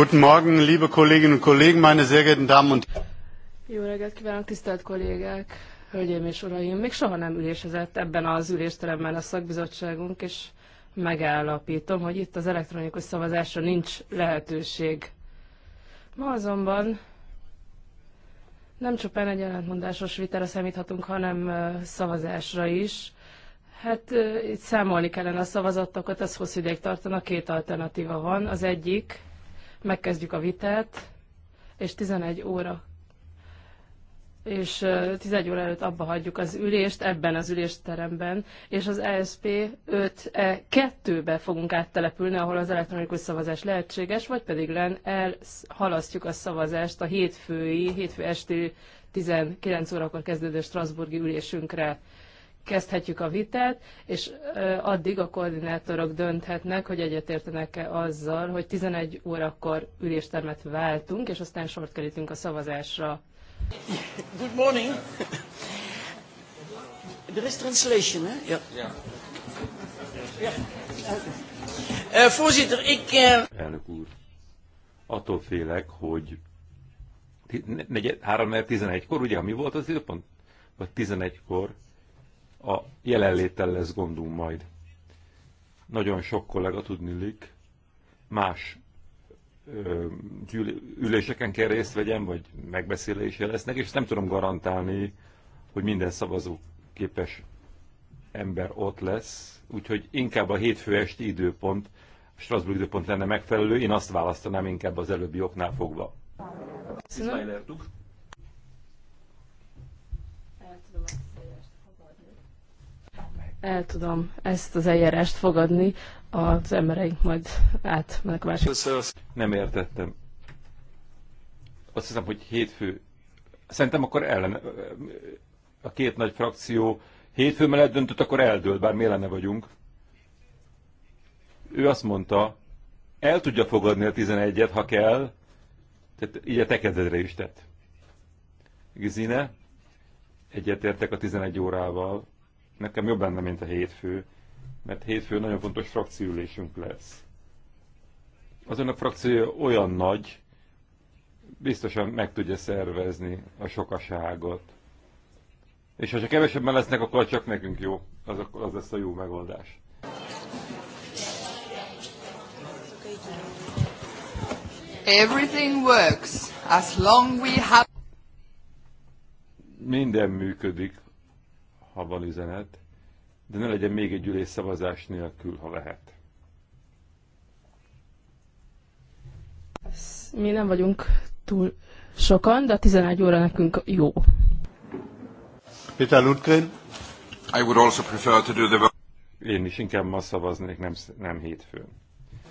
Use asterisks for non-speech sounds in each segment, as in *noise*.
Guten Morgen, liebe Kolleginnen und Kollegen, meine sehr geehrten Damen und Jó reggelt kívánok, tisztelt kollégák, hölgyeim és uraim! Még soha nem ülésezett ebben az ülésteremben a szakbizottságunk, és megállapítom, hogy itt az elektronikus szavazásra nincs lehetőség. Ma azonban nem csupán egy ellentmondásos vitára számíthatunk, hanem szavazásra is. Hát itt számolni kellene a szavazatokat, az hosszú ideig tartanak, két alternatíva van. Az egyik, megkezdjük a vitát, és 11 óra és 11 óra előtt abba hagyjuk az ülést, ebben az ülésteremben, és az ESP 5E2-be fogunk áttelepülni, ahol az elektronikus szavazás lehetséges, vagy pedig len elhalasztjuk a szavazást a hétfői, hétfő esti 19 órakor kezdődő Strasburgi ülésünkre kezdhetjük a vitát, és addig a koordinátorok dönthetnek, hogy egyetértenek-e azzal, hogy 11 órakor üléstermet váltunk, és aztán sort kerítünk a szavazásra. Good morning! There is translation, hè? Ja. ja. ja. voorzitter, ik... Uh, Elnök úr, attól félek, hogy 3 11 kor ugye, mi volt az időpont? Vagy 11-kor a jelenléttel lesz gondunk majd. Nagyon sok kollega tudnilik más üléseken kell részt vegyen, vagy megbeszélése lesznek, és nem tudom garantálni, hogy minden szavazó képes ember ott lesz, úgyhogy inkább a hétfő esti időpont, a Strasbourg időpont lenne megfelelő, én azt választanám inkább az előbbi oknál fogva. Köszönöm. el tudom ezt az eljárást fogadni, az embereink majd átmennek a másik. Nem értettem. Azt hiszem, hogy hétfő. Szerintem akkor ellen a két nagy frakció hétfő mellett döntött, akkor eldőlt, bár mi ellene vagyunk. Ő azt mondta, el tudja fogadni a 11-et, ha kell, tehát így a tekededre is tett. Gizine, egyetértek a 11 órával, nekem jobb lenne, mint a hétfő, mert hétfő nagyon fontos frakciülésünk lesz. Azon a frakció olyan nagy, biztosan meg tudja szervezni a sokaságot. És ha csak kevesebben lesznek, akkor csak nekünk jó. Az, az lesz a jó megoldás. Everything works as long we have... Minden működik, ha van üzenet, de ne legyen még egy ülés szavazás nélkül, ha lehet. Mi nem vagyunk túl sokan, de a 11 óra nekünk jó. Peter Lutgren. I would also prefer to do the... Én is inkább ma szavaznék, nem, nem hétfőn.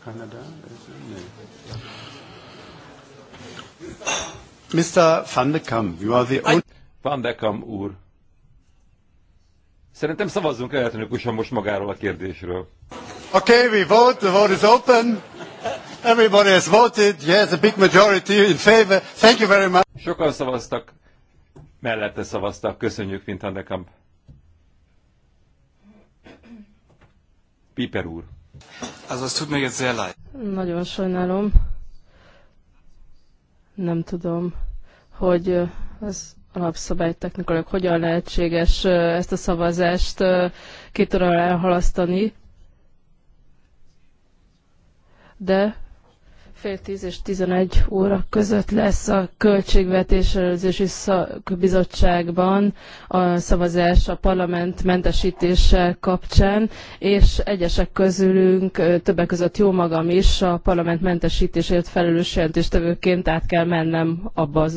Kanada? Mr. Van de Kamp, you are the only... Van de Kamp úr, Szerintem szavazzunk elektronikusan most magáról a kérdésről. Okay, we vote. The vote is open. Everybody has voted. Yes, a big majority in favor. Thank you very much. Sokan szavaztak. Mellette szavaztak. Köszönjük, mint Handekamp. Piper úr. Az az tud még egy sehr Nagyon sajnálom. Nem tudom, hogy az alapszabálytechnikailag hogyan lehetséges ezt a szavazást két óra elhalasztani, de fél tíz és tizenegy óra között lesz a Költségvetés Előzési Szakbizottságban a szavazás a parlament mentesítése kapcsán, és egyesek közülünk, többek között jó magam is, a parlament mentesítésért felelős jelentéstevőként át kell mennem abba a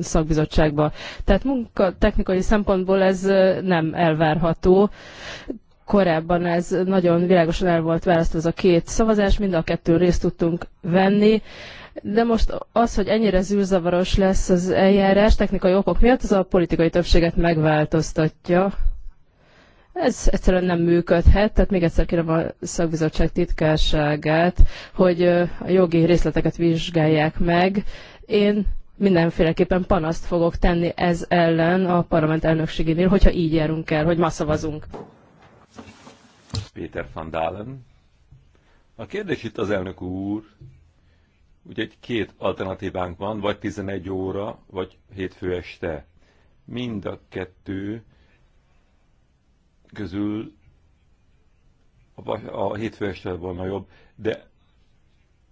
szakbizottságba. Tehát munka technikai szempontból ez nem elvárható korábban ez nagyon világosan el volt választva ez a két szavazás, mind a kettőn részt tudtunk venni, de most az, hogy ennyire zűrzavaros lesz az eljárás technikai okok miatt, az a politikai többséget megváltoztatja. Ez egyszerűen nem működhet, tehát még egyszer kérem a szakbizottság titkárságát, hogy a jogi részleteket vizsgálják meg. Én mindenféleképpen panaszt fogok tenni ez ellen a parlament elnökségénél, hogyha így járunk el, hogy ma szavazunk. Péter van Dalen. A kérdés itt az elnök úr, ugye két alternatívánk van, vagy 11 óra, vagy hétfő este. Mind a kettő közül a, a hétfő este volna jobb, de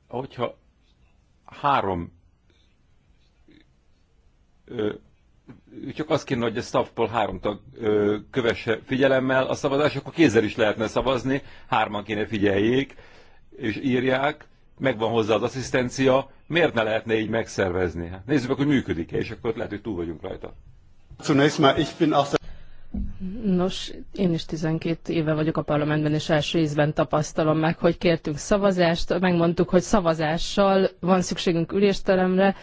hogyha három csak azt kéne, hogy a staffból három tag ö, kövesse figyelemmel a szavazás, akkor kézzel is lehetne szavazni, hárman kéne figyeljék, és írják, megvan hozzá az asszisztencia, miért ne lehetne így megszervezni? Hát nézzük meg, hogy működik-e, és akkor lehet, hogy túl vagyunk rajta. Nos, én is 12 éve vagyok a parlamentben, és első ízben tapasztalom meg, hogy kértünk szavazást, megmondtuk, hogy szavazással van szükségünk ülésteremre,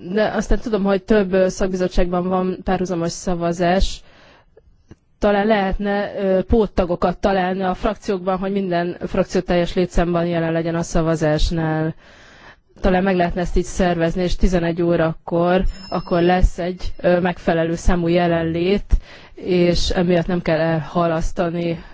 de aztán tudom, hogy több szakbizottságban van párhuzamos szavazás, talán lehetne póttagokat találni a frakciókban, hogy minden frakció teljes létszámban jelen legyen a szavazásnál. Talán meg lehetne ezt így szervezni, és 11 órakor akkor lesz egy megfelelő számú jelenlét, és emiatt nem kell elhalasztani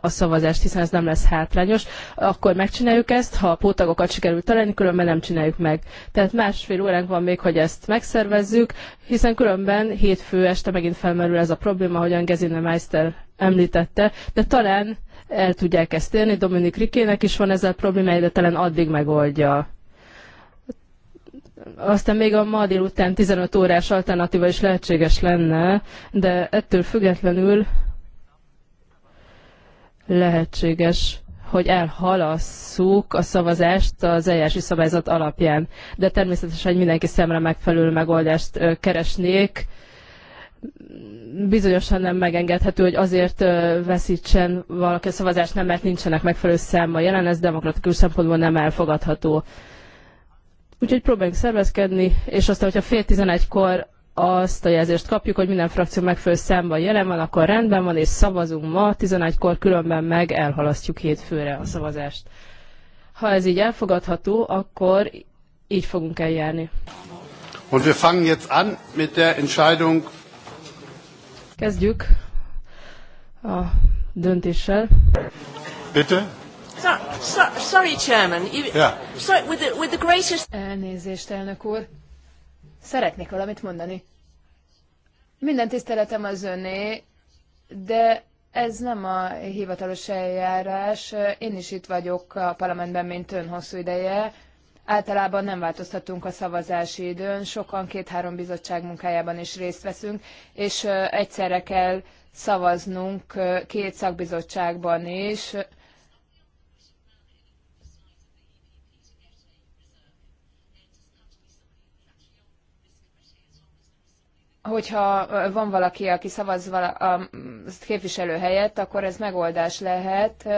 a szavazást, hiszen ez nem lesz hátrányos, akkor megcsináljuk ezt, ha a pótagokat sikerül találni, különben nem csináljuk meg. Tehát másfél óránk van még, hogy ezt megszervezzük, hiszen különben hétfő este megint felmerül ez a probléma, ahogyan Gezine Meister említette, de talán el tudják ezt érni, Dominik Rikének is van ezzel problémája, de talán addig megoldja. Aztán még a ma délután 15 órás alternatíva is lehetséges lenne, de ettől függetlenül lehetséges hogy elhalasszuk a szavazást az eljárási szabályzat alapján. De természetesen egy mindenki szemre megfelelő megoldást keresnék. Bizonyosan nem megengedhető, hogy azért veszítsen valaki a szavazást, nem mert nincsenek megfelelő száma jelen, ez demokratikus szempontból nem elfogadható. Úgyhogy próbáljunk szervezkedni, és aztán, hogyha fél tizenegykor azt a jelzést kapjuk, hogy minden frakció megfelelő számban jelen van, akkor rendben van, és szavazunk ma, 11-kor különben meg elhalasztjuk hétfőre a szavazást. Ha ez így elfogadható, akkor így fogunk eljárni. Und wir fangen jetzt an mit der Entscheidung. Kezdjük a döntéssel. Bitte? So, so, sorry, Chairman. You, yeah. with the, with the greatest... Elnézést, elnök úr. Szeretnék valamit mondani. Minden tiszteletem az öné, de ez nem a hivatalos eljárás. Én is itt vagyok a parlamentben, mint ön hosszú ideje. Általában nem változtatunk a szavazási időn, sokan két-három bizottság munkájában is részt veszünk, és egyszerre kell szavaznunk két szakbizottságban is. hogyha van valaki, aki szavaz vala, a képviselő helyett, akkor ez megoldás lehet.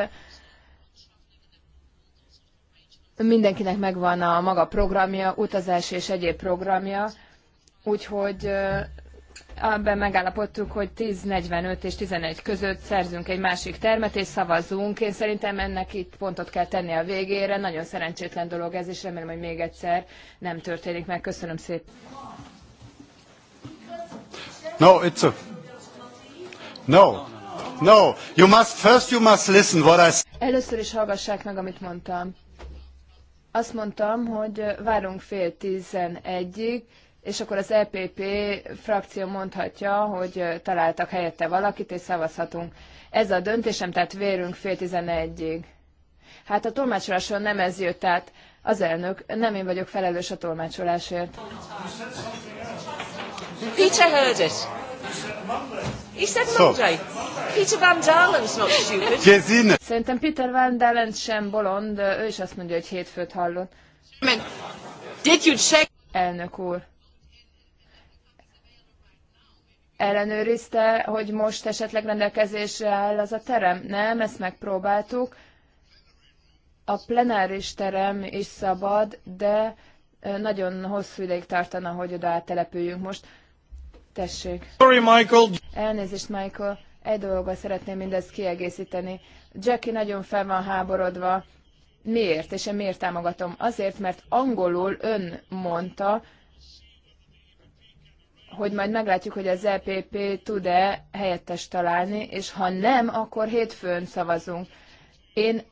Mindenkinek megvan a maga programja, utazás és egyéb programja, úgyhogy abban megállapodtuk, hogy 10.45 és 11 között szerzünk egy másik termet, és szavazzunk. Én szerintem ennek itt pontot kell tenni a végére. Nagyon szerencsétlen dolog ez, és remélem, hogy még egyszer nem történik meg. Köszönöm szépen. No, it's a... No. No. You must, first you must listen what I... Először is hallgassák meg, amit mondtam. Azt mondtam, hogy várunk fél tizenegyig, és akkor az EPP frakció mondhatja, hogy találtak helyette valakit, és szavazhatunk. Ez a döntésem, tehát vérünk fél tizenegyig. Hát a tolmácsoláson nem ez jött, tehát az elnök, nem én vagyok felelős a tolmácsolásért. Peter heard it. He said Monday. Peter Van Dalen's not stupid. Gesine. Szerintem Peter Van Dalen sem bolond, ő is azt mondja, hogy hétfőt hallott. Men, did you check? Elnök úr. Ellenőrizte, hogy most esetleg rendelkezésre áll az a terem? Nem, ezt megpróbáltuk. A plenáris terem is szabad, de nagyon hosszú ideig tartana, hogy oda települjünk most. Tessék. Sorry, Michael. Elnézést, Michael. Egy dologgal szeretném mindezt kiegészíteni. Jackie nagyon fel van háborodva. Miért? És én miért támogatom? Azért, mert angolul ön mondta, hogy majd meglátjuk, hogy az EPP tud-e helyettes találni, és ha nem, akkor hétfőn szavazunk. Én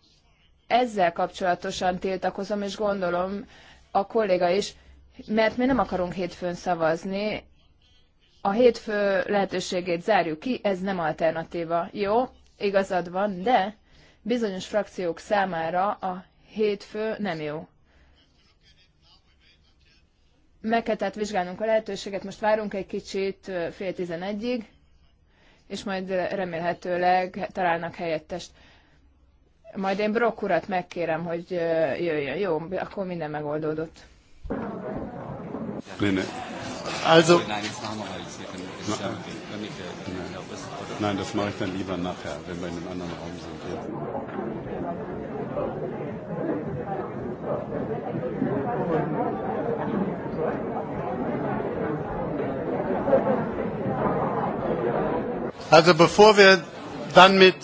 ezzel kapcsolatosan tiltakozom, és gondolom a kolléga is, mert mi nem akarunk hétfőn szavazni, a hétfő lehetőségét zárjuk ki, ez nem alternatíva. Jó, igazad van, de bizonyos frakciók számára a hétfő nem jó. Meg kell tehát vizsgálnunk a lehetőséget, most várunk egy kicsit fél tizenegyig, és majd remélhetőleg találnak helyettest. Majd én Brock urat megkérem, hogy jöjjön. Jó, akkor minden megoldódott. Lenne. Also. Nein, jetzt machen wir halt. Nein, das mache ich dann lieber nachher, wenn wir in einem anderen Raum sind. Ja. Also bevor wir dann mit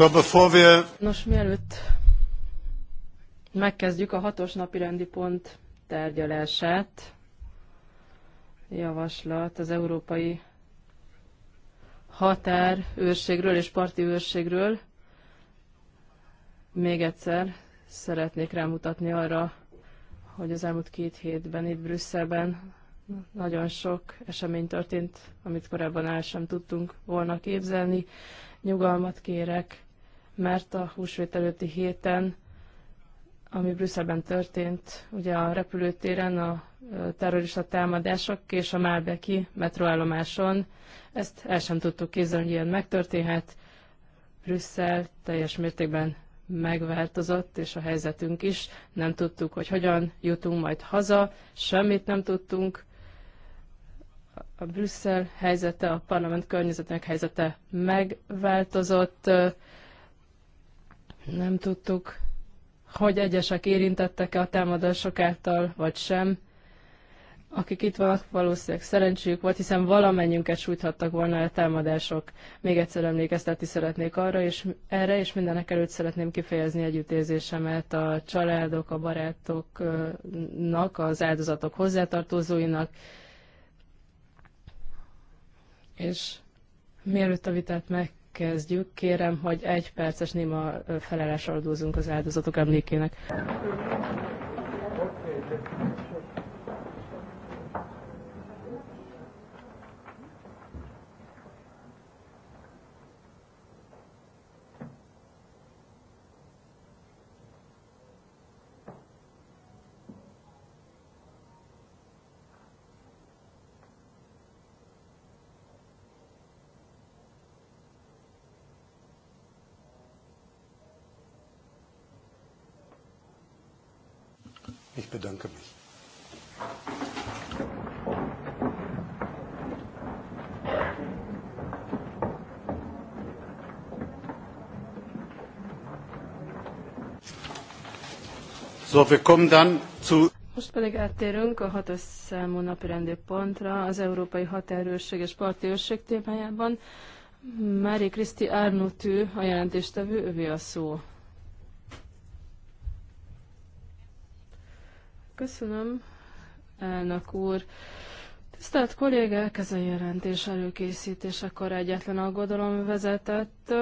So Nos, mielőtt megkezdjük a hatos napi rendi pont tárgyalását, javaslat az európai határőrségről és parti őrségről, még egyszer szeretnék rámutatni arra, hogy az elmúlt két hétben itt Brüsszelben nagyon sok esemény történt, amit korábban el sem tudtunk volna képzelni. Nyugalmat kérek mert a húsvét előtti héten, ami Brüsszelben történt, ugye a repülőtéren a terrorista támadások és a Málbeki metroállomáson, ezt el sem tudtuk kézzel, hogy ilyen megtörténhet. Brüsszel teljes mértékben megváltozott, és a helyzetünk is. Nem tudtuk, hogy hogyan jutunk majd haza, semmit nem tudtunk. A Brüsszel helyzete, a parlament környezetének helyzete megváltozott, nem tudtuk, hogy egyesek érintettek-e a támadások által, vagy sem. Akik itt vannak, valószínűleg szerencséjük volt, hiszen valamennyünket sújthattak volna a támadások. Még egyszer emlékeztetni szeretnék arra, és erre, és mindenek előtt szeretném kifejezni együttérzésemet a családok, a barátoknak, az áldozatok hozzátartozóinak, és mielőtt a vitát meg kezdjük. Kérem, hogy egy perces néma felelásra adózunk az áldozatok emlékének. Okay. most pedig áttérünk a hatos számú napirendi pontra az Európai Határőrség és Parti Őrség témájában. Mári Kriszti Árnutű, a jelentéstevő, övé a szó. Köszönöm, elnök úr. Tisztelt kollégák, ez a jelentés előkészítésekor egyetlen aggodalom vezetett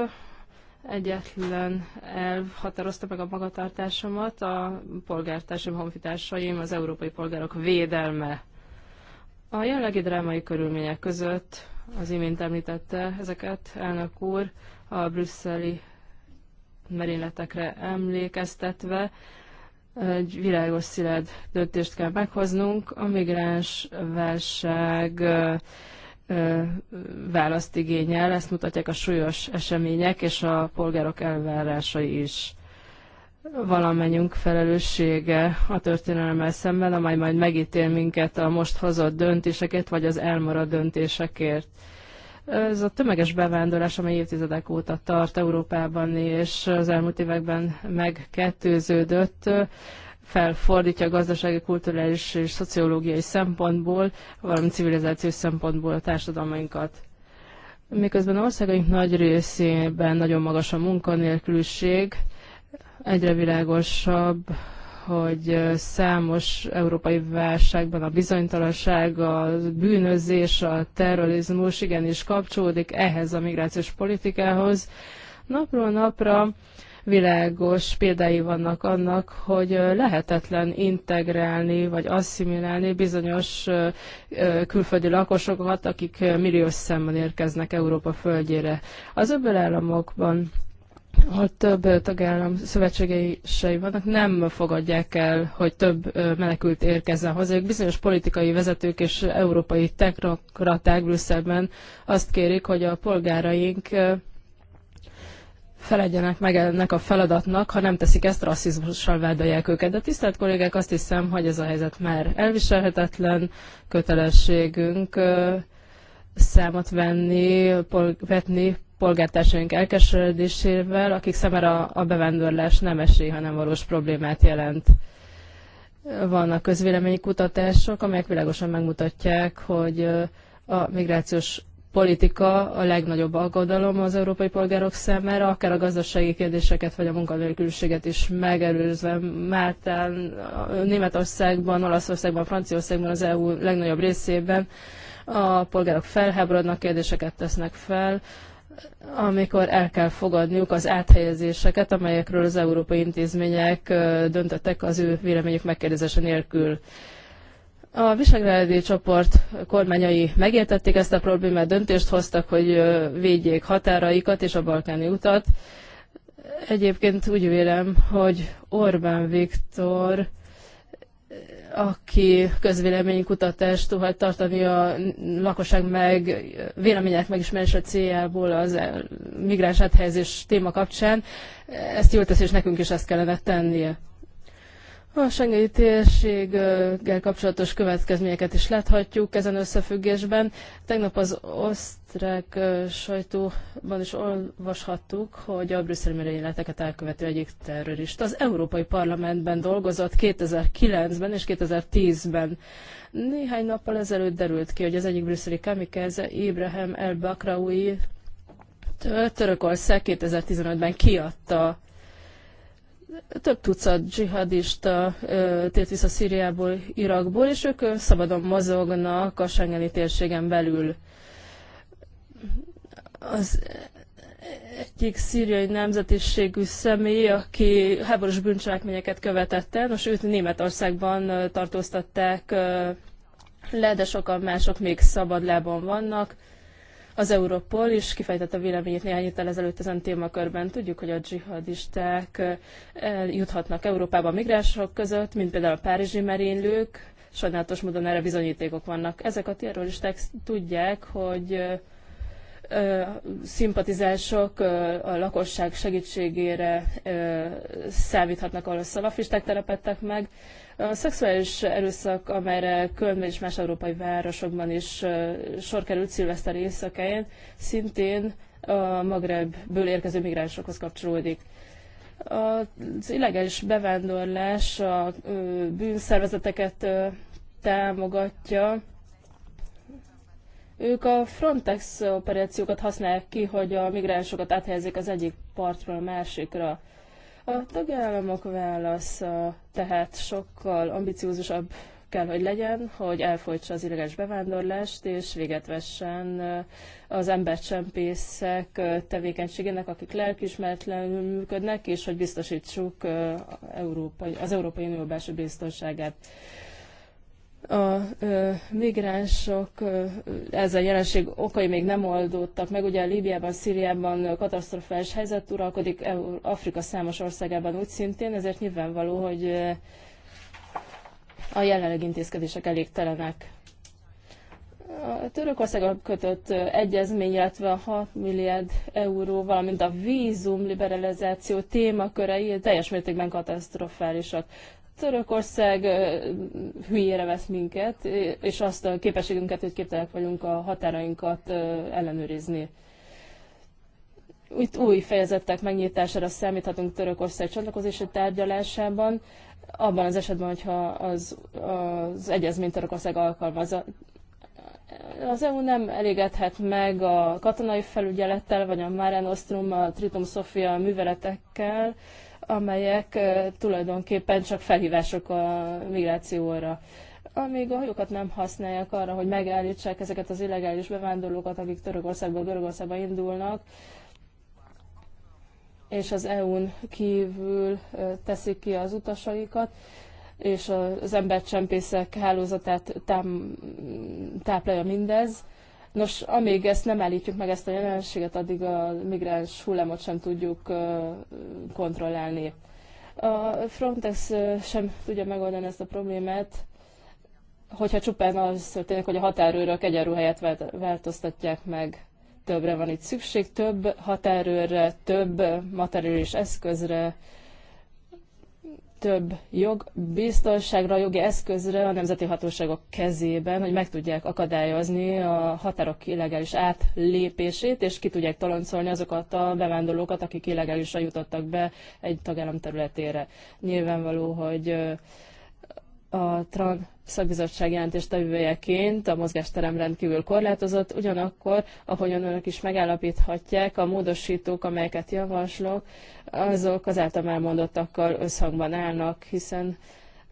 egyetlen elv határozta meg a magatartásomat, a polgártársaim, honfitársaim, az európai polgárok védelme. A jelenlegi drámai körülmények között, az imént említette ezeket, elnök úr, a brüsszeli merényletekre emlékeztetve, egy világos szilárd döntést kell meghoznunk. A migráns válság választ igényel, ezt mutatják a súlyos események és a polgárok elvárásai is. Valamennyünk felelőssége a történelemmel szemben, amely majd megítél minket a most hozott döntéseket, vagy az elmaradt döntésekért. Ez a tömeges bevándorlás, amely évtizedek óta tart Európában, és az elmúlt években megkettőződött, felfordítja a gazdasági, kulturális és szociológiai szempontból, valamint civilizációs szempontból a társadalmainkat. Miközben országaink nagy részében nagyon magas a munkanélküliség, egyre világosabb, hogy számos európai válságban a bizonytalanság, a bűnözés, a terrorizmus igenis kapcsolódik ehhez a migrációs politikához. Napról napra világos példái vannak annak, hogy lehetetlen integrálni vagy asszimilálni bizonyos külföldi lakosokat, akik milliós számban érkeznek Európa földjére. Az öböl államokban ahol több tagállam szövetségei vannak, nem fogadják el, hogy több menekült érkezzen hozzájuk. Bizonyos politikai vezetők és európai technokraták Brüsszelben azt kérik, hogy a polgáraink felegyenek meg ennek a feladatnak, ha nem teszik ezt, rasszizmussal vádolják őket. De tisztelt kollégák, azt hiszem, hogy ez a helyzet már elviselhetetlen kötelességünk számot venni, pol, vetni polgártársaink elkeseredésével, akik számára a bevándorlás nem esély, hanem valós problémát jelent. Vannak közvéleménykutatások, kutatások, amelyek világosan megmutatják, hogy a migrációs politika a legnagyobb aggodalom az európai polgárok számára, akár a gazdasági kérdéseket vagy a munkanélküliséget is megelőzve. Mártán Németországban, Olaszországban, Franciaországban, az EU legnagyobb részében a polgárok felháborodnak, kérdéseket tesznek fel, amikor el kell fogadniuk az áthelyezéseket, amelyekről az európai intézmények döntöttek az ő véleményük megkérdezése nélkül. A Visegrádi csoport kormányai megértették ezt a problémát, döntést hoztak, hogy védjék határaikat és a balkáni utat. Egyébként úgy vélem, hogy Orbán Viktor aki közvéleménykutatást tudhat tartani a lakosság meg vélemények megismerése céljából az migráns áthelyezés téma kapcsán. Ezt jól tesz, és nekünk is ezt kellene tennie. A Schengeni térséggel kapcsolatos következményeket is láthatjuk ezen összefüggésben. Tegnap az osztrák sajtóban is olvashattuk, hogy a brüsszeli merényleteket elkövető egyik terrorista az Európai Parlamentben dolgozott 2009-ben és 2010-ben. Néhány nappal ezelőtt derült ki, hogy az egyik brüsszeli kamikaze Ibrahim El Bakraoui Törökország 2015-ben kiadta több tucat dzsihadista tért vissza Szíriából, Irakból, és ők szabadon mozognak a Schengeni térségen belül. Az egyik szíriai nemzetiségű személy, aki háborús bűncselekményeket követett el, most őt Németországban tartóztatták le, de sokan mások még szabad lábon vannak az Europol is kifejtette véleményét néhány héttel ezelőtt ezen témakörben. Tudjuk, hogy a dzsihadisták juthatnak Európába migránsok között, mint például a párizsi merénylők. Sajnálatos módon erre bizonyítékok vannak. Ezek a terroristák tudják, hogy szimpatizások a lakosság segítségére számíthatnak, ahol a szalafisták telepettek meg, a szexuális erőszak, amelyre Kölnben és más európai városokban is sor került szilveszter éjszakáján, szintén a Magrebből érkező migránsokhoz kapcsolódik. Az illegális bevándorlás a bűnszervezeteket támogatja, ők a Frontex operációkat használják ki, hogy a migránsokat áthelyezik az egyik partról a másikra. A tagállamok válasza tehát sokkal ambiciózusabb kell, hogy legyen, hogy elfolytsa az illegális bevándorlást, és véget vessen az embercsempészek tevékenységének, akik lelkismeretlenül működnek, és hogy biztosítsuk az Európai Unió belső biztonságát a ö, migránsok, ez a jelenség okai még nem oldódtak meg. Ugye Líbiában, Szíriában katasztrofális helyzet uralkodik, Afrika számos országában úgy szintén, ezért nyilvánvaló, hogy a jelenleg intézkedések elégtelenek. A Törökország kötött egyezmény, illetve a 6 milliárd euró, valamint a vízum liberalizáció témakörei teljes mértékben katasztrofálisak. Törökország hülyére vesz minket, és azt a képességünket, hogy képtelenek vagyunk a határainkat ellenőrizni. Itt új fejezetek megnyitására számíthatunk Törökország csatlakozási tárgyalásában, abban az esetben, hogyha az, az egyezmény Törökország alkalmazza. Az EU nem elégedhet meg a katonai felügyelettel, vagy a Mare Nostrum, a Tritum Sofia műveletekkel, amelyek tulajdonképpen csak felhívások a migrációra. Amíg a hajókat nem használják arra, hogy megállítsák ezeket az illegális bevándorlókat, akik Törökországból Görögországba indulnak, és az EU-n kívül teszik ki az utasaikat, és az embercsempészek hálózatát táplálja mindez, Nos, amíg ezt nem állítjuk meg, ezt a jelenséget, addig a migráns hullámot sem tudjuk kontrollálni. A Frontex sem tudja megoldani ezt a problémát, hogyha csupán az történik, hogy a határőrök egyenruháját változtatják meg. Többre van itt szükség, több határőrre, több materiális eszközre, több jog biztonságra, jogi eszközre a nemzeti hatóságok kezében, hogy meg tudják akadályozni a határok illegális átlépését, és ki tudják taloncolni azokat a bevándorlókat, akik illegálisan jutottak be egy tagállam területére. Nyilvánvaló, hogy a trans szakbizottság jelentéstevőjeként a mozgásterem rendkívül korlátozott, ugyanakkor, ahogyan önök is megállapíthatják, a módosítók, amelyeket javaslok, azok az általam elmondottakkal összhangban állnak, hiszen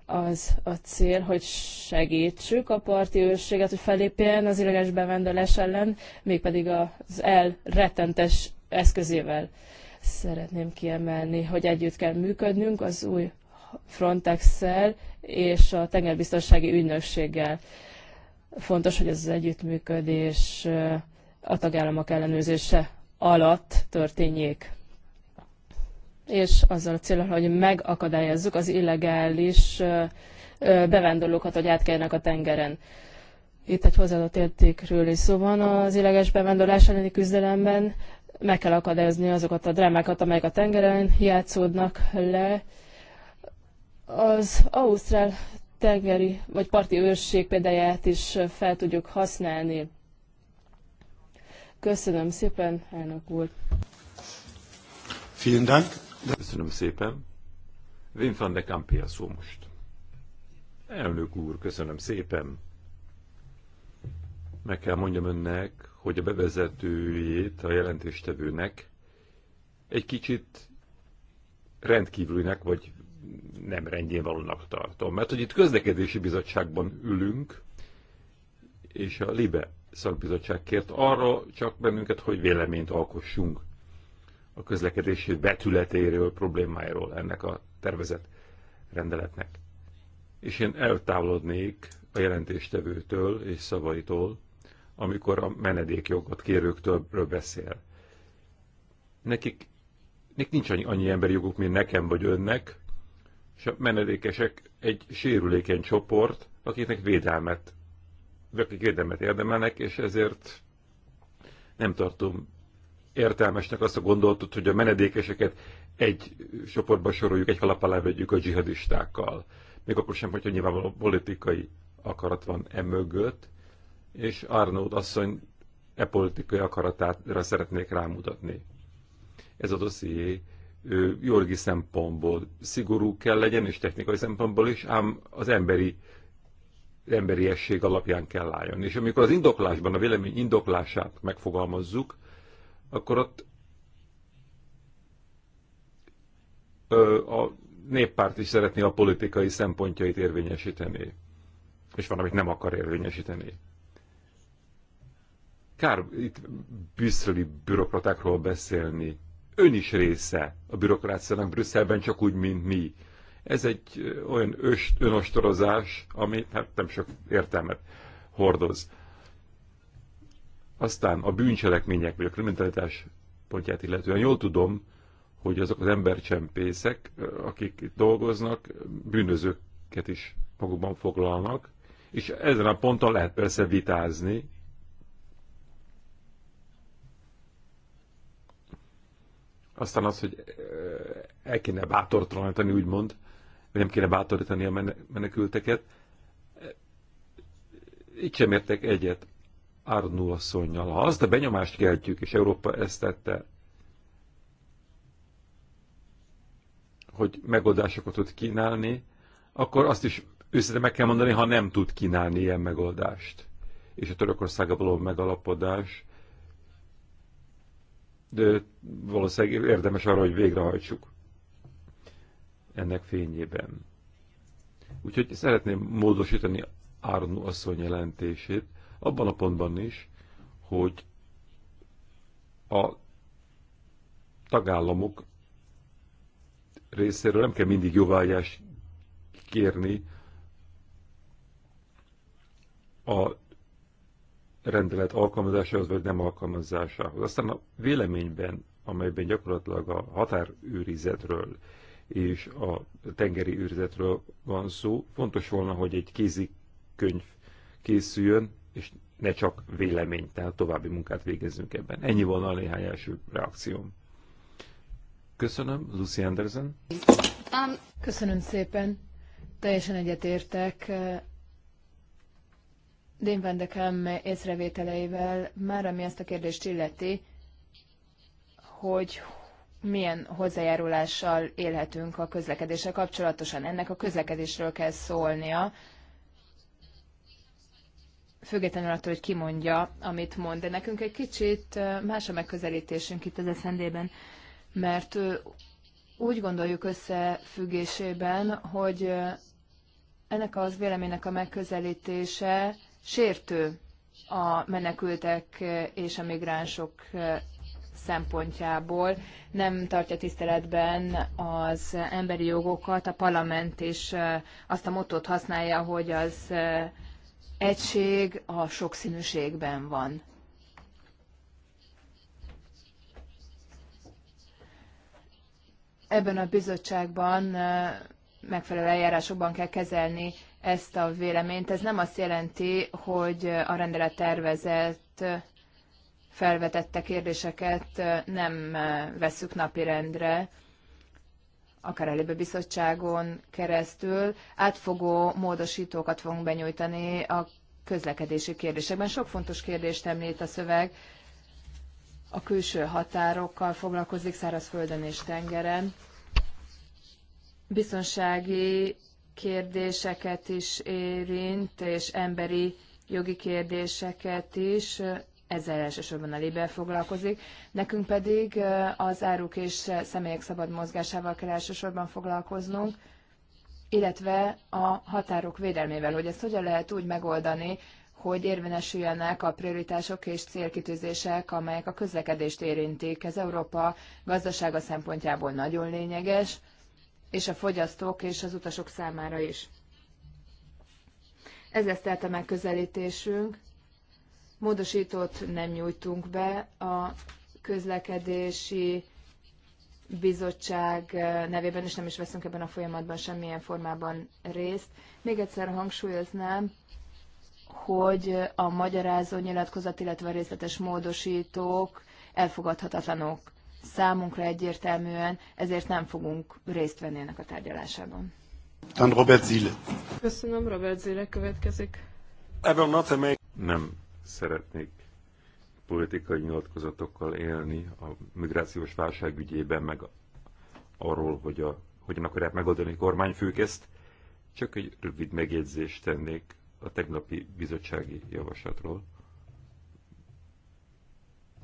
az a cél, hogy segítsük a parti őrséget, hogy felépjen az illegális bevándorlás ellen, mégpedig az elrettentes eszközével. Szeretném kiemelni, hogy együtt kell működnünk az új Frontex-szel és a tengerbiztonsági ügynökséggel. Fontos, hogy ez az együttműködés a tagállamok ellenőrzése alatt történjék. És azzal a célral, hogy megakadályozzuk az illegális bevándorlókat, hogy átkeljenek a tengeren. Itt egy hozzáadott értékről is szó van az illegális bevándorlás elleni küzdelemben. Meg kell akadályozni azokat a drámákat, amelyek a tengeren játszódnak le, az Ausztrál tengeri vagy parti őrség példáját is fel tudjuk használni. Köszönöm szépen, elnök úr. Vielen Dank. Köszönöm szépen. Wim van de Kampi a szó most. Elnök úr, köszönöm szépen. Meg kell mondjam önnek, hogy a bevezetőjét a jelentéstevőnek egy kicsit rendkívülinek vagy nem rendjén valónak tartom. Mert hogy itt közlekedési bizottságban ülünk, és a LIBE szakbizottság kért arra csak bennünket, hogy véleményt alkossunk a közlekedési betületéről, problémáiról ennek a tervezett rendeletnek. És én eltávolodnék a jelentéstevőtől és szavaitól, amikor a menedékjogot kérőktől beszél. Nekik, nekik nincs annyi, annyi emberi joguk, mint nekem vagy önnek, és a menedékesek egy sérülékeny csoport, akiknek védelmet, akik védelmet érdemelnek, és ezért nem tartom értelmesnek azt a gondolatot, hogy a menedékeseket egy csoportba soroljuk, egy kalap alá vegyük a dzsihadistákkal. Még akkor sem, hogyha nyilvánvalóan politikai akarat van e mögött, és Arnold asszony e politikai akaratára szeretnék rámutatni. Ez a dosszié jogi szempontból szigorú kell legyen, és technikai szempontból is, ám az emberi emberiesség alapján kell álljon. És amikor az indoklásban a vélemény indoklását megfogalmazzuk, akkor ott ö, a néppárt is szeretné a politikai szempontjait érvényesíteni. És van, amit nem akar érvényesíteni. Kár itt brüsszeli bürokratákról beszélni ön is része a bürokráciának Brüsszelben, csak úgy, mint mi. Ez egy olyan öst, önostorozás, ami hát nem sok értelmet hordoz. Aztán a bűncselekmények, vagy a kriminalitás pontját illetően jól tudom, hogy azok az embercsempészek, akik dolgoznak, bűnözőket is magukban foglalnak, és ezen a ponton lehet persze vitázni, Aztán az, hogy el kéne bátortalanítani, úgymond, vagy nem kéne bátorítani a menekülteket. Itt sem értek egyet Arnó asszonynal. Ha azt a benyomást keltjük, és Európa ezt tette, hogy megoldásokat tud kínálni, akkor azt is őszintén meg kell mondani, ha nem tud kínálni ilyen megoldást. És a Törökországa való megalapodás de valószínűleg érdemes arra, hogy végrehajtsuk ennek fényében. Úgyhogy szeretném módosítani Árnu asszony jelentését, abban a pontban is, hogy a tagállamok részéről nem kell mindig jóvágyást kérni a rendelet alkalmazásához vagy nem alkalmazásához. Aztán a véleményben, amelyben gyakorlatilag a határőrizetről és a tengeri őrizetről van szó, fontos volna, hogy egy kézikönyv készüljön, és ne csak vélemény, tehát további munkát végezzünk ebben. Ennyi volna a néhány első reakcióm. Köszönöm, Lucy Anderson. Köszönöm szépen. Teljesen egyetértek Dén van de Kam észrevételeivel már ami ezt a kérdést illeti, hogy milyen hozzájárulással élhetünk a közlekedéssel kapcsolatosan. Ennek a közlekedésről kell szólnia, függetlenül attól, hogy kimondja, amit mond. De nekünk egy kicsit más a megközelítésünk itt az eszendében, mert úgy gondoljuk összefüggésében, hogy ennek az véleménynek a megközelítése sértő a menekültek és a migránsok szempontjából nem tartja tiszteletben az emberi jogokat. A parlament is azt a motot használja, hogy az egység a sokszínűségben van. Ebben a bizottságban megfelelő eljárásokban kell kezelni ezt a véleményt. Ez nem azt jelenti, hogy a rendelet tervezett felvetette kérdéseket nem vesszük rendre, akár előbb bizottságon keresztül. Átfogó módosítókat fogunk benyújtani a közlekedési kérdésekben. Sok fontos kérdést említ a szöveg. A külső határokkal foglalkozik szárazföldön és tengeren. Biztonsági kérdéseket is érint, és emberi jogi kérdéseket is, ezzel elsősorban a Libel foglalkozik. Nekünk pedig az áruk és személyek szabad mozgásával kell elsősorban foglalkoznunk, illetve a határok védelmével, hogy ezt hogyan lehet úgy megoldani, hogy érvényesüljenek a prioritások és célkitűzések, amelyek a közlekedést érintik. Ez Európa gazdasága szempontjából nagyon lényeges, és a fogyasztók és az utasok számára is. Ez lesz tehát a megközelítésünk. Módosítót nem nyújtunk be a közlekedési bizottság eh, nevében, és nem is veszünk ebben a folyamatban semmilyen formában részt. Még egyszer hangsúlyoznám, hogy a magyarázó nyilatkozat, illetve a részletes módosítók elfogadhatatlanok számunkra egyértelműen, ezért nem fogunk részt venni ennek a tárgyalásában. Robert Zile. Köszönöm, Robert Zile következik. Nem szeretnék politikai nyilatkozatokkal élni a migrációs válság ügyében, meg arról, hogy a, hogyan akarják megoldani a kormányfők ezt. Csak egy rövid megjegyzést tennék a tegnapi bizottsági javaslatról.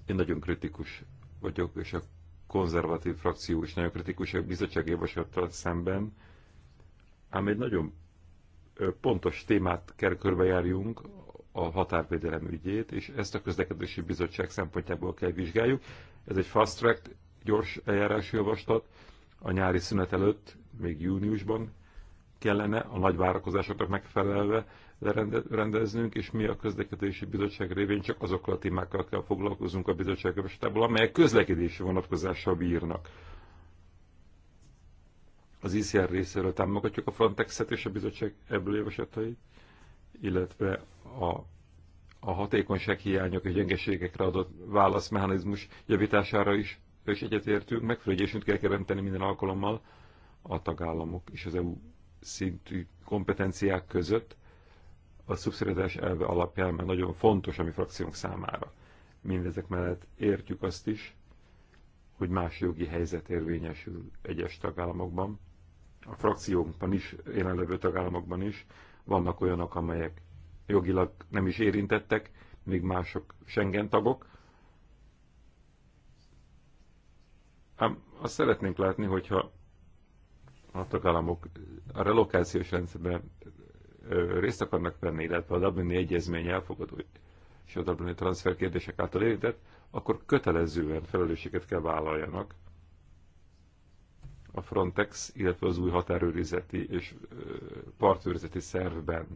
Én nagyon kritikus vagyok, és a konzervatív frakció is nagyon kritikus a bizottság javaslattal szemben, ám egy nagyon pontos témát kell körbejárjunk, a határvédelem ügyét, és ezt a közlekedési bizottság szempontjából kell vizsgáljuk. Ez egy fast track, gyors eljárási javaslat, a nyári szünet előtt, még júniusban kellene a nagy várakozásoknak megfelelve lerendeznünk, és mi a közlekedési bizottság révén csak azokkal a témákkal kell foglalkozunk a bizottság javaslatából, amelyek közlekedési vonatkozással bírnak. Az ICR részéről támogatjuk a Frontexet és a bizottság ebből javaslatait, illetve a, a hatékonyság hiányok és gyengeségekre adott válaszmechanizmus javítására is és egyetértünk, megfelelődésünk kell keremteni minden alkalommal a tagállamok és az EU szintű kompetenciák között, a szubszidiaritás elve alapján, mert nagyon fontos a mi frakciónk számára. Mindezek mellett értjük azt is, hogy más jogi helyzet érvényesül egyes tagállamokban. A frakciónkban is, jelenlevő tagállamokban is vannak olyanok, amelyek jogilag nem is érintettek, még mások Schengen tagok. Ám azt szeretnénk látni, hogyha a tagállamok a relokációs rendszerben részt akarnak venni, illetve a Dublini Egyezmény elfogadó és a Dublini transfer kérdések által érintett, akkor kötelezően felelősséget kell vállaljanak a Frontex, illetve az új határőrizeti és partőrizeti szervben.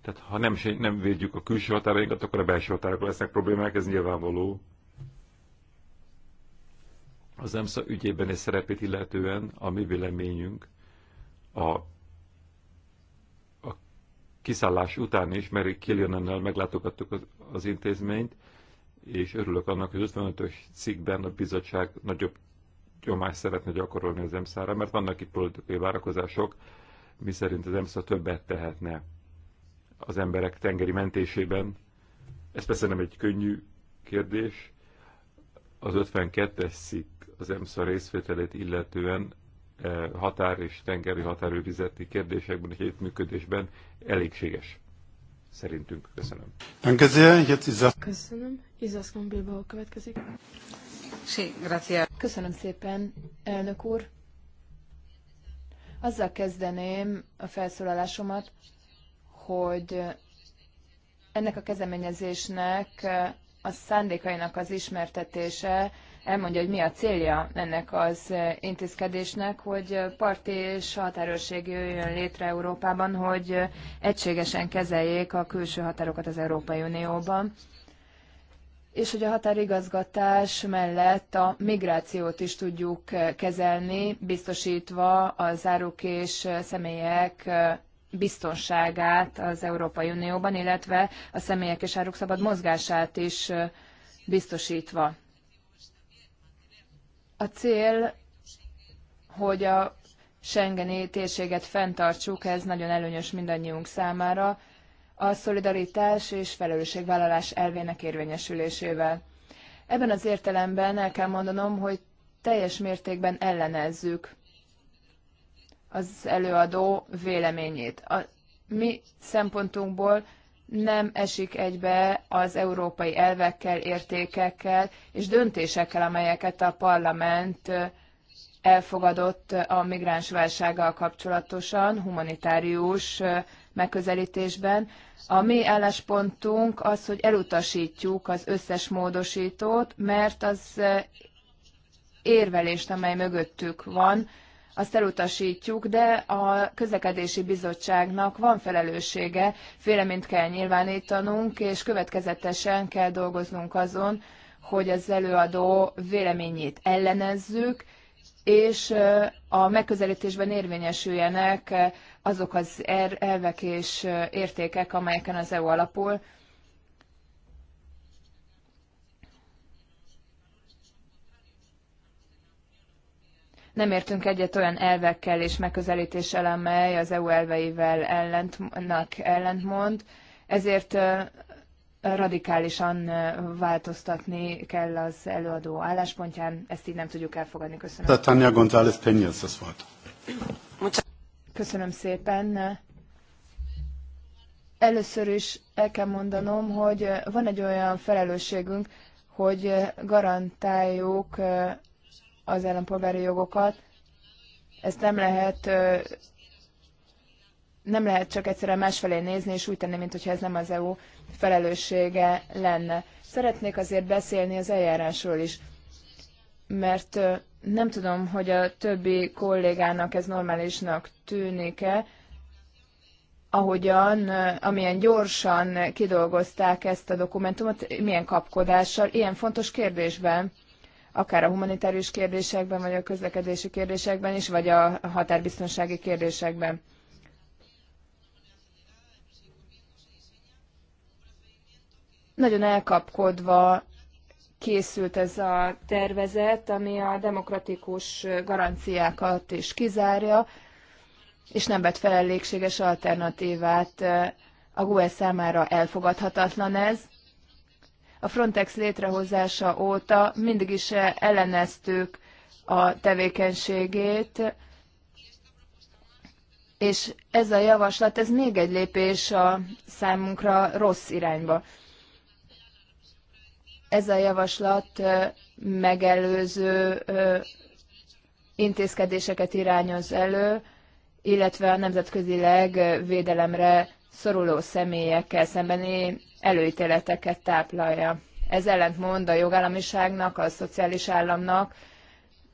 Tehát ha nem, nem védjük a külső határainkat, akkor a belső határokon lesznek problémák, ez nyilvánvaló. Az EMSZA ügyében és szerepét illetően a mi véleményünk a, a kiszállás után is, mert Kilionennel meglátogattuk az, az intézményt, és örülök annak, hogy 55-ös cikkben a bizottság nagyobb gyomás szeretne gyakorolni az EMSZ-ra, mert vannak itt politikai várakozások, miszerint az EMSZ többet tehetne az emberek tengeri mentésében. Ez persze nem egy könnyű kérdés. Az 52-es szik az EMSZ részvételét illetően határ és tengeri határőrizeti kérdésekben és együttműködésben elégséges. Szerintünk. Köszönöm. Köszönöm. Izaszkon Bilbao következik. Köszönöm szépen, elnök úr. Azzal kezdeném a felszólalásomat, hogy ennek a kezdeményezésnek a szándékainak az ismertetése elmondja, hogy mi a célja ennek az intézkedésnek, hogy parti és határőrség jöjjön létre Európában, hogy egységesen kezeljék a külső határokat az Európai Unióban és hogy a határigazgatás mellett a migrációt is tudjuk kezelni, biztosítva az áruk és személyek biztonságát az Európai Unióban, illetve a személyek és áruk szabad mozgását is biztosítva. A cél, hogy a Schengeni térséget fenntartsuk, ez nagyon előnyös mindannyiunk számára, a szolidaritás és felelősségvállalás elvének érvényesülésével. Ebben az értelemben el kell mondanom, hogy teljes mértékben ellenezzük az előadó véleményét. A mi szempontunkból nem esik egybe az európai elvekkel, értékekkel és döntésekkel, amelyeket a parlament elfogadott a migráns válsággal kapcsolatosan, humanitárius megközelítésben. A mi álláspontunk az, hogy elutasítjuk az összes módosítót, mert az érvelést, amely mögöttük van, azt elutasítjuk, de a közlekedési bizottságnak van felelőssége, véleményt kell nyilvánítanunk, és következetesen kell dolgoznunk azon, hogy az előadó véleményét ellenezzük, és a megközelítésben érvényesüljenek azok az er-, elvek és értékek, amelyeken az EU alapul. nem értünk egyet olyan elvekkel és megközelítéssel, amely az EU elveivel ellentnak ellentmond, ezért radikálisan változtatni kell az előadó álláspontján, ezt így nem tudjuk elfogadni. Köszönöm. Tania González Peñas, ez volt. Köszönöm szépen. Először is el kell mondanom, hogy van egy olyan felelősségünk, hogy garantáljuk az állampolgári jogokat. Ezt nem lehet nem lehet csak egyszerűen másfelé nézni, és úgy tenni, mintha ez nem az EU felelőssége lenne. Szeretnék azért beszélni az eljárásról is, mert nem tudom, hogy a többi kollégának ez normálisnak tűnik-e, ahogyan, amilyen gyorsan kidolgozták ezt a dokumentumot, milyen kapkodással, ilyen fontos kérdésben akár a humanitárius kérdésekben, vagy a közlekedési kérdésekben is, vagy a határbiztonsági kérdésekben. Nagyon elkapkodva készült ez a tervezet, ami a demokratikus garanciákat is kizárja, és nem vett fel elégséges alternatívát. A GUE számára elfogadhatatlan ez, a Frontex létrehozása óta mindig is elleneztük a tevékenységét, és ez a javaslat, ez még egy lépés a számunkra rossz irányba. Ez a javaslat megelőző intézkedéseket irányoz elő, illetve a nemzetközileg védelemre szoruló személyekkel szembeni előítéleteket táplálja. Ez ellentmond a jogállamiságnak, a szociális államnak.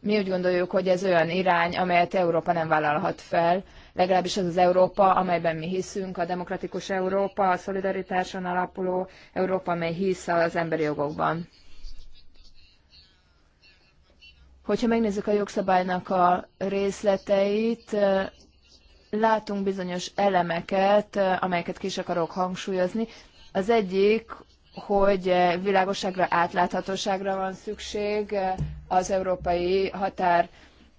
Mi úgy gondoljuk, hogy ez olyan irány, amelyet Európa nem vállalhat fel, legalábbis az az Európa, amelyben mi hiszünk, a demokratikus Európa, a szolidaritáson alapuló Európa, amely hisz az emberi jogokban. Hogyha megnézzük a jogszabálynak a részleteit, látunk bizonyos elemeket, eh, amelyeket ki is akarok hangsúlyozni. Az egyik, hogy eh, világosságra, átláthatóságra van szükség eh, az európai határ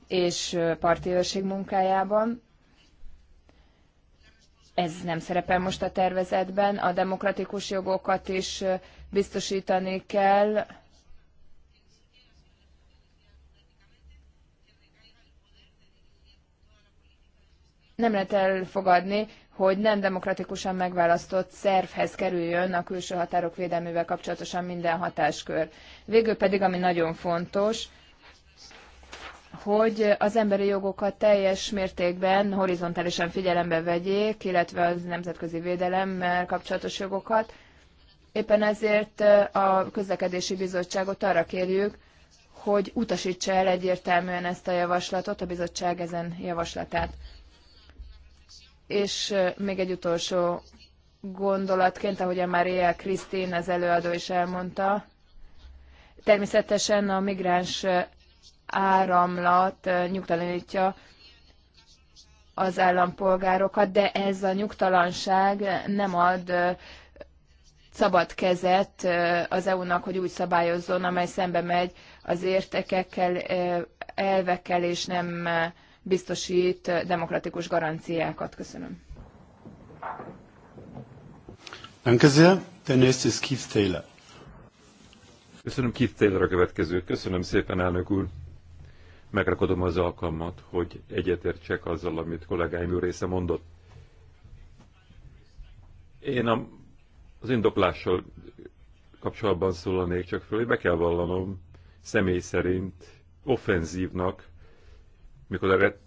és parti őrség munkájában. Ez nem szerepel most a tervezetben. A demokratikus jogokat is biztosítani kell, nem lehet elfogadni, hogy nem demokratikusan megválasztott szervhez kerüljön a külső határok védelmével kapcsolatosan minden hatáskör. Végül pedig, ami nagyon fontos, hogy az emberi jogokat teljes mértékben horizontálisan figyelembe vegyék, illetve az nemzetközi védelemmel kapcsolatos jogokat. Éppen ezért eh, a közlekedési bizottságot arra kérjük, hogy utasítsa el egyértelműen ezt a javaslatot, a bizottság ezen javaslatát. És még egy utolsó gondolatként, ahogyan már Éjjel Krisztin, az előadó is elmondta, természetesen a migráns áramlat nyugtalanítja az állampolgárokat, de ez a nyugtalanság nem ad szabad kezet az EU-nak, hogy úgy szabályozzon, amely szembe megy az értekekkel, elvekkel, és nem biztosít demokratikus garanciákat. Köszönöm. Danke sehr. Der nächste ist Keith Taylor. Köszönöm Keith Taylor a következő. Köszönöm szépen, elnök úr. Megrakodom az alkalmat, hogy egyetértsek azzal, amit kollégáim jó része mondott. Én a, az indoklással kapcsolatban szólalnék csak föl, hogy be kell vallanom személy szerint offenzívnak mikor erre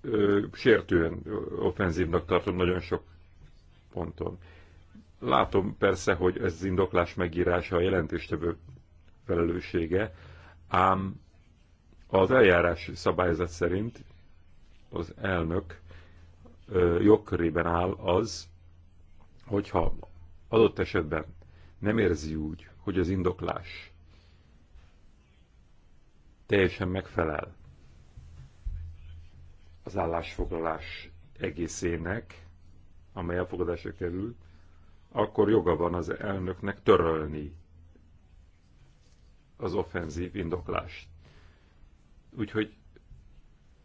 ö, sértően offenzívnak tartom nagyon sok ponton. Látom persze, hogy ez az indoklás megírása a jelentéstevő felelőssége, ám az eljárás szabályzat szerint az elnök jogkörében áll az, hogyha adott esetben nem érzi úgy, hogy az indoklás teljesen megfelel az állásfoglalás egészének, amely elfogadásra került, akkor joga van az elnöknek törölni az offenzív indoklást. Úgyhogy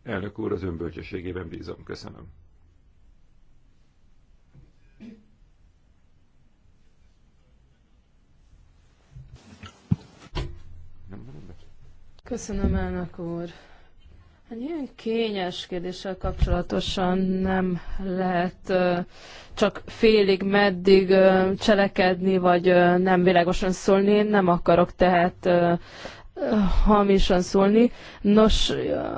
elnök úr, az önbölcsességében bízom. Köszönöm. Köszönöm, elnök úr. Egy ilyen kényes kérdéssel kapcsolatosan nem lehet csak félig meddig cselekedni, vagy nem világosan szólni. Én nem akarok tehát hamisan szólni. Nos,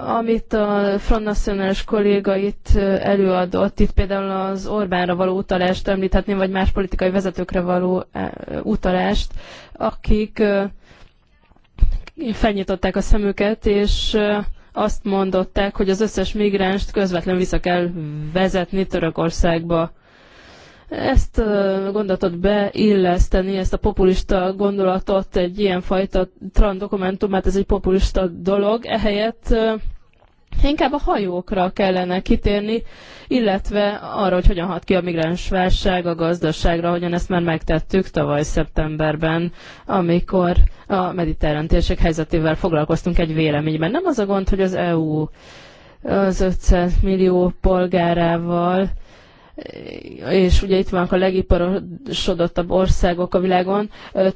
amit a Front Nationalis kolléga itt előadott, itt például az Orbánra való utalást említhetném, vagy más politikai vezetőkre való utalást, akik felnyitották a szemüket, és azt mondották, hogy az összes migránst közvetlenül vissza kell vezetni Törökországba. Ezt a gondolatot beilleszteni, ezt a populista gondolatot, egy ilyenfajta tran dokumentum, ez egy populista dolog, ehelyett Inkább a hajókra kellene kitérni, illetve arra, hogy hogyan hat ki a migráns válság a gazdaságra, hogyan ezt már megtettük tavaly szeptemberben, amikor a mediterrán térség helyzetével foglalkoztunk egy véleményben. Nem az a gond, hogy az EU az 500 millió polgárával és ugye itt vannak a legiparosodottabb országok a világon,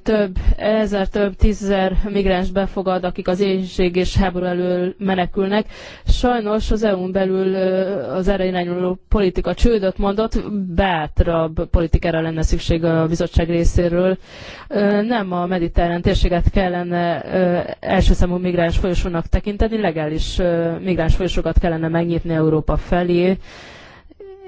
több ezer, több tízezer migráns befogad, akik az éhség és háború elől menekülnek. Sajnos az EU-n belül az erre irányuló politika csődöt mondott, bátrabb politikára lenne szükség a bizottság részéről. Nem a mediterrán térséget kellene első számú migráns folyosónak tekinteni, legális migráns kellene megnyitni Európa felé,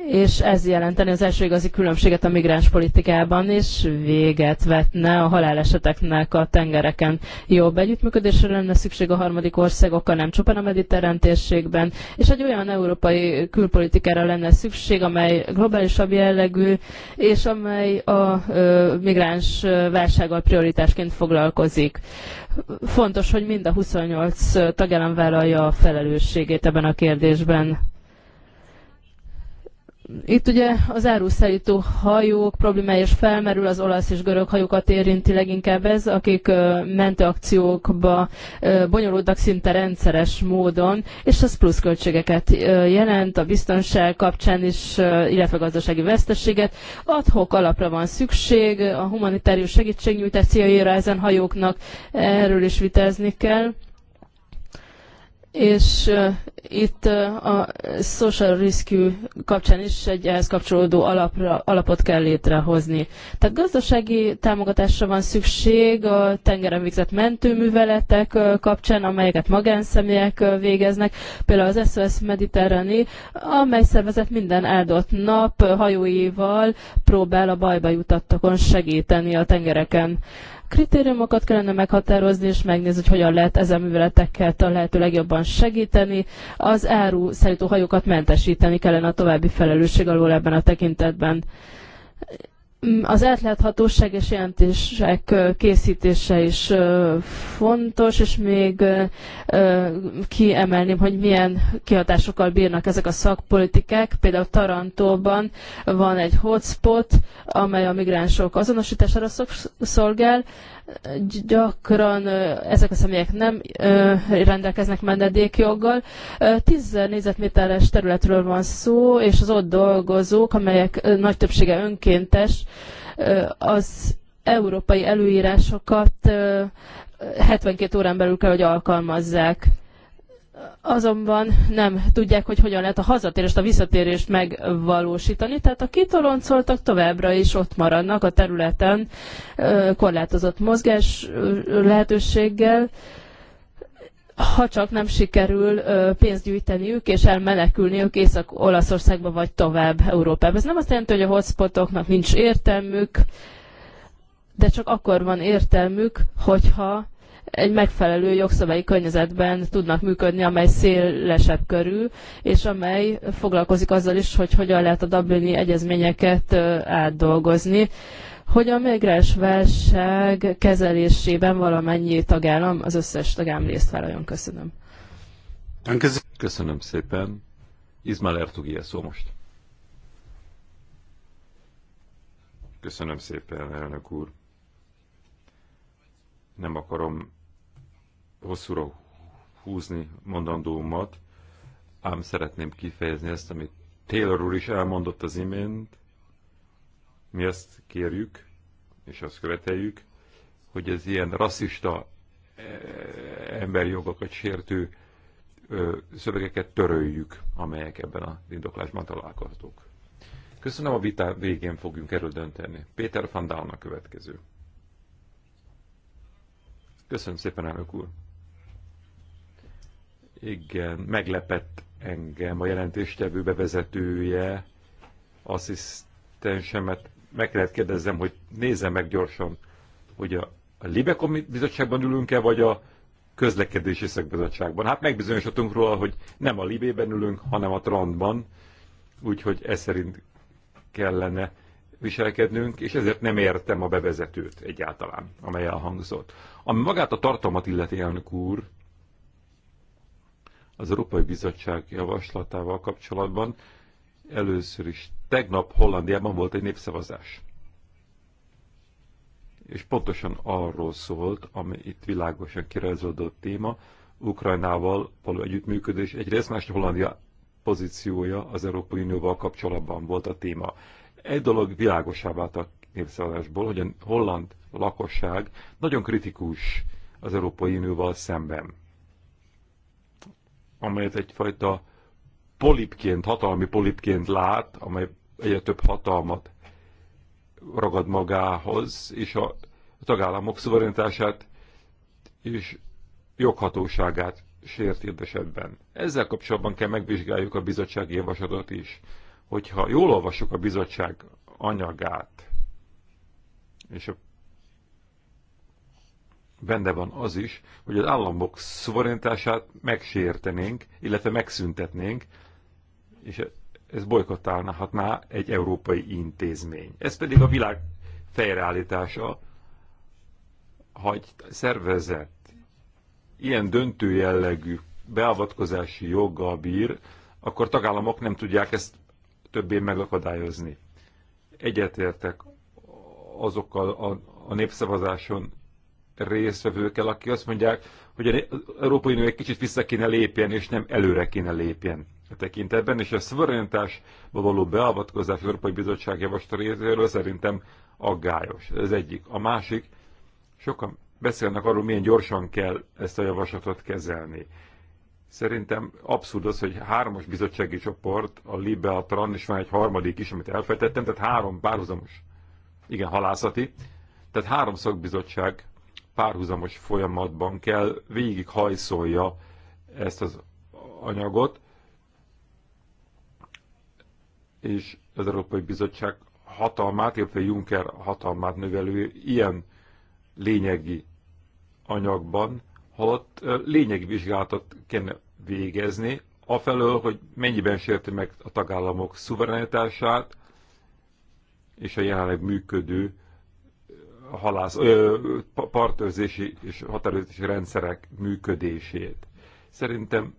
és ez jelenteni az első igazi különbséget a migráns politikában, és véget vetne a haláleseteknek a tengereken. Jobb együttműködésre lenne szükség a harmadik országokkal, nem csupán a mediterrán térségben, és egy olyan európai külpolitikára lenne szükség, amely globálisabb jellegű, és amely a migráns válsággal prioritásként foglalkozik. Fontos, hogy mind a 28 tagállam vállalja a felelősségét ebben a kérdésben itt ugye az áruszállító hajók problémája is felmerül, az olasz és görög hajókat érinti leginkább ez, akik mentőakciókba bonyolultak szinte rendszeres módon, és ez pluszköltségeket jelent a biztonság kapcsán is, illetve gazdasági veszteséget. Adhok alapra van szükség a humanitárius segítségnyújtás céljára ezen hajóknak, erről is vitázni kell és itt a social rescue kapcsán is egy ehhez kapcsolódó alapra, alapot kell létrehozni. Tehát gazdasági támogatásra van szükség a tengeren végzett mentőműveletek kapcsán, amelyeket magánszemélyek végeznek, például az SOS Mediterrani, amely szervezet minden áldott nap hajóival próbál a bajba jutattakon segíteni a tengereken. Kritériumokat kellene meghatározni, és megnézni, hogy hogyan lehet ezen műveletekkel a lehető legjobban segíteni. Az áru szállító hajókat mentesíteni kellene a további felelősség alól ebben a tekintetben Mm, az átláthatóság és jelentések készítése is fontos, és még kiemelném, hogy milyen kihatásokkal bírnak ezek a szakpolitikák. Például Tarantóban van egy hotspot, amely a migránsok azonosítására szolgál, gyakran ezek a személyek nem rendelkeznek menedékjoggal. 10 négyzetméteres területről van szó, és az ott dolgozók, amelyek nagy többsége önkéntes, az európai előírásokat 72 órán belül kell, hogy alkalmazzák azonban nem tudják, hogy hogyan lehet a hazatérést, a visszatérést megvalósítani, tehát a kitoloncoltak továbbra is ott maradnak a területen korlátozott mozgás lehetőséggel, ha csak nem sikerül pénzt gyűjteniük és elmenekülniük Észak-Olaszországba vagy tovább Európába. Ez nem azt jelenti, hogy a hotspotoknak nincs értelmük, de csak akkor van értelmük, hogyha egy megfelelő jogszabályi környezetben tudnak működni, amely szélesebb körül, és amely foglalkozik azzal is, hogy hogyan lehet a Dublini egyezményeket átdolgozni hogy a migráns válság kezelésében valamennyi tagállam, az összes tagállam részt vállaljon. Köszönöm. Köszönöm szépen. Izmael Ertugi szó most. Köszönöm szépen, elnök úr. Nem akarom hosszúra húzni mondandómat, ám szeretném kifejezni ezt, amit Taylor úr is elmondott az imént. Mi azt kérjük, és azt követeljük, hogy az ilyen rasszista eh, emberjogokat sértő szövegeket töröljük, amelyek ebben a indoklásban találkoztuk. Köszönöm, a vita végén fogjunk erről dönteni. Péter van következő. Köszönöm szépen, elnök úr! Igen, meglepett engem a jelentéstevő bevezetője, asszisztensemet. Meg lehet kérdezzem, hogy nézze meg gyorsan, hogy a, Libekom bizottságban ülünk-e, vagy a közlekedési szakbizottságban. Hát megbizonyosodtunk róla, hogy nem a Libében ülünk, hanem a Trantban, úgyhogy ez szerint kellene viselkednünk, és ezért nem értem a bevezetőt egyáltalán, amely elhangzott. Ami magát a tartalmat illeti, elnök úr, az Európai Bizottság javaslatával kapcsolatban először is tegnap Hollandiában volt egy népszavazás. És pontosan arról szólt, ami itt világosan kirajzolódott téma, Ukrajnával való együttműködés, egyrészt más Hollandia pozíciója az Európai Unióval kapcsolatban volt a téma. Egy dolog világosá vált a népszavazásból, hogy a holland lakosság nagyon kritikus az Európai Unióval szemben amelyet egyfajta polipként, hatalmi polipként lát, amely egyre több hatalmat ragad magához, és a tagállamok szuverenitását és joghatóságát sért esetben. Ezzel kapcsolatban kell megvizsgáljuk a bizottság javaslatot is. Hogyha jól olvassuk a bizottság anyagát, és a benne van az is, hogy az államok szuverenitását megsértenénk, illetve megszüntetnénk, és ez bolykottálhatná egy európai intézmény. Ez pedig a világ fejreállítása, ha egy szervezet ilyen döntő jellegű beavatkozási joggal bír, akkor tagállamok nem tudják ezt többé megakadályozni. Egyetértek azokkal a, a népszavazáson részvevőkkel, aki azt mondják, hogy az Európai Unió egy kicsit vissza kéne lépjen, és nem előre kéne lépjen a e tekintetben, és a szuverenitásba való beavatkozás az Európai Bizottság javaslata részéről szerintem aggályos. Ez egyik. A másik, sokan beszélnek arról, milyen gyorsan kell ezt a javaslatot kezelni. Szerintem abszurd az, hogy hármas bizottsági csoport, a Libe, a Tran, és van egy harmadik is, amit elfejtettem, tehát három párhuzamos, igen, halászati, tehát három szakbizottság párhuzamos folyamatban kell végighajszolja ezt az anyagot, és az Európai Bizottság hatalmát, illetve Juncker hatalmát növelő ilyen lényegi anyagban, holott lényegi vizsgálatot kell végezni, afelől, hogy mennyiben sérti meg a tagállamok szuverenitását és a jelenleg működő halász, ö, partőrzési és határőrzési rendszerek működését. Szerintem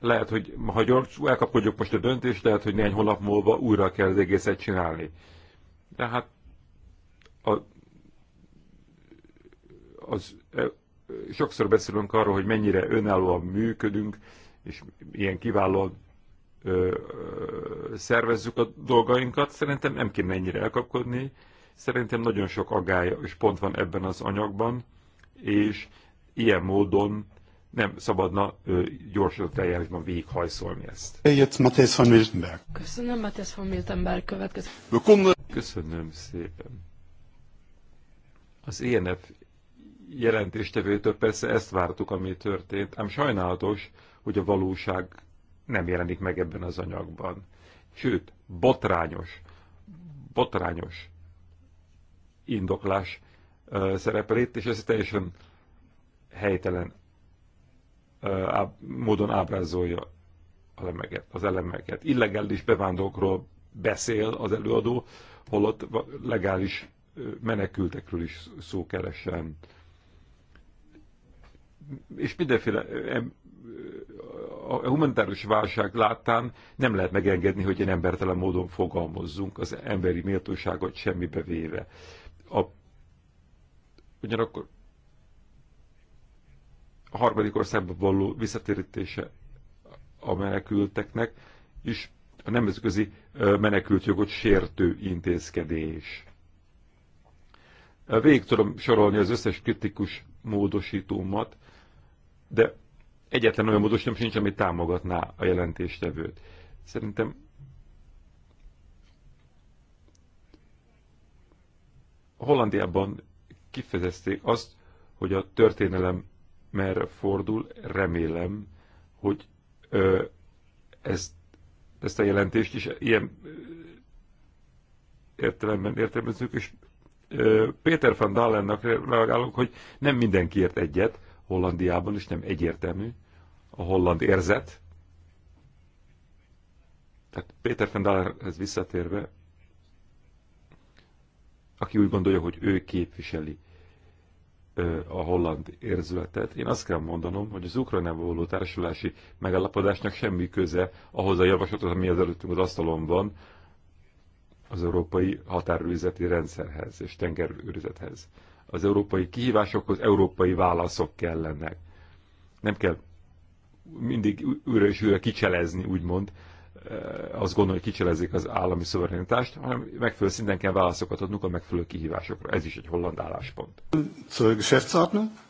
lehet, hogy ha gyors, elkapkodjuk most a döntést, lehet, hogy néhány hónap múlva újra kell az egészet csinálni. De hát a, az, sokszor beszélünk arról, hogy mennyire önállóan működünk, és ilyen kiválóan ö, szervezzük a dolgainkat, szerintem nem kéne ennyire elkapkodni. Szerintem nagyon sok agály és pont van ebben az anyagban, és ilyen módon nem szabadna ö, gyorsított eljárásban végighajszolni ezt. Jött Matthias von Miltenberg. Köszönöm, Matthias von Miltenberg következő. Köszönöm szépen. Az ENF jelentéstevőtől persze ezt vártuk, ami történt, ám sajnálatos, hogy a valóság nem jelenik meg ebben az anyagban. Sőt, botrányos, botrányos indoklás uh, szerepel itt, és ez teljesen helytelen módon ábrázolja az elemeket. Illegális bevándorlókról beszél az előadó, holott legális menekültekről is szó keresen. És mindenféle a humanitárius válság láttán nem lehet megengedni, hogy egy embertelen módon fogalmazzunk, az emberi méltóságot semmibe véve. A, ugyanakkor a harmadik országba való visszatérítése a menekülteknek is a nemzetközi menekültjogot sértő intézkedés. Végig tudom sorolni az összes kritikus módosítómat, de egyetlen olyan módosítom sincs, ami támogatná a jelentéstevőt. Szerintem Hollandiában kifejezték azt, hogy a történelem merre fordul, remélem, hogy ö, ezt, ezt a jelentést is ilyen ö, értelemben értelmezzük, és ö, Péter van Dallennak reagálunk, hogy nem mindenki ért egyet Hollandiában, és nem egyértelmű a holland érzet. Tehát Péter Fendalerhez visszatérve, aki úgy gondolja, hogy ő képviseli a holland érzületet. Én azt kell mondanom, hogy az Ukrajnával való társulási megállapodásnak semmi köze ahhoz a javaslathoz, ami az előttünk az asztalon van, az európai határőrizeti rendszerhez és tengerőrizethez. Az európai kihívásokhoz európai válaszok kellenek. Nem kell mindig újra és újra kicselezni, úgymond, azt gondolom, hogy kicselezik az állami szuverenitást, hanem megfelelő szinten kell válaszokat adnunk a megfelelő kihívásokra. Ez is egy holland álláspont.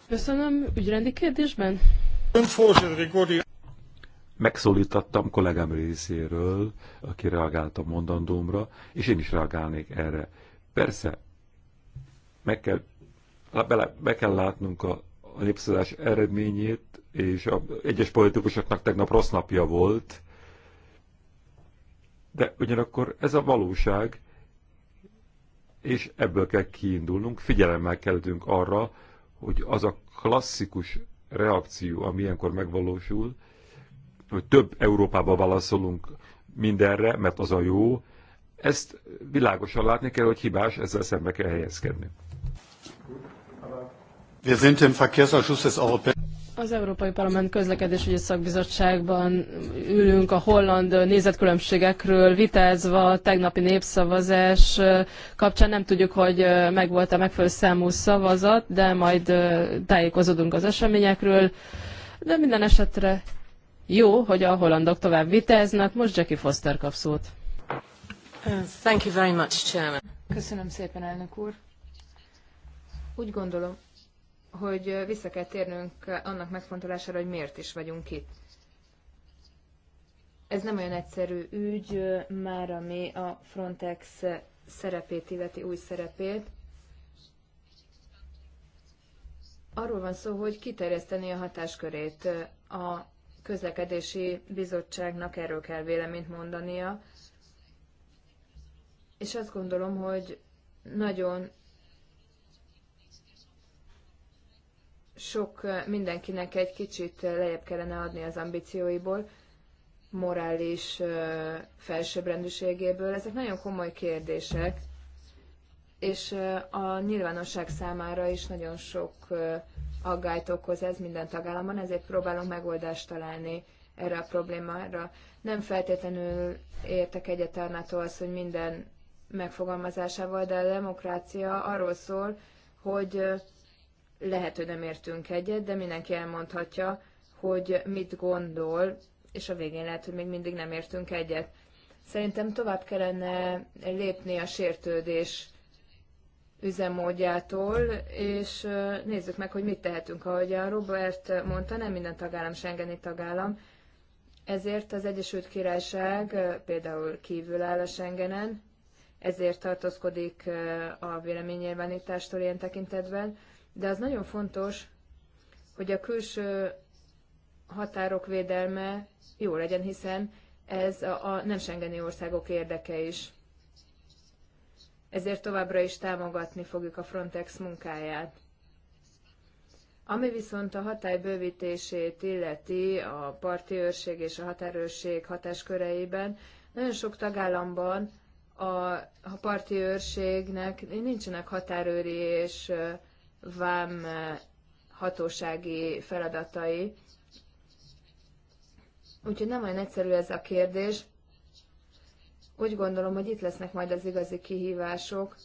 Köszönöm. Ügyrendi kérdésben? Megszólítottam kollégám részéről, aki reagált a mondandómra, és én is reagálnék erre. Persze, meg kell, bele, meg kell látnunk a, a népszavazás eredményét, és a egyes politikusoknak tegnap rossz napja volt, de ugyanakkor ez a valóság, és ebből kell kiindulnunk, figyelemmel kellünk arra, hogy az a klasszikus reakció, ami ilyenkor megvalósul, hogy több Európába válaszolunk mindenre, mert az a jó, ezt világosan látni kell, hogy hibás, ezzel szembe kell helyezkedni. Az Európai Parlament közlekedésügyi szakbizottságban ülünk a holland nézetkülönbségekről vitázva, tegnapi népszavazás kapcsán nem tudjuk, hogy megvolt a megfelelő számú szavazat, de majd tájékozódunk az eseményekről. De minden esetre jó, hogy a hollandok tovább vitáznak. Most Jackie Foster kap szót. Uh, thank you very much, Chairman. Köszönöm szépen, elnök úr. Úgy gondolom, hogy vissza kell térnünk annak megfontolására, hogy miért is vagyunk itt. Ez nem olyan egyszerű ügy, már ami a Frontex szerepét illeti új szerepét. Arról van szó, hogy kiterjeszteni a hatáskörét. A közlekedési bizottságnak erről kell véleményt mondania, és azt gondolom, hogy nagyon sok mindenkinek egy kicsit lejjebb kellene adni az ambícióiból, morális felsőbbrendűségéből. Ezek nagyon komoly kérdések, és a nyilvánosság számára is nagyon sok aggályt okoz ez minden tagállamban, ezért próbálunk megoldást találni erre a problémára. Nem feltétlenül értek egyet Arnától az, hogy minden megfogalmazásával, de a demokrácia arról szól, hogy lehet, hogy nem értünk egyet, de mindenki elmondhatja, hogy mit gondol, és a végén lehet, hogy még mindig nem értünk egyet. Szerintem tovább kellene lépni a sértődés üzemmódjától, és nézzük meg, hogy mit tehetünk. Ahogy a Robert mondta, nem minden tagállam Schengeni tagállam, ezért az Egyesült Királyság például kívül áll a Schengenen, ezért tartózkodik a véleménynyilvánítástól ilyen tekintetben de az nagyon fontos, hogy a külső határok védelme jó legyen, hiszen ez a, nem sengeni országok érdeke is. Ezért továbbra is támogatni fogjuk a Frontex munkáját. Ami viszont a hatály bővítését illeti a parti őrség és a határőrség hatásköreiben, nagyon sok tagállamban a, a parti őrségnek nincsenek határőri és vám eh, hatósági feladatai. Úgyhogy nem olyan egyszerű ez a kérdés. Úgy gondolom, hogy itt lesznek majd az igazi kihívások.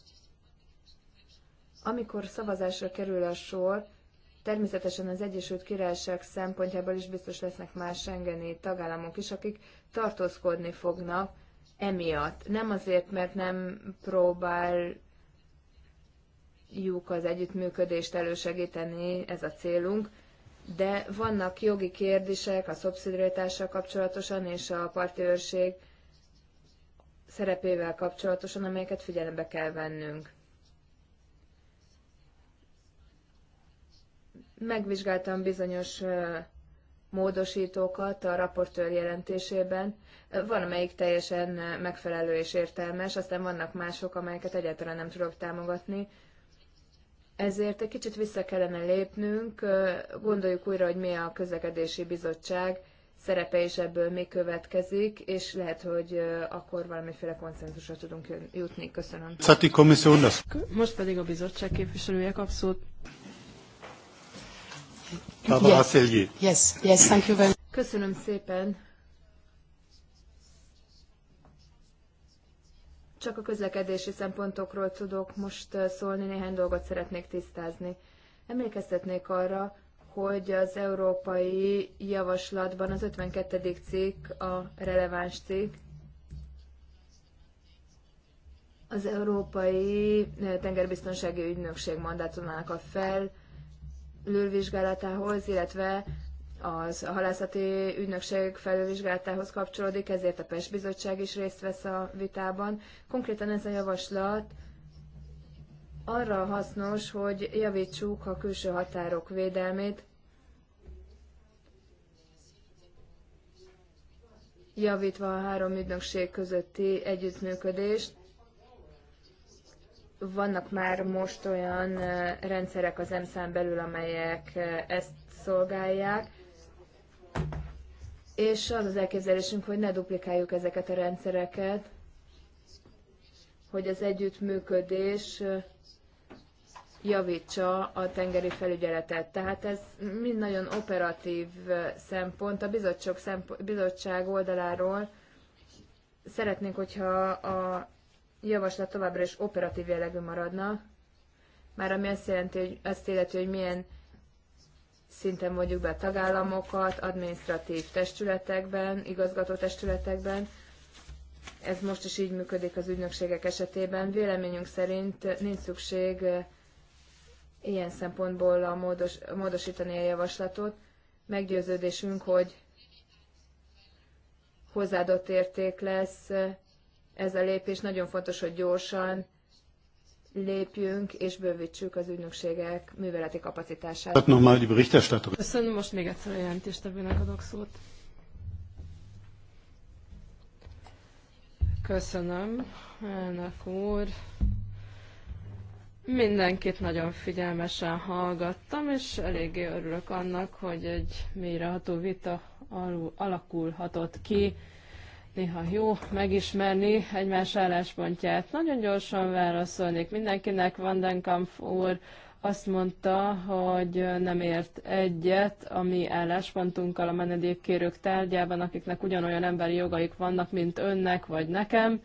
Amikor szavazásra kerül a sor, természetesen az Egyesült Királyság szempontjából is biztos lesznek más Schengeni tagállamok is, akik tartózkodni fognak emiatt. Nem azért, mert nem próbál próbáljuk az együttműködést elősegíteni, ez a célunk, de vannak jogi kérdések a szobszidrétással kapcsolatosan és a parti őrség szerepével kapcsolatosan, amelyeket figyelembe kell vennünk. Megvizsgáltam bizonyos módosítókat a raportőr jelentésében. Van, amelyik teljesen megfelelő és értelmes, aztán vannak mások, amelyeket egyáltalán nem tudok támogatni. Ezért egy kicsit vissza kellene lépnünk, gondoljuk újra, hogy mi a közlekedési bizottság szerepe és ebből mi következik, és lehet, hogy akkor valamiféle konszenzusra tudunk jutni. Köszönöm. Most pedig a bizottság képviselője kap szót. Yes. yes, yes, thank you very much. Köszönöm szépen. Csak a közlekedési szempontokról tudok most szólni, néhány dolgot szeretnék tisztázni. Emlékeztetnék arra, hogy az európai javaslatban az 52. cikk a releváns cikk, az Európai Tengerbiztonsági Ügynökség mandátumának a fel lülvizsgálatához, illetve az a halászati ügynökség felülvizsgálatához kapcsolódik, ezért a PES bizottság is részt vesz a vitában. Konkrétan ez a javaslat arra hasznos, hogy javítsuk a külső határok védelmét, javítva a három ügynökség közötti együttműködést. Vannak már most olyan eh, rendszerek az emsz belül, amelyek eh, ezt szolgálják, és az az elképzelésünk, hogy ne duplikáljuk ezeket a rendszereket, hogy az együttműködés javítsa a tengeri felügyeletet. Tehát ez mind nagyon operatív szempont. A bizottság, szempont, bizottság oldaláról szeretnénk, hogyha a javaslat továbbra is operatív jellegű maradna, már ami azt jelenti, hogy azt illeti, hogy milyen szinten mondjuk be tagállamokat, adminisztratív testületekben, igazgató testületekben. Ez most is így működik az ügynökségek esetében. Véleményünk szerint nincs szükség ilyen szempontból a módos, módosítani a javaslatot. Meggyőződésünk, hogy hozzáadott érték lesz ez a lépés. Nagyon fontos, hogy gyorsan lépjünk és bővítsük az ügynökségek műveleti kapacitását. Köszönöm, most még egyszer a jelentéstevőnek adok szót. Köszönöm, elnök úr. Mindenkit nagyon figyelmesen hallgattam, és eléggé örülök annak, hogy egy mélyreható vita alakulhatott ki néha jó megismerni egymás álláspontját. Nagyon gyorsan válaszolnék mindenkinek. Vandenkamp úr azt mondta, hogy nem ért egyet a mi álláspontunkkal a menedékkérők tárgyában, akiknek ugyanolyan emberi jogaik vannak, mint önnek vagy nekem.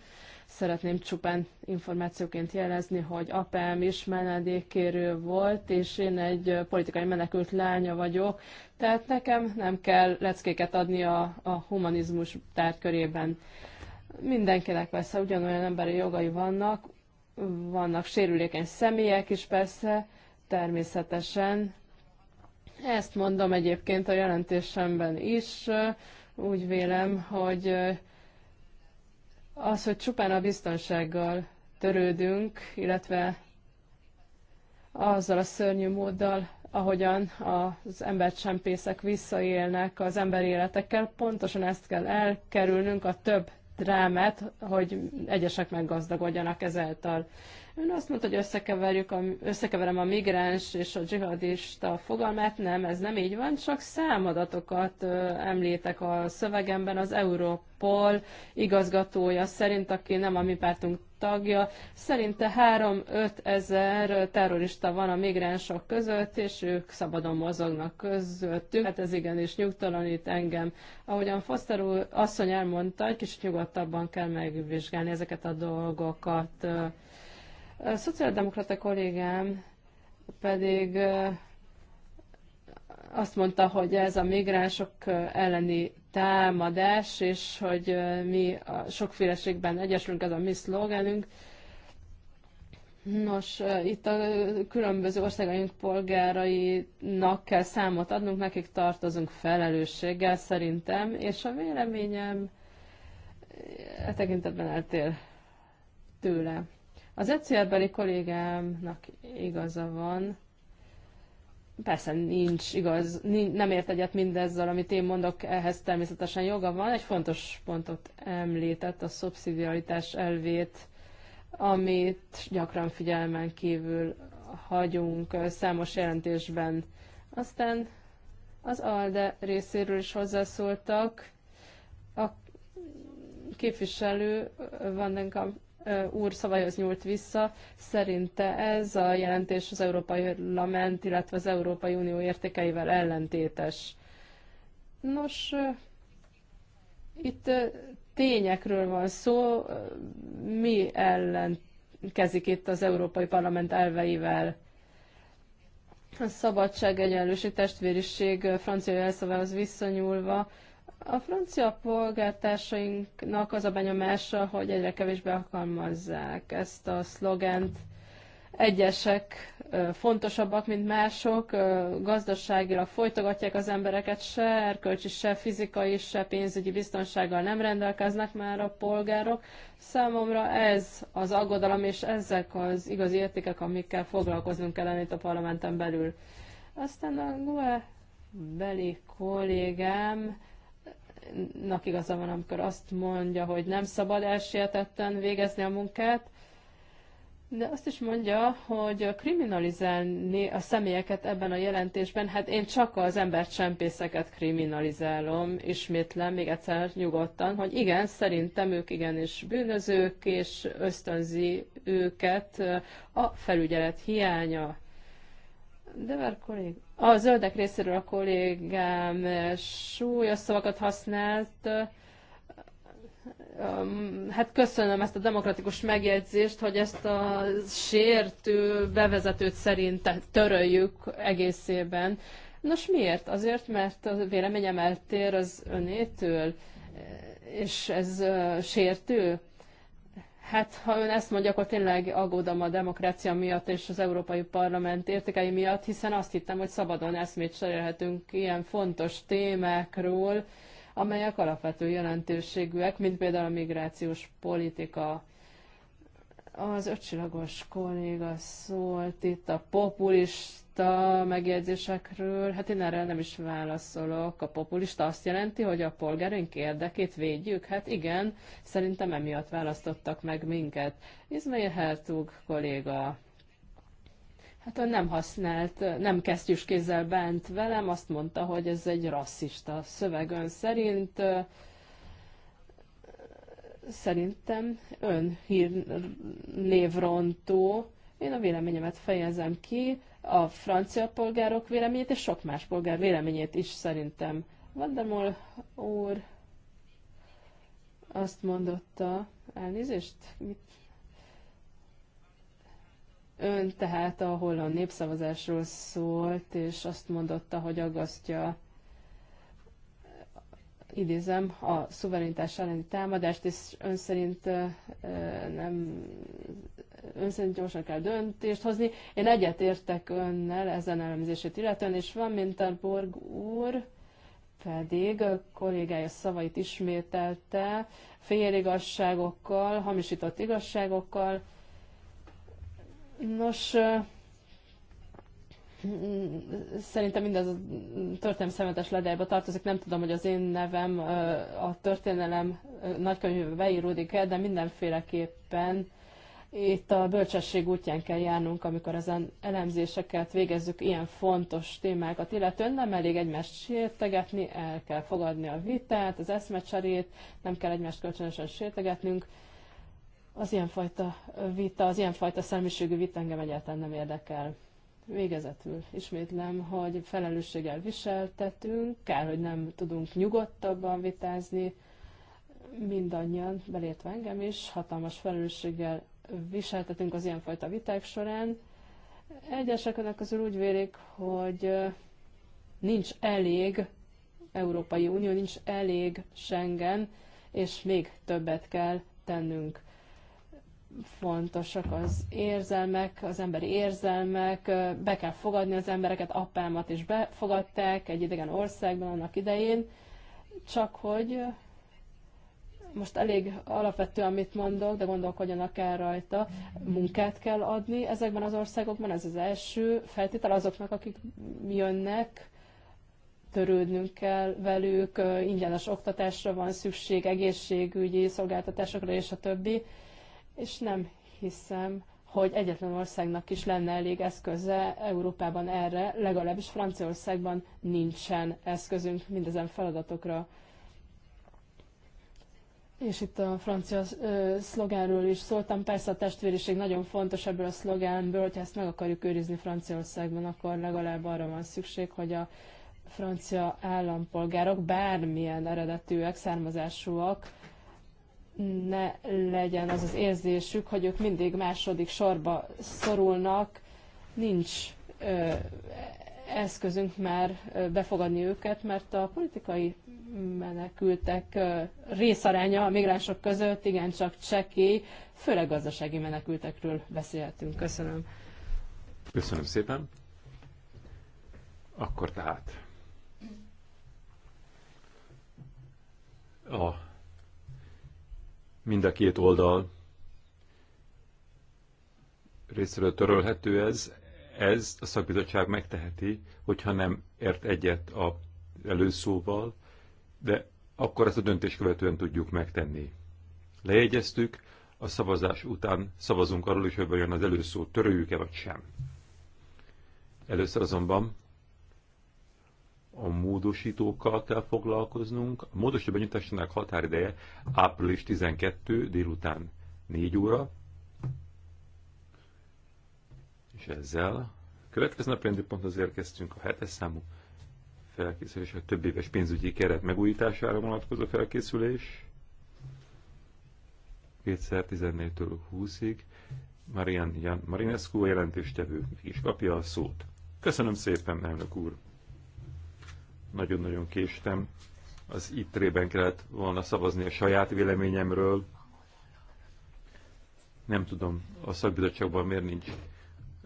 Szeretném csupán információként jelezni, hogy apám is menedékkérő volt, és én egy politikai menekült lánya vagyok, tehát nekem nem kell leckéket adni a, a humanizmus tárgykörében. Mindenkinek persze ugyanolyan emberi jogai vannak, vannak sérülékeny személyek is persze, természetesen. Ezt mondom egyébként a jelentésemben is. Úgy vélem, hogy az, hogy csupán a biztonsággal törődünk, illetve azzal a szörnyű móddal, ahogyan az embercsempészek visszaélnek az emberi életekkel, pontosan ezt kell elkerülnünk, a több drámet, hogy egyesek meggazdagodjanak ezáltal. Ön azt mondta, hogy összekeverjük a, összekeverem a migráns és a dzsihadista fogalmát. Nem, ez nem így van, csak számadatokat említek a szövegemben. Az Europol igazgatója szerint, aki nem a mi pártunk tagja, szerinte 3-5 ezer terrorista van a migránsok között, és ők szabadon mozognak közöttük. Hát ez igenis nyugtalanít engem. Ahogyan Foster úr asszony elmondta, egy kicsit nyugodtabban kell megvizsgálni ezeket a dolgokat. A szociáldemokrata kollégám pedig azt mondta, hogy ez a migránsok elleni támadás, és hogy mi a sokféleségben egyesülünk, ez a mi szlogenünk. Nos, itt a különböző országaink polgárainak kell számot adnunk, nekik tartozunk felelősséggel szerintem, és a véleményem e tekintetben eltér tőle. Az ECR-beli kollégámnak igaza van, persze nincs igaz, nem ért egyet mindezzel, amit én mondok, ehhez természetesen joga van. Egy fontos pontot említett, a szubszidiaritás elvét, amit gyakran figyelmen kívül hagyunk számos jelentésben. Aztán az ALDE részéről is hozzászóltak. A képviselő Vandenkamp úr szavaihoz nyúlt vissza. Szerinte ez a jelentés az Európai Parlament, illetve az Európai Unió értékeivel ellentétes. Nos, itt tényekről van szó, mi ellenkezik itt az Európai Parlament elveivel. A szabadság, egyenlőség, testvériség francia jelszavához visszanyúlva, a francia polgártársainknak az a benyomása, hogy egyre kevésbé alkalmazzák ezt a szlogent. Egyesek fontosabbak, mint mások, gazdaságilag folytogatják az embereket, se erkölcsi, se fizikai, se pénzügyi biztonsággal nem rendelkeznek már a polgárok. Számomra ez az aggodalom, és ezek az igazi értékek, amikkel foglalkoznunk kellene itt a parlamenten belül. Aztán a GUE beli kollégám nak igaza van, amikor azt mondja, hogy nem szabad elsietetten végezni a munkát, de azt is mondja, hogy kriminalizálni a személyeket ebben a jelentésben, hát én csak az embercsempészeket kriminalizálom, ismétlem még egyszer nyugodtan, hogy igen, szerintem ők igenis bűnözők, és ösztönzi őket a felügyelet hiánya. de már kollég a zöldek részéről a kollégám súlyos szavakat használt. Hát köszönöm ezt a demokratikus megjegyzést, hogy ezt a sértő bevezetőt szerint töröljük egészében. Nos, miért? Azért, mert a véleményem eltér az önétől, és ez sértő. Hát, ha ön ezt mondja, akkor tényleg aggódom a demokrácia miatt és az Európai Parlament értékei miatt, hiszen azt hittem, hogy szabadon eszmét cserélhetünk ilyen fontos témákról, amelyek alapvető jelentőségűek, mint például a migrációs politika. Az öcsilagos kolléga szólt itt a populist a megjegyzésekről, hát én erre nem is válaszolok. A populista azt jelenti, hogy a polgárunk érdekét védjük? Hát igen, szerintem emiatt választottak meg minket. Izmail Hertug kolléga Hát ön nem használt, nem kesztyűs kézzel bánt velem, azt mondta, hogy ez egy rasszista szöveg ön szerint. Szerintem ön névrontó, Én a véleményemet fejezem ki a francia polgárok véleményét, és sok más polgár véleményét is szerintem. Vandamol úr azt mondotta, elnézést, mit? Ön tehát a holland népszavazásról szólt, és azt mondotta, hogy aggasztja, idézem, a szuverenitás elleni támadást, és ön szerint nem ön szerint gyorsan kell döntést hozni. Én egyetértek önnel ezen elemzését illetően, és Van Minterborg úr pedig a kollégája szavait ismételte igazságokkal, hamisított igazságokkal. Nos, szerintem mindez a történelem szemetes ledelbe tartozik. Nem tudom, hogy az én nevem a történelem nagykönyvébe beíródik e de mindenféleképpen itt a bölcsesség útján kell járnunk, amikor ezen elemzéseket végezzük ilyen fontos témákat, illetően nem elég egymást sértegetni, el kell fogadni a vitát, az eszmecserét, nem kell egymást kölcsönösen sértegetnünk. Az ilyenfajta vita, az ilyenfajta szemiségű vita engem egyáltalán nem érdekel. Végezetül ismétlem, hogy felelősséggel viseltetünk, kell, hogy nem tudunk nyugodtabban vitázni, mindannyian, belértve engem is, hatalmas felelősséggel viseltetünk az ilyenfajta viták során. Egyesek ennek közül úgy vélik, hogy nincs elég Európai Unió, nincs elég Schengen, és még többet kell tennünk. Fontosak az érzelmek, az emberi érzelmek, be kell fogadni az embereket, apámat is befogadták egy idegen országban annak idején, csak hogy most elég alapvető, amit mondok, de gondolkodjanak el rajta, munkát kell adni ezekben az országokban, ez az első feltétel azoknak, akik jönnek, törődnünk kell velük, ingyenes oktatásra van szükség, egészségügyi szolgáltatásokra és a többi, és nem hiszem, hogy egyetlen országnak is lenne elég eszköze Európában erre, legalábbis Franciaországban nincsen eszközünk mindezen feladatokra és itt a francia ö, szlogánról is szóltam, persze a testvériség nagyon fontos ebből a szlogánból, hogyha ezt meg akarjuk őrizni Franciaországban, akkor legalább arra van szükség, hogy a francia állampolgárok bármilyen eredetűek, származásúak, ne legyen az az érzésük, hogy ők mindig második sorba szorulnak, nincs ö, eszközünk már befogadni őket, mert a politikai menekültek részaránya a migránsok között igencsak csekély, főleg gazdasági menekültekről beszélhetünk. Köszönöm. Köszönöm szépen. Akkor tehát a mind a két oldal részről törölhető ez, ez a szakbizottság megteheti, hogyha nem ért egyet a előszóval, de akkor ezt a döntés követően tudjuk megtenni. Lejegyeztük, a szavazás után szavazunk arról is, hogy vajon az előszó törőjük-e vagy sem. Először azonban a módosítókkal kell foglalkoznunk. A módosító benyújtásának határideje április 12 délután 4 óra, és ezzel a következő napi ponthoz érkeztünk a hetes számú felkészülés, a több éves pénzügyi keret megújítására vonatkozó felkészülés 2014-től 20-ig. Marian Jan Marinescu jelentéstevő meg is kapja a szót. Köszönöm szépen, elnök úr! Nagyon-nagyon késtem. Az itt rében kellett volna szavazni a saját véleményemről. Nem tudom, a szakbizottságban miért nincs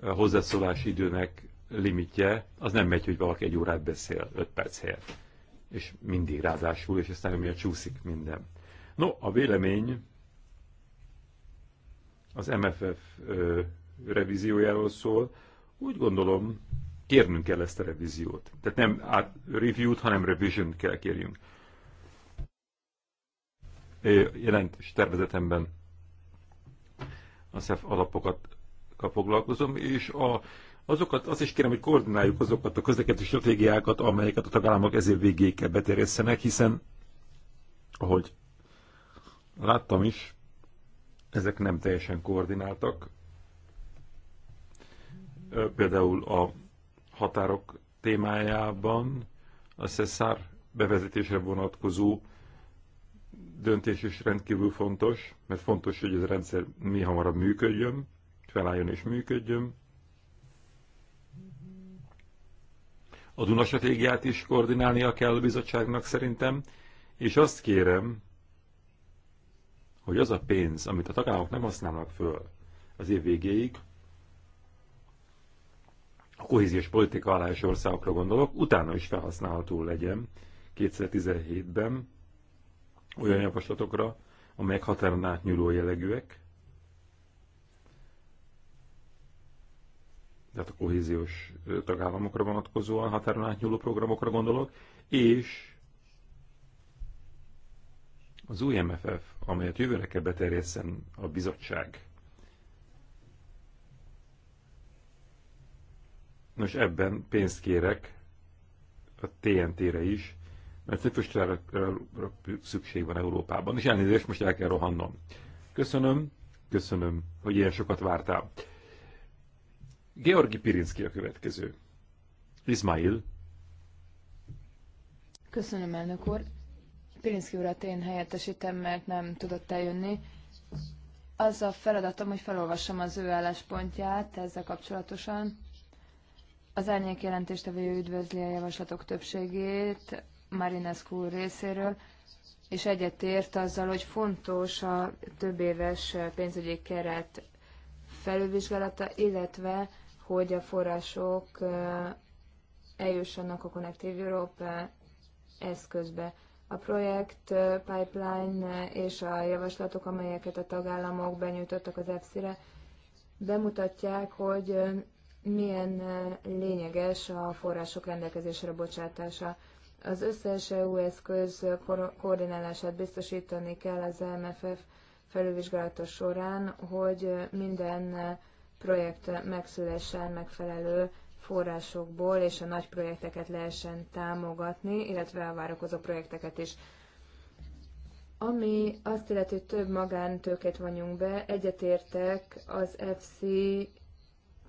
hozzászólási időnek limitje, az nem megy, hogy valaki egy órát beszél, öt perc helyett. És mindig ráadásul, és aztán miért csúszik minden. No, a vélemény az MFF ö, revíziójáról szól. Úgy gondolom, kérnünk kell ezt a revíziót. Tehát nem át, review-t, hanem revision kell kérjünk. Jelentős tervezetemben a SZEF alapokat dolgokkal foglalkozom, és a, azokat, azt is kérem, hogy koordináljuk azokat a közlekedési stratégiákat, amelyeket a tagállamok ezért végéig kell beterjesztenek, hiszen, ahogy láttam is, ezek nem teljesen koordináltak. Például a határok témájában a SESZÁR bevezetésre vonatkozó döntés is rendkívül fontos, mert fontos, hogy ez a rendszer mi hamarabb működjön, felálljon és működjön. A Duna stratégiát is koordinálnia kell a bizottságnak szerintem, és azt kérem, hogy az a pénz, amit a tagállamok nem használnak föl az év végéig, a kohéziós politika alá és országokra gondolok, utána is felhasználható legyen 2017-ben olyan javaslatokra, amelyek határon átnyúló jellegűek, tehát a kohéziós tagállamokra vonatkozóan határon átnyúló programokra gondolok, és az új MFF, amelyet jövőre kell beterjesszen a bizottság. Nos, ebben pénzt kérek a TNT-re is, mert infrastruktúrára szükség van Európában, és elnézést, most el kell rohannom. Köszönöm, köszönöm, hogy ilyen sokat vártál. Georgi Pirinski a következő. Izmail. Köszönöm, elnök úr. Pirinski urat én helyettesítem, mert nem tudott eljönni. Az a feladatom, hogy felolvassam az ő álláspontját ezzel kapcsolatosan. Az árnyék jelentéstevője üdvözli a javaslatok többségét Marinescu úr részéről, és egyetért azzal, hogy fontos a több éves pénzügyi keret felülvizsgálata, illetve hogy a források eljussanak a Connective Europe eszközbe. A projekt pipeline és a javaslatok, amelyeket a tagállamok benyújtottak az EFSZ-re, bemutatják, hogy milyen lényeges a források rendelkezésre bocsátása. Az összes EU eszköz koordinálását biztosítani kell az e MFF felülvizsgálata során, hogy minden projekt megszülessen megfelelő forrásokból, és a nagy projekteket lehessen támogatni, illetve a várakozó projekteket is. Ami azt illeti, hogy több magántőkét vonjunk be, egyetértek az FC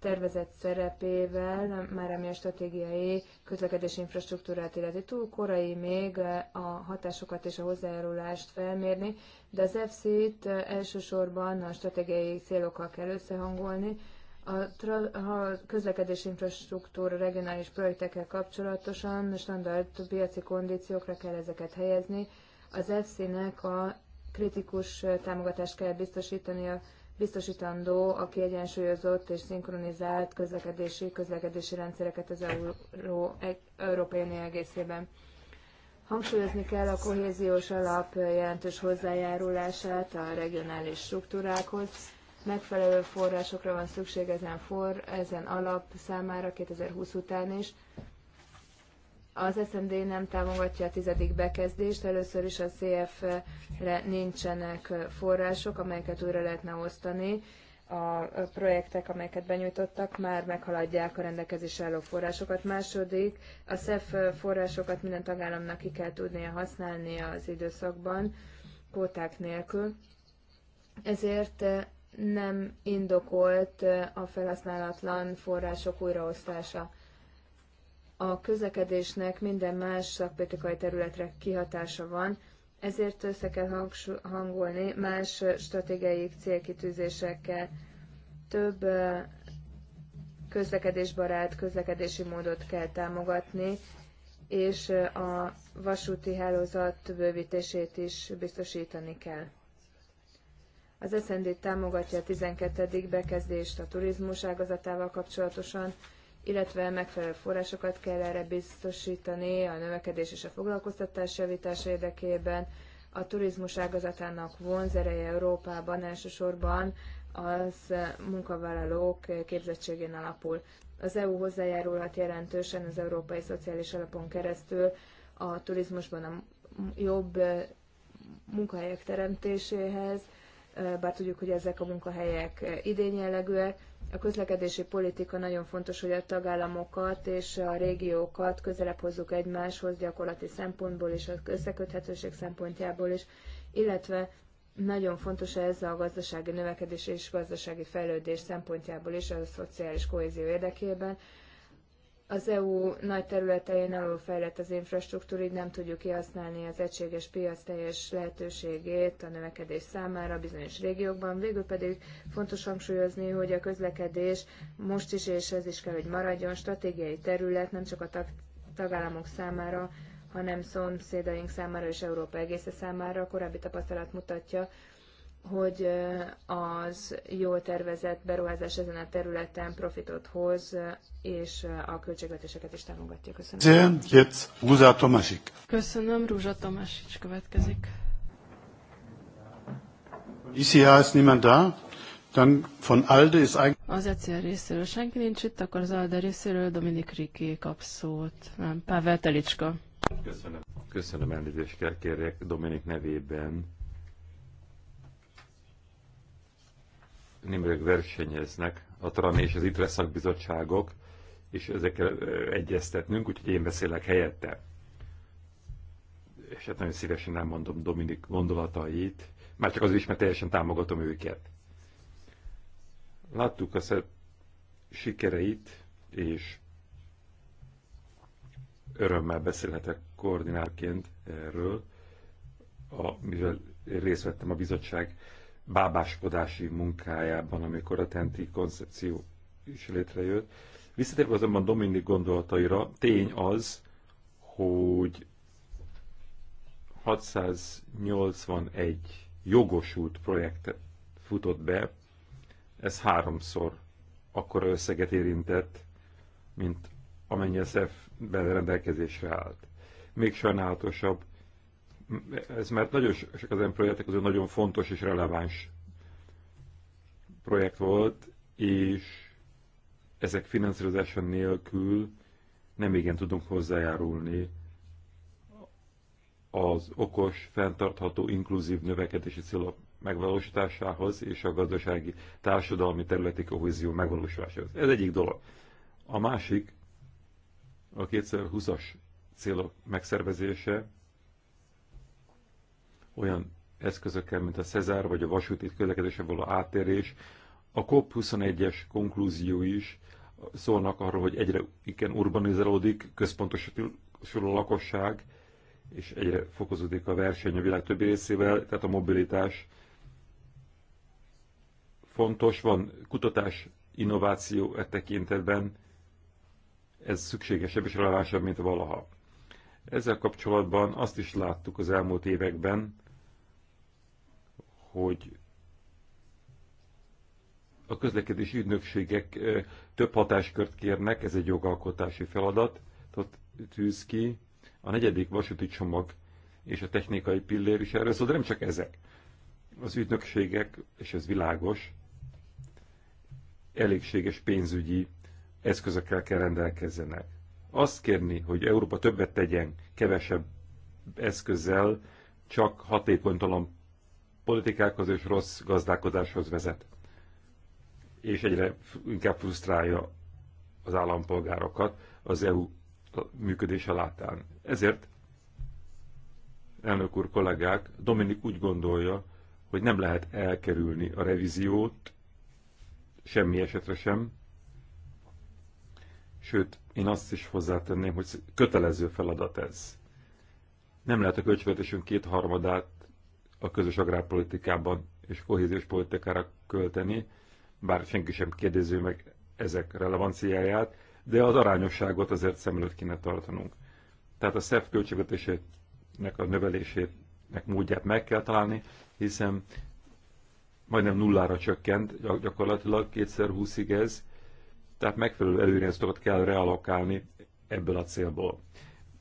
tervezett szerepével, már ami a stratégiai közlekedési infrastruktúrát illeti. Túl korai még eh, a hatásokat és a hozzájárulást felmérni, de az EFSZ-t eh, elsősorban a stratégiai célokkal kell összehangolni. A, tra- a közlekedési infrastruktúra regionális projektekkel kapcsolatosan standard piaci kondíciókra kell ezeket helyezni. Az EFSZ-nek a kritikus eh, támogatást kell biztosítani a biztosítandó a kiegyensúlyozott és szinkronizált közlekedési, közlekedési rendszereket az Euró, Európai Unió egészében. Hangsúlyozni kell a kohéziós alap jelentős hozzájárulását a regionális struktúrákhoz. Megfelelő forrásokra van szükség ezen, for, ezen alap számára 2020 után is, az SMD nem támogatja a tizedik bekezdést, először is a CF-re nincsenek források, amelyeket újra lehetne osztani. A projektek, amelyeket benyújtottak, már meghaladják a rendelkezés álló forrásokat. Második, a CEF forrásokat minden tagállamnak ki kell tudnia használni az időszakban, kóták nélkül. Ezért nem indokolt a felhasználatlan források újraosztása a közlekedésnek minden más szakpolitikai területre kihatása van, ezért össze kell hangolni más stratégiai célkitűzésekkel. Több közlekedésbarát közlekedési módot kell támogatni, és a vasúti hálózat bővítését is biztosítani kell. Az SZND támogatja a 12. bekezdést a turizmus ágazatával kapcsolatosan, illetve megfelelő forrásokat kell erre biztosítani a növekedés és a foglalkoztatás javítása érdekében. A turizmus ágazatának vonzereje Európában elsősorban az munkavállalók képzettségén alapul. Az EU hozzájárulhat jelentősen az Európai Szociális Alapon keresztül a turizmusban a jobb munkahelyek teremtéséhez, bár tudjuk, hogy ezek a munkahelyek idényjellegűek, a közlekedési politika nagyon fontos, hogy a tagállamokat és a régiókat közelebb hozzuk egymáshoz gyakorlati szempontból és az összeköthetőség szempontjából is, illetve nagyon fontos ez a gazdasági növekedés és gazdasági fejlődés szempontjából is, a szociális kohézió érdekében az EU nagy területein fejlett az infrastruktúra, így nem tudjuk kihasználni az egységes piac teljes lehetőségét a növekedés számára bizonyos régiókban. Végül pedig fontos hangsúlyozni, hogy a közlekedés most is, és ez is kell, hogy maradjon, stratégiai terület nem csak a tag, tagállamok számára, hanem szomszédaink számára és Európa egésze számára. A korábbi tapasztalat mutatja, hogy az jól tervezett beruházás ezen a területen profitot hoz, és a költségvetéseket is támogatja. Köszönöm. Jetzt Rúza Köszönöm, Rúzsa Tomásics következik. ICH ist niemand da. Dann von ALDE ist eigentlich... Az ECR részéről senki nincs itt, akkor az ALDE részéről Dominik Riki kap szót. Nem, Pavel Telicska. Köszönöm. Köszönöm elnézést kell kérjek Dominik nevében némileg versenyeznek a TRAN és az ITRE szakbizottságok, és ezekkel egyeztetnünk, úgyhogy én beszélek helyette. És hát nagyon szívesen nem mondom Dominik gondolatait, már csak az is, mert teljesen támogatom őket. Láttuk a szed sikereit, és örömmel beszélhetek koordinálként erről, a, mivel részt vettem a bizottság bábáskodási munkájában, amikor a tenti koncepció is létrejött. Visszatérve azonban Dominik gondolataira, tény az, hogy 681 jogosult projektet futott be, ez háromszor akkora összeget érintett, mint amennyi SF rendelkezésre állt. Még sajnálatosabb, ez már nagyon sok az projektek közül nagyon fontos és releváns projekt volt, és ezek finanszírozása nélkül nem igen tudunk hozzájárulni az okos, fenntartható, inkluzív növekedési célok megvalósításához és a gazdasági, társadalmi területi kohézió megvalósulásához. Ez egyik dolog. A másik, a 2020-as célok megszervezése, olyan eszközökkel, mint a Cezár vagy a vasúti közlekedésre való áttérés, a COP21-es konklúzió is szólnak arról, hogy egyre igen urbanizálódik, központosul a lakosság, és egyre fokozódik a verseny a világ többi részével, tehát a mobilitás fontos, van kutatás, innováció e tekintetben, ez szükségesebb és relevánsabb, mint valaha. Ezzel kapcsolatban azt is láttuk az elmúlt években, hogy a közlekedési ügynökségek több hatáskört kérnek, ez egy jogalkotási feladat, tűz ki, a negyedik vasúti csomag és a technikai pillér is erről szól, de nem csak ezek. Az ügynökségek, és ez világos, elégséges pénzügyi eszközökkel kell rendelkezzenek. Azt kérni, hogy Európa többet tegyen kevesebb eszközzel, csak hatékonytalan politikákhoz és rossz gazdálkodáshoz vezet. És egyre inkább frusztrálja az állampolgárokat az EU működése látán. Ezért, elnök úr kollégák, Dominik úgy gondolja, hogy nem lehet elkerülni a revíziót, semmi esetre sem. Sőt, én azt is hozzátenném, hogy kötelező feladat ez. Nem lehet a költségvetésünk kétharmadát a közös agrárpolitikában és kohéziós politikára költeni, bár senki sem kérdező meg ezek relevanciáját, de az arányosságot azért szem előtt kéne tartanunk. Tehát a SZEF költségvetésének a növelésének módját meg kell találni, hiszen majdnem nullára csökkent gyakorlatilag kétszer húszig ez, tehát megfelelő előirányzatokat kell realokálni ebből a célból.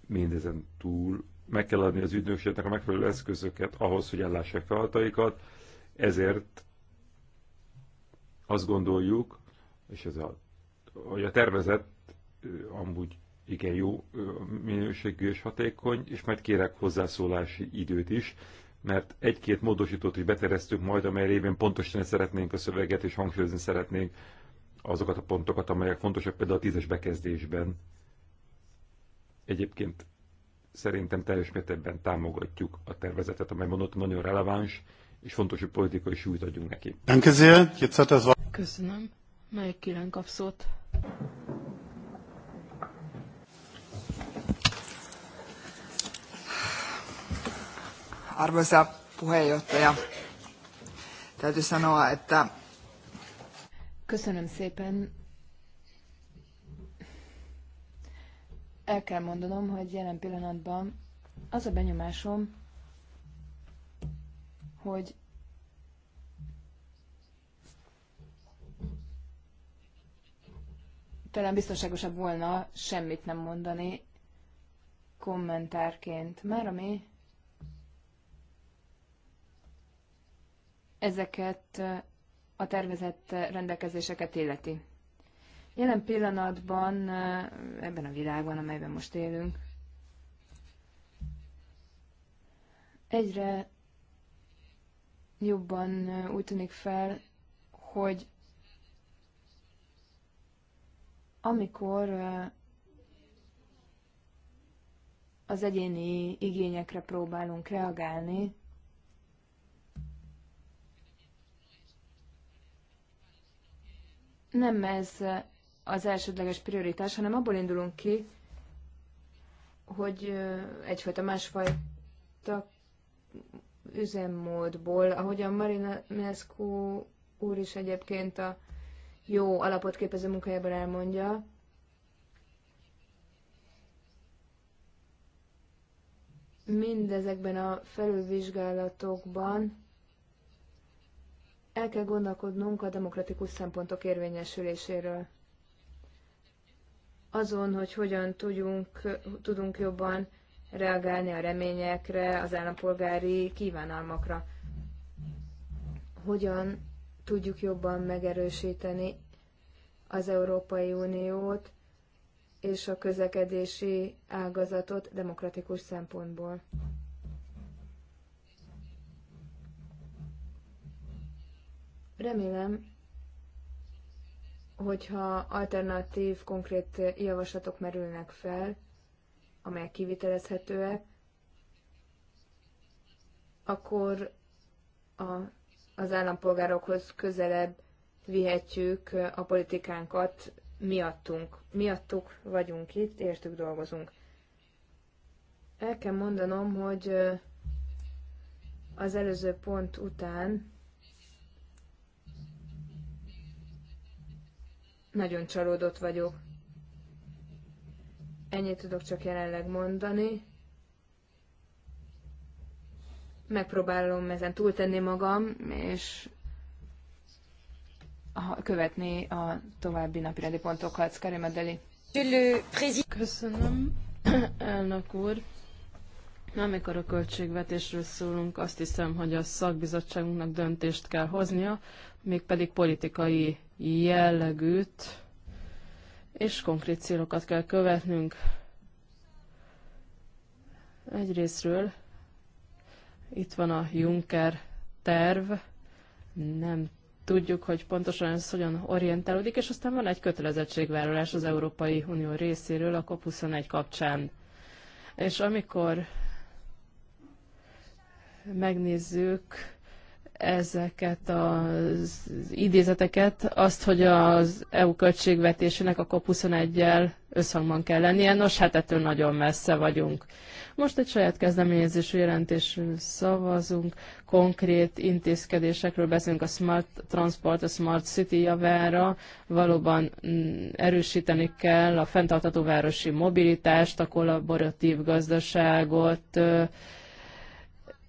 Mindezen túl meg kell adni az ügynökségnek a megfelelő eszközöket ahhoz, hogy ellássák feladataikat, ezért azt gondoljuk, és ez a, hogy a tervezet amúgy igen jó minőségű és hatékony, és majd kérek hozzászólási időt is, mert egy-két módosítót is beteresztünk majd, amely révén pontosan szeretnénk a szöveget, és hangsúlyozni szeretnénk azokat a pontokat, amelyek fontosak például a tízes bekezdésben. Egyébként szerintem teljes mértékben támogatjuk a tervezetet, amely mondott nagyon releváns, és fontos, hogy politikai súlyt adjunk neki. Köszönöm. Melyik kilen kap szót? Arvoisa puheenjohtaja, täytyy sanoa, että... Köszönöm szépen, el kell mondanom, hogy jelen pillanatban az a benyomásom, hogy talán biztonságosabb volna semmit nem mondani kommentárként. Már ami ezeket a tervezett rendelkezéseket illeti. Jelen pillanatban, eh, ebben a világban, amelyben most élünk, egyre jobban eh, úgy tűnik fel, hogy amikor eh, az egyéni igényekre próbálunk reagálni, nem ez az elsődleges prioritás, hanem abból indulunk ki, hogy egyfajta másfajta üzemmódból, ahogy a Marina Mescu úr is egyébként a jó alapot képező munkájában elmondja, mindezekben a felülvizsgálatokban el kell gondolkodnunk a demokratikus szempontok érvényesüléséről azon, hogy hogyan tudjunk, tudunk jobban reagálni a reményekre, az állampolgári kívánalmakra. Hogyan tudjuk jobban megerősíteni az Európai Uniót és a közlekedési ágazatot demokratikus szempontból. Remélem, hogyha alternatív, konkrét javaslatok merülnek fel, amelyek kivitelezhetőek, akkor a, az állampolgárokhoz közelebb vihetjük a politikánkat miattunk. Miattuk vagyunk itt, értük dolgozunk. El kell mondanom, hogy az előző pont után Nagyon csalódott vagyok. Ennyit tudok csak jelenleg mondani. Megpróbálom ezen túltenni magam, és követni a további napirendi pontokat. Karim Adeli. Köszönöm, elnök úr. Amikor a költségvetésről szólunk, azt hiszem, hogy a szakbizottságunknak döntést kell hoznia, mégpedig politikai jellegűt, és konkrét célokat kell követnünk. Egyrésztről itt van a Juncker terv, nem tudjuk, hogy pontosan ez hogyan orientálódik, és aztán van egy kötelezettségvállalás az Európai Unió részéről a COP21 kapcsán. És amikor megnézzük ezeket az idézeteket, azt, hogy az EU költségvetésének a cop 21 el összhangban kell lennie. Nos, hát ettől nagyon messze vagyunk. Most egy saját kezdeményezésű jelentésről szavazunk, konkrét intézkedésekről beszélünk a Smart Transport, a Smart City javára. Valóban mm, erősíteni kell a fenntartható városi mobilitást, a kollaboratív gazdaságot,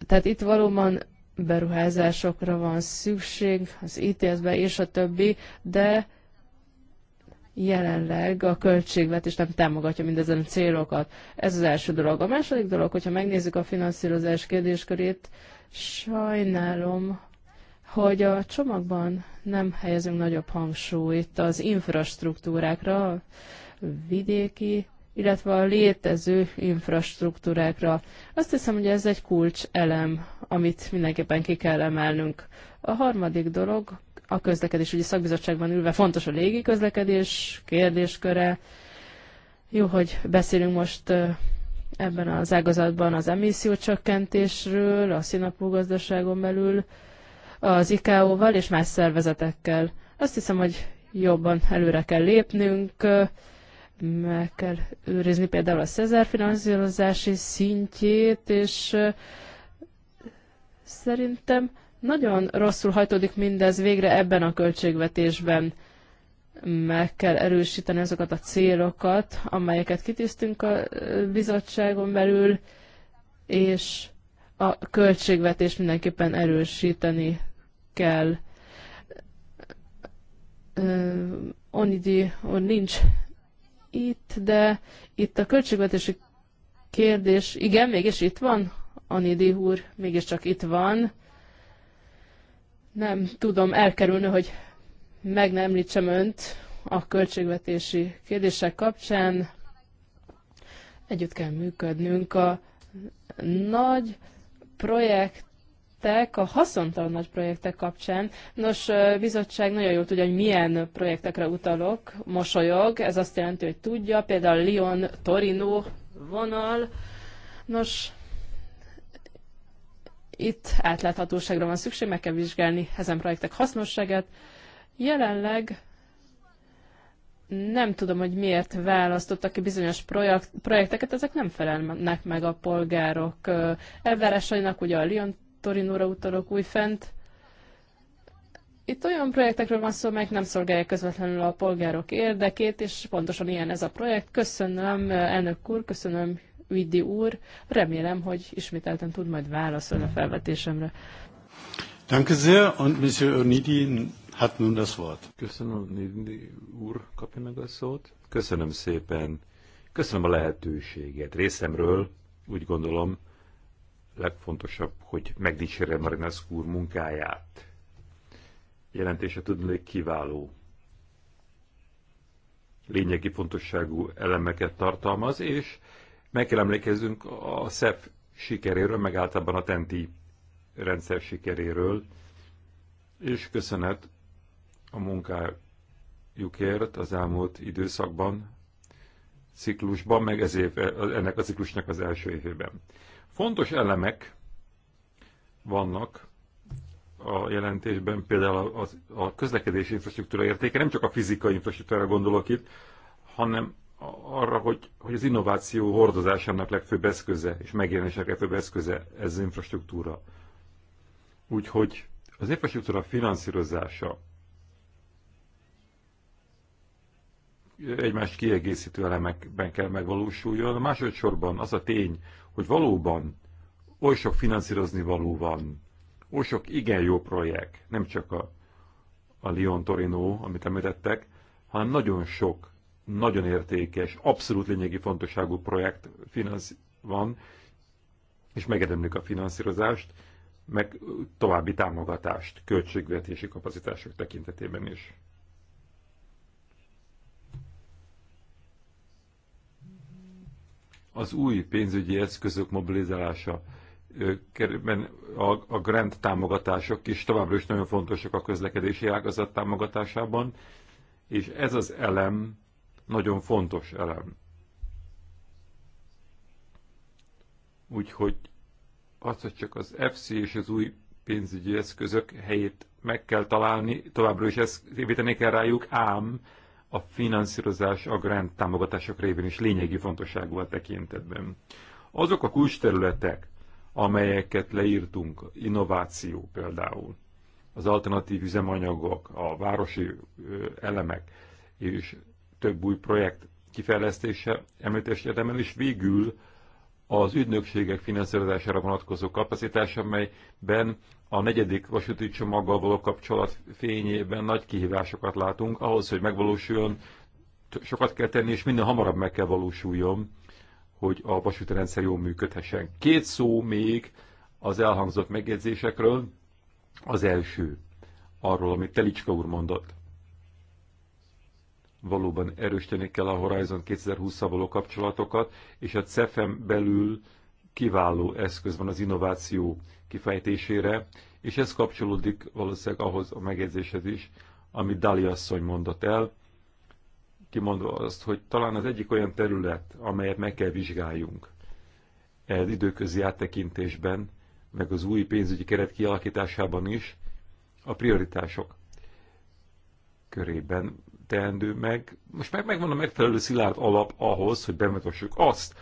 tehát itt valóban beruházásokra van szükség, az ITS-be és a többi, de jelenleg a költségvetés nem támogatja mindezen a célokat. Ez az első dolog. A második dolog, hogyha megnézzük a finanszírozás kérdéskörét, sajnálom, hogy a csomagban nem helyezünk nagyobb hangsúlyt az infrastruktúrákra, a vidéki illetve a létező infrastruktúrákra. Azt hiszem, hogy ez egy kulcs elem, amit mindenképpen ki kell emelnünk. A harmadik dolog, a közlekedés, ugye szakbizottságban ülve fontos a légi közlekedés kérdésköre. Jó, hogy beszélünk most ebben az ágazatban az emissziócsökkentésről, a szinapú gazdaságon belül, az ICAO-val és más szervezetekkel. Azt hiszem, hogy jobban előre kell lépnünk, meg kell őrizni például a Cezár finanszírozási szintjét, és szerintem nagyon rosszul hajtódik mindez végre ebben a költségvetésben. Meg kell erősíteni azokat a célokat, amelyeket kitűztünk a bizottságon belül, és a költségvetés mindenképpen erősíteni kell. Onidi, on nincs itt, de itt a költségvetési kérdés, igen, mégis itt van, Anidi úr, mégiscsak itt van. Nem tudom elkerülni, hogy meg nem említsem önt a költségvetési kérdések kapcsán. Együtt kell működnünk a nagy projekt projektek, a haszontalan nagy projektek kapcsán. Nos, bizottság nagyon jól tudja, hogy milyen projektekre utalok, mosolyog, ez azt jelenti, hogy tudja, például Lyon-Torino vonal. Nos, itt átláthatóságra van szükség, meg kell vizsgálni ezen projektek hasznosságát. Jelenleg nem tudom, hogy miért választottak ki bizonyos projekteket, ezek nem felelnek meg a polgárok elvárásainak, ugye a Lyon Torinóra utalok újfent. Itt olyan projektekről van szó, amelyek nem szolgálják közvetlenül a polgárok érdekét, és pontosan ilyen ez a projekt. Köszönöm, elnök úr, köszönöm, Vidi úr. Remélem, hogy ismételten tud majd válaszolni a felvetésemre. Danke sehr, und Monsieur Ornidi hat nun das Wort. Köszönöm, Ornidi úr kapja meg a szót. Köszönöm szépen. Köszönöm a lehetőséget. Részemről úgy gondolom, legfontosabb, hogy megdicsérje Marinescu úr munkáját. Jelentése tudnék kiváló lényegi fontosságú elemeket tartalmaz, és meg kell emlékezzünk a SZEF sikeréről, meg általában a TENTI rendszer sikeréről, és köszönet a munkájukért az elmúlt időszakban, ciklusban, meg ez év, ennek a ciklusnak az első évében. Fontos elemek vannak a jelentésben, például a, a, a közlekedési infrastruktúra értéke, nem csak a fizikai infrastruktúra gondolok itt, hanem arra, hogy, hogy az innováció hordozásának legfőbb eszköze és megjelenésnek legfőbb eszköze ez az infrastruktúra. Úgyhogy az infrastruktúra finanszírozása egymást kiegészítő elemekben kell megvalósuljon. Másodszorban az a tény, hogy valóban oly sok finanszírozni való van, oly sok igen jó projekt, nem csak a, a Lyon Torino, amit említettek, hanem nagyon sok, nagyon értékes, abszolút lényegi fontosságú projekt finansz van, és megedemlik a finanszírozást, meg további támogatást költségvetési kapacitások tekintetében is. az új pénzügyi eszközök mobilizálása a, a grant támogatások is továbbra is nagyon fontosak a közlekedési ágazat támogatásában, és ez az elem nagyon fontos elem. Úgyhogy az, hogy csak az FC és az új pénzügyi eszközök helyét meg kell találni, továbbra is ezt építeni kell rájuk, ám a finanszírozás a grant támogatások révén is lényegi fontosságú a tekintetben. Azok a területek, amelyeket leírtunk, innováció például, az alternatív üzemanyagok, a városi elemek és több új projekt kifejlesztése említést érdemel, és végül az ügynökségek finanszírozására vonatkozó kapacitás, amelyben a negyedik vasúti csomaggal való kapcsolat fényében nagy kihívásokat látunk. Ahhoz, hogy megvalósuljon, sokat kell tenni, és minden hamarabb meg kell valósuljon, hogy a vasúti rendszer jól működhessen. Két szó még az elhangzott megjegyzésekről. Az első, arról, amit Telicska úr mondott. Valóban erősíteni kell a Horizon 2020-szal való kapcsolatokat, és a CEFEM belül kiváló eszköz van az innováció kifejtésére, és ez kapcsolódik valószínűleg ahhoz a megjegyzéshez is, amit Dali asszony mondott el, kimondva azt, hogy talán az egyik olyan terület, amelyet meg kell vizsgáljunk ez időközi áttekintésben, meg az új pénzügyi keret kialakításában is a prioritások körében teendő meg. Most meg megvan a megfelelő szilárd alap ahhoz, hogy bemutassuk azt,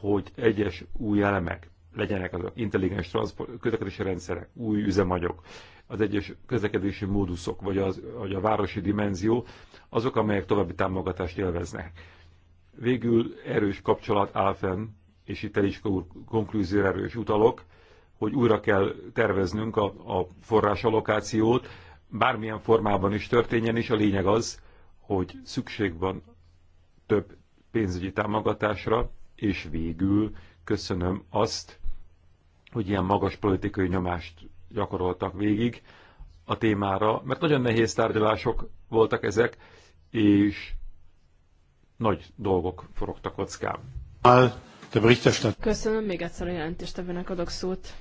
hogy egyes új elemek legyenek azok intelligens transport, közlekedési rendszerek, új üzemanyagok, az egyes közlekedési móduszok, vagy, az, vagy a városi dimenzió, azok, amelyek további támogatást élveznek. Végül erős kapcsolat áll fenn, és itt el is konklúzióra erős utalok, hogy újra kell terveznünk a, a forrásallokációt, bármilyen formában is történjen, és a lényeg az, hogy szükség van több pénzügyi támogatásra, és végül köszönöm azt, hogy ilyen magas politikai nyomást gyakoroltak végig a témára, mert nagyon nehéz tárgyalások voltak ezek, és nagy dolgok forogtak kockám. Köszönöm, még egyszer a jelentést jelentéstevőnek adok szót.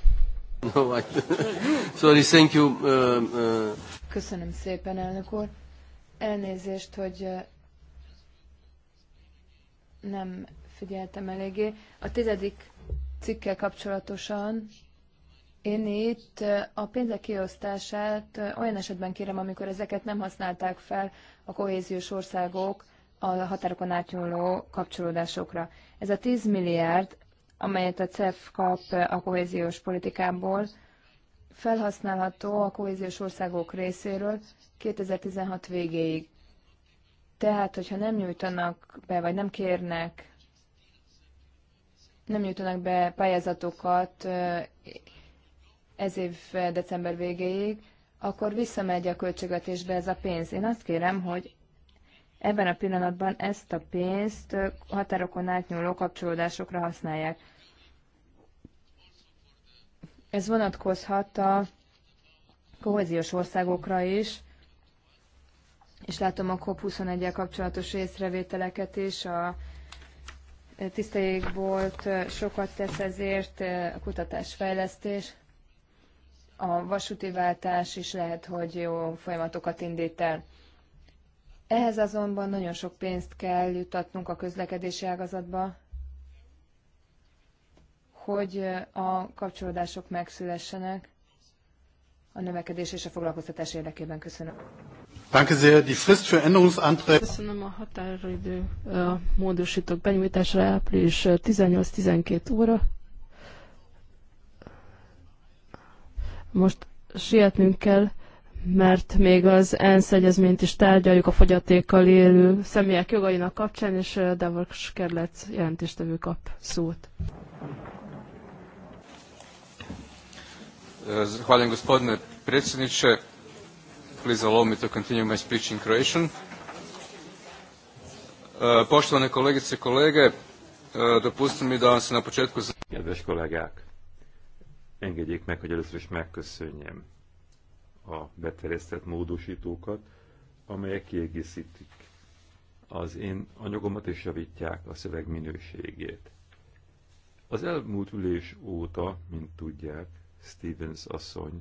Sorry, thank you. Uh, uh. Köszönöm szépen, elnök úr. Elnézést, hogy uh, nem figyeltem eléggé. A tizedik cikkel kapcsolatosan én itt a pénzek kiosztását olyan esetben kérem, amikor ezeket nem használták fel a kohéziós országok a határokon átnyúló kapcsolódásokra. Ez a 10 milliárd, amelyet a CEF kap a kohéziós politikából, felhasználható a kohéziós országok részéről 2016 végéig. Tehát, hogyha nem nyújtanak be, vagy nem kérnek nem nyújtanak be pályázatokat ez év december végéig, akkor visszamegy a költségvetésbe ez a pénz. Én azt kérem, hogy ebben a pillanatban ezt a pénzt határokon átnyúló kapcsolódásokra használják. Ez vonatkozhat a kohéziós országokra is, és látom a COP21-el kapcsolatos észrevételeket is, a volt sokat tesz ezért, a kutatásfejlesztés, a vasúti váltás is lehet, hogy jó folyamatokat indít el. Ehhez azonban nagyon sok pénzt kell jutatnunk a közlekedési ágazatba, hogy a kapcsolódások megszülessenek a növekedés és a foglalkoztatás érdekében. Köszönöm. Danke sehr. Die Frist für Änderungsanträge. Köszönöm a határidő módosítók benyújtásra április 18-12 óra. Most sietnünk kell, mert még az ENSZ egyezményt is tárgyaljuk a fogyatékkal élő személyek jogainak kapcsán, és Davos Kerlec jelentéstevő kap szót. Hvala gospodine predsjedniče. Please allow me to continue my speech in Croatian. Uh, poštovane kolegice i kolege, uh, dopustim mi da vam se na početku... Kedves kollégák, engedjék meg, hogy először is megköszönjem a beterjesztett módosítókat, amelyek kiegészítik az én anyagomat és javítják a szöveg minőségét. Az elmúlt ülés óta, mint tudják, Stevens asszony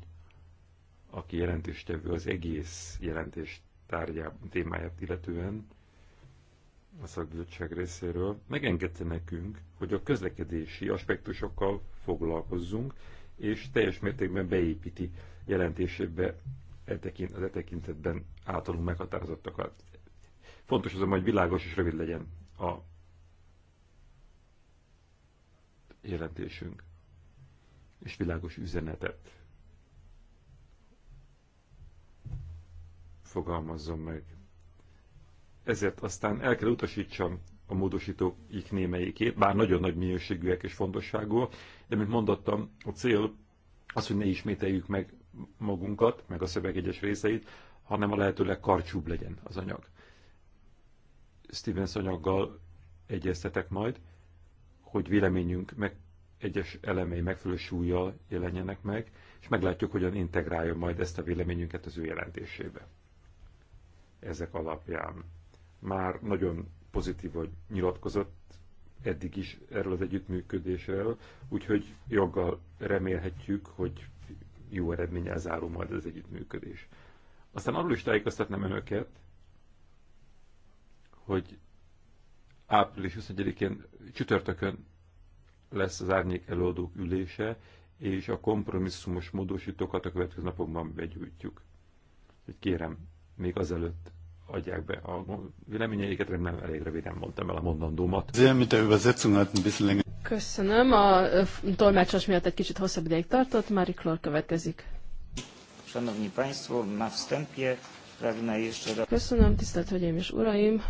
aki jelentéstevő az egész jelentés tárgyában, témáját illetően, a szakbizottság részéről, megengedte nekünk, hogy a közlekedési aspektusokkal foglalkozzunk, és teljes mértékben beépíti jelentésébe e az e tekintetben általunk meghatározottakat. Fontos azonban, hogy világos és rövid legyen a jelentésünk, és világos üzenetet fogalmazzon meg. Ezért aztán el kell utasítsam a módosítóik némelyikét, bár nagyon nagy minőségűek és fontosságúak, de mint mondottam, a cél az, hogy ne ismételjük meg magunkat, meg a szöveg egyes részeit, hanem a lehető legkarcsúbb legyen az anyag. Stevens anyaggal egyeztetek majd, hogy véleményünk meg egyes elemei megfelelő súlyjal jelenjenek meg, és meglátjuk, hogyan integrálja majd ezt a véleményünket az ő jelentésébe ezek alapján. Már nagyon pozitív hogy nyilatkozott eddig is erről az együttműködésről, úgyhogy joggal remélhetjük, hogy jó eredménnyel zárul majd az együttműködés. Aztán arról is tájékoztatnám önöket, hogy április 21-én csütörtökön lesz az árnyék előadók ülése, és a kompromisszumos módosítókat a következő napokban begyújtjuk. kérem, még azelőtt adják be a véleményeiket, nem elég röviden mondtam el a mondandómat. Köszönöm, a tolmácsos miatt egy kicsit hosszabb ideig tartott, Mári Klor következik. Köszönöm, tisztelt Hölgyeim és Uraim!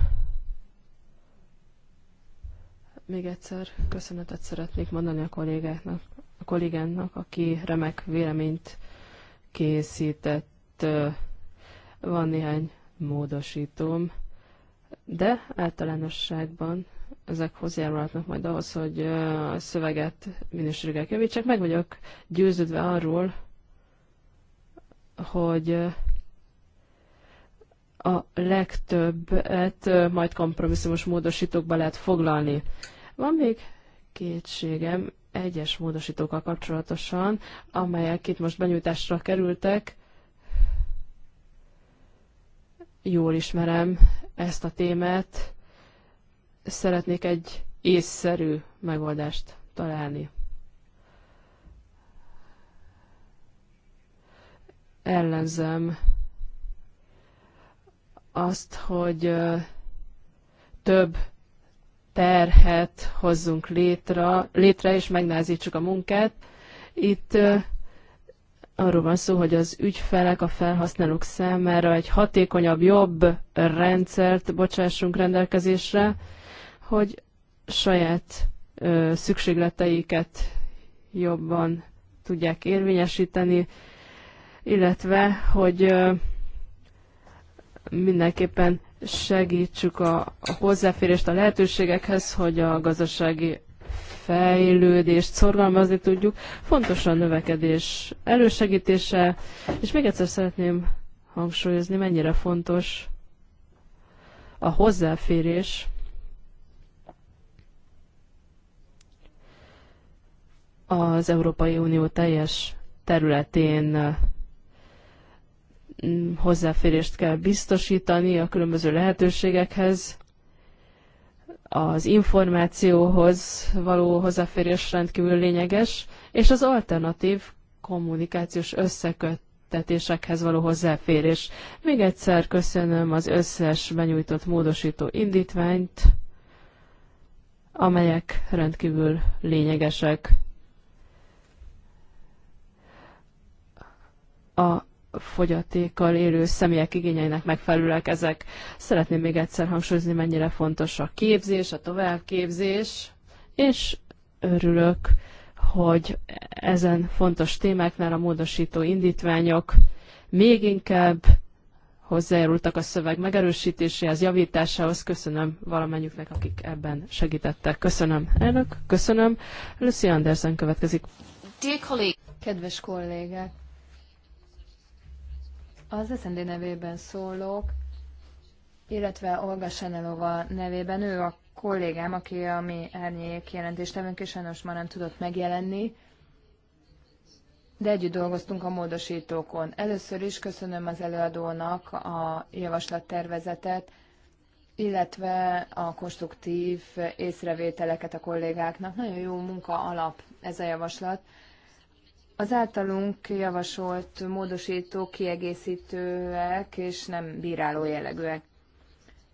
Még egyszer köszönetet szeretnék mondani a kollégáknak, a kollégának, aki remek véleményt készített van néhány módosítom, de általánosságban ezek hozzájárulhatnak majd ahhoz, hogy a szöveget minőséggel javítsák. Meg vagyok győződve arról, hogy a legtöbbet majd kompromisszumos módosítókba lehet foglalni. Van még kétségem egyes módosítókkal kapcsolatosan, amelyek itt most benyújtásra kerültek, jól ismerem ezt a témát, szeretnék egy észszerű megoldást találni. Ellenzem azt, hogy több terhet hozzunk létre, létre és megnázítsuk a munkát. Itt arról van szó, hogy az ügyfelek, a felhasználók számára egy hatékonyabb, jobb rendszert bocsássunk rendelkezésre, hogy saját ö, szükségleteiket jobban tudják érvényesíteni, illetve, hogy ö, mindenképpen segítsük a, a hozzáférést a lehetőségekhez, hogy a gazdasági fejlődést szorgalmazni tudjuk. Fontos a növekedés elősegítése, és még egyszer szeretném hangsúlyozni, mennyire fontos a hozzáférés az Európai Unió teljes területén mm, hozzáférést kell biztosítani a különböző lehetőségekhez, az információhoz való hozzáférés rendkívül lényeges, és az alternatív kommunikációs összeköttetésekhez való hozzáférés. Még egyszer köszönöm az összes benyújtott módosító indítványt, amelyek rendkívül lényegesek. A fogyatékkal élő személyek igényeinek megfelelőek ezek. Szeretném még egyszer hangsúlyozni, mennyire fontos a képzés, a továbbképzés, és örülök, hogy ezen fontos témáknál a módosító indítványok még inkább hozzájárultak a szöveg megerősítéséhez, javításához. Köszönöm valamennyüknek, akik ebben segítettek. Köszönöm, elnök, köszönöm. Lucy Anderson következik. Dear colleague. Kedves kollégák, az SZND nevében szólok, illetve Olga Senelova nevében, ő a kollégám, aki a mi árnyék tevünk, és sajnos már nem tudott megjelenni, de együtt dolgoztunk a módosítókon. Először is köszönöm az előadónak a javaslattervezetet, illetve a konstruktív észrevételeket a kollégáknak. Nagyon jó munka alap ez a javaslat. Az általunk javasolt módosító kiegészítőek és nem bíráló jellegűek.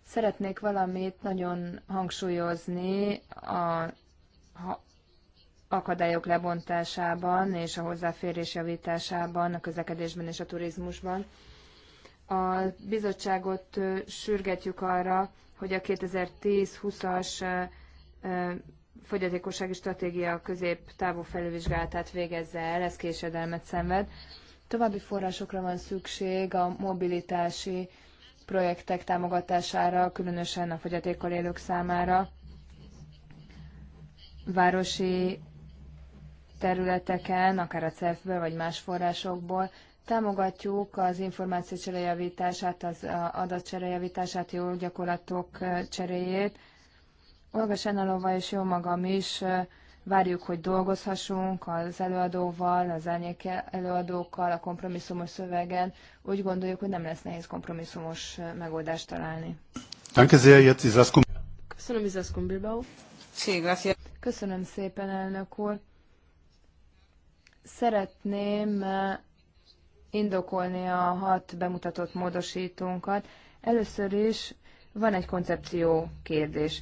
Szeretnék valamit nagyon hangsúlyozni a akadályok lebontásában és a hozzáférés javításában, a közlekedésben és a turizmusban. A bizottságot sürgetjük arra, hogy a 2010-20-as fogyatékossági stratégia távú felülvizsgálatát végezze el, ez késedelmet szenved. További forrásokra van szükség a mobilitási projektek támogatására, különösen a fogyatékkal élők számára. Városi területeken, akár a cef vagy más forrásokból támogatjuk az információ cserejavítását, az adatcserejavítását, jó gyakorlatok cseréjét, Olga Senalova és jó magam is várjuk, hogy dolgozhassunk az előadóval, az árnyék előadókkal, a kompromisszumos szövegen. Úgy gondoljuk, hogy nem lesz nehéz kompromisszumos megoldást találni. Köszönöm, Izaszkum Bilbao. Köszönöm szépen, elnök úr. Szeretném indokolni a hat bemutatott módosítónkat. Először is van egy koncepció kérdés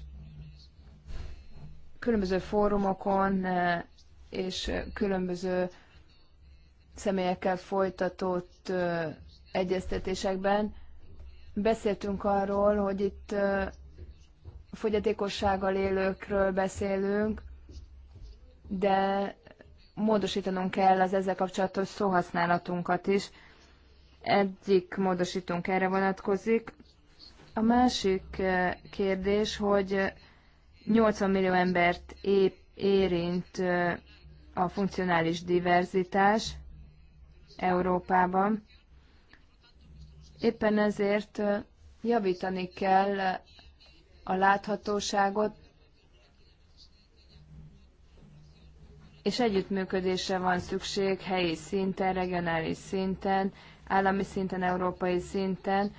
különböző fórumokon eh, és különböző személyekkel folytatott eh, egyeztetésekben beszéltünk arról, hogy itt eh, fogyatékossággal élőkről beszélünk, de módosítanunk kell az ezzel kapcsolatos szóhasználatunkat is. Egyik módosítunk erre vonatkozik. A másik kérdés, hogy 80 millió embert épp érint a funkcionális diverzitás Európában. Éppen ezért javítani kell a láthatóságot, és együttműködésre van szükség helyi szinten, regionális szinten, állami szinten, európai szinten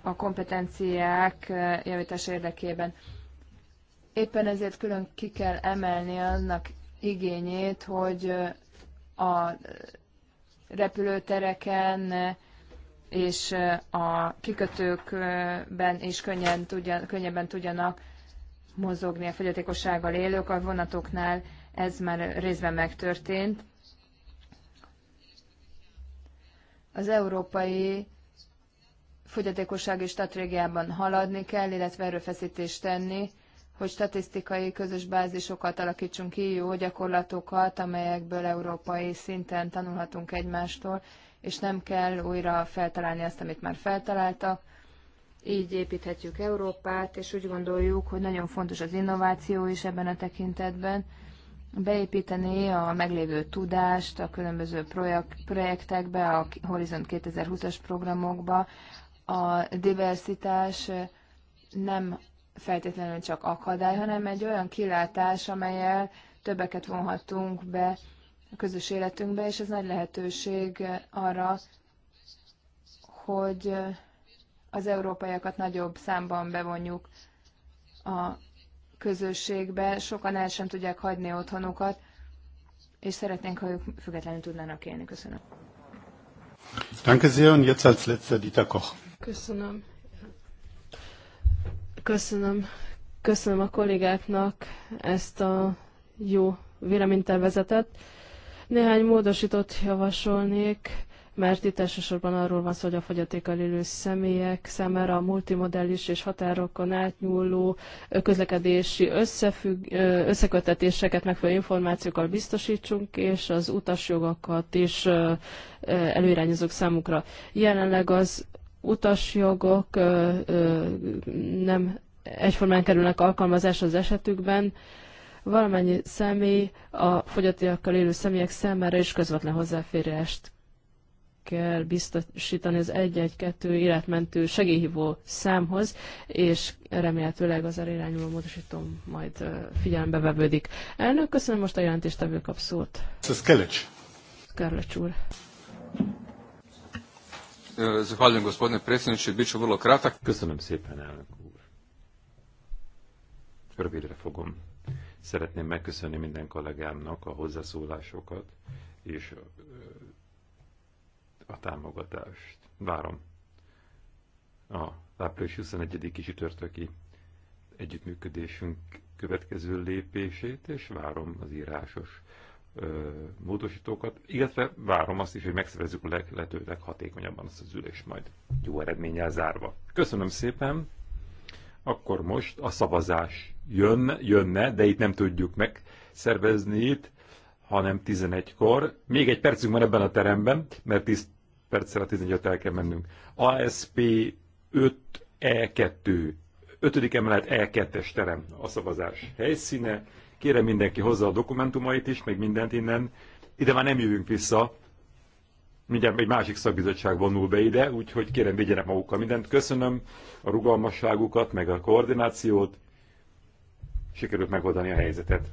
a kompetenciák javítása érdekében. Éppen ezért külön ki kell emelni annak igényét, hogy a repülőtereken és a kikötőkben is könnyen tudjan, könnyebben tudjanak mozogni a fogyatékossággal élők. A vonatoknál ez már részben megtörtént. Az európai fogyatékossági stratégiában haladni kell, illetve erőfeszítést tenni, hogy statisztikai közös bázisokat alakítsunk ki, jó gyakorlatokat, amelyekből európai szinten tanulhatunk egymástól, és nem kell újra feltalálni azt, amit már feltaláltak. Így építhetjük Európát, és úgy gondoljuk, hogy nagyon fontos az innováció is ebben a tekintetben. Beépíteni a meglévő tudást a különböző projektekbe, a Horizont 2020-as programokba. A diversitás nem feltétlenül csak akadály, hanem egy olyan kilátás, amelyel többeket vonhatunk be a közös életünkbe, és ez nagy lehetőség arra, hogy az európaiakat nagyobb számban bevonjuk a közösségbe. Sokan el sem tudják hagyni otthonukat, és szeretnénk, ha ők függetlenül tudnának élni. Köszönöm. Danke sehr, und jetzt als letzter Dieter Koch. Köszönöm. Köszönöm, köszönöm a kollégáknak ezt a jó véleménytervezetet. Néhány módosított javasolnék, mert itt elsősorban arról van szó, hogy a fogyatékkal élő személyek számára a multimodellis és határokon átnyúló közlekedési összefügg, összekötetéseket megfelelő információkkal biztosítsunk, és az utasjogokat is előirányozunk számukra. Jelenleg az utasjogok nem egyformán kerülnek alkalmazásra az esetükben, valamennyi személy a fogyatékkal élő személyek számára is közvetlen hozzáférést kell biztosítani az 112 életmentő segélyhívó számhoz, és remélhetőleg az elirányuló módosítom majd figyelembe vevődik. Elnök, köszönöm, most a jelentéstevő kap szót. Ez úr. Zahvaljujem gospodine predsjedniče, bit ću vrlo kratak. Köszönöm szépen, elnök úr. Rövidre fogom. Szeretném megköszönni minden kollégámnak a hozzászólásokat és a támogatást. Várom a április 21-i csütörtöki együttműködésünk következő lépését, és várom az írásos módosítókat, illetve várom azt is, hogy megszervezzük a lehető leghatékonyabban azt az ülés majd jó eredménnyel zárva. Köszönöm szépen! Akkor most a szavazás jön, jönne, de itt nem tudjuk megszervezni itt, hanem 11-kor. Még egy percünk van ebben a teremben, mert 10 perccel a 11 el kell mennünk. ASP 5E2, 5. emelet E2-es terem a szavazás helyszíne. Kérem mindenki hozza a dokumentumait is, meg mindent innen. Ide már nem jövünk vissza. Mindjárt egy másik szakbizottság vonul be ide, úgyhogy kérem, vigyenek magukkal mindent. Köszönöm a rugalmasságukat, meg a koordinációt. Sikerült megoldani a helyzetet.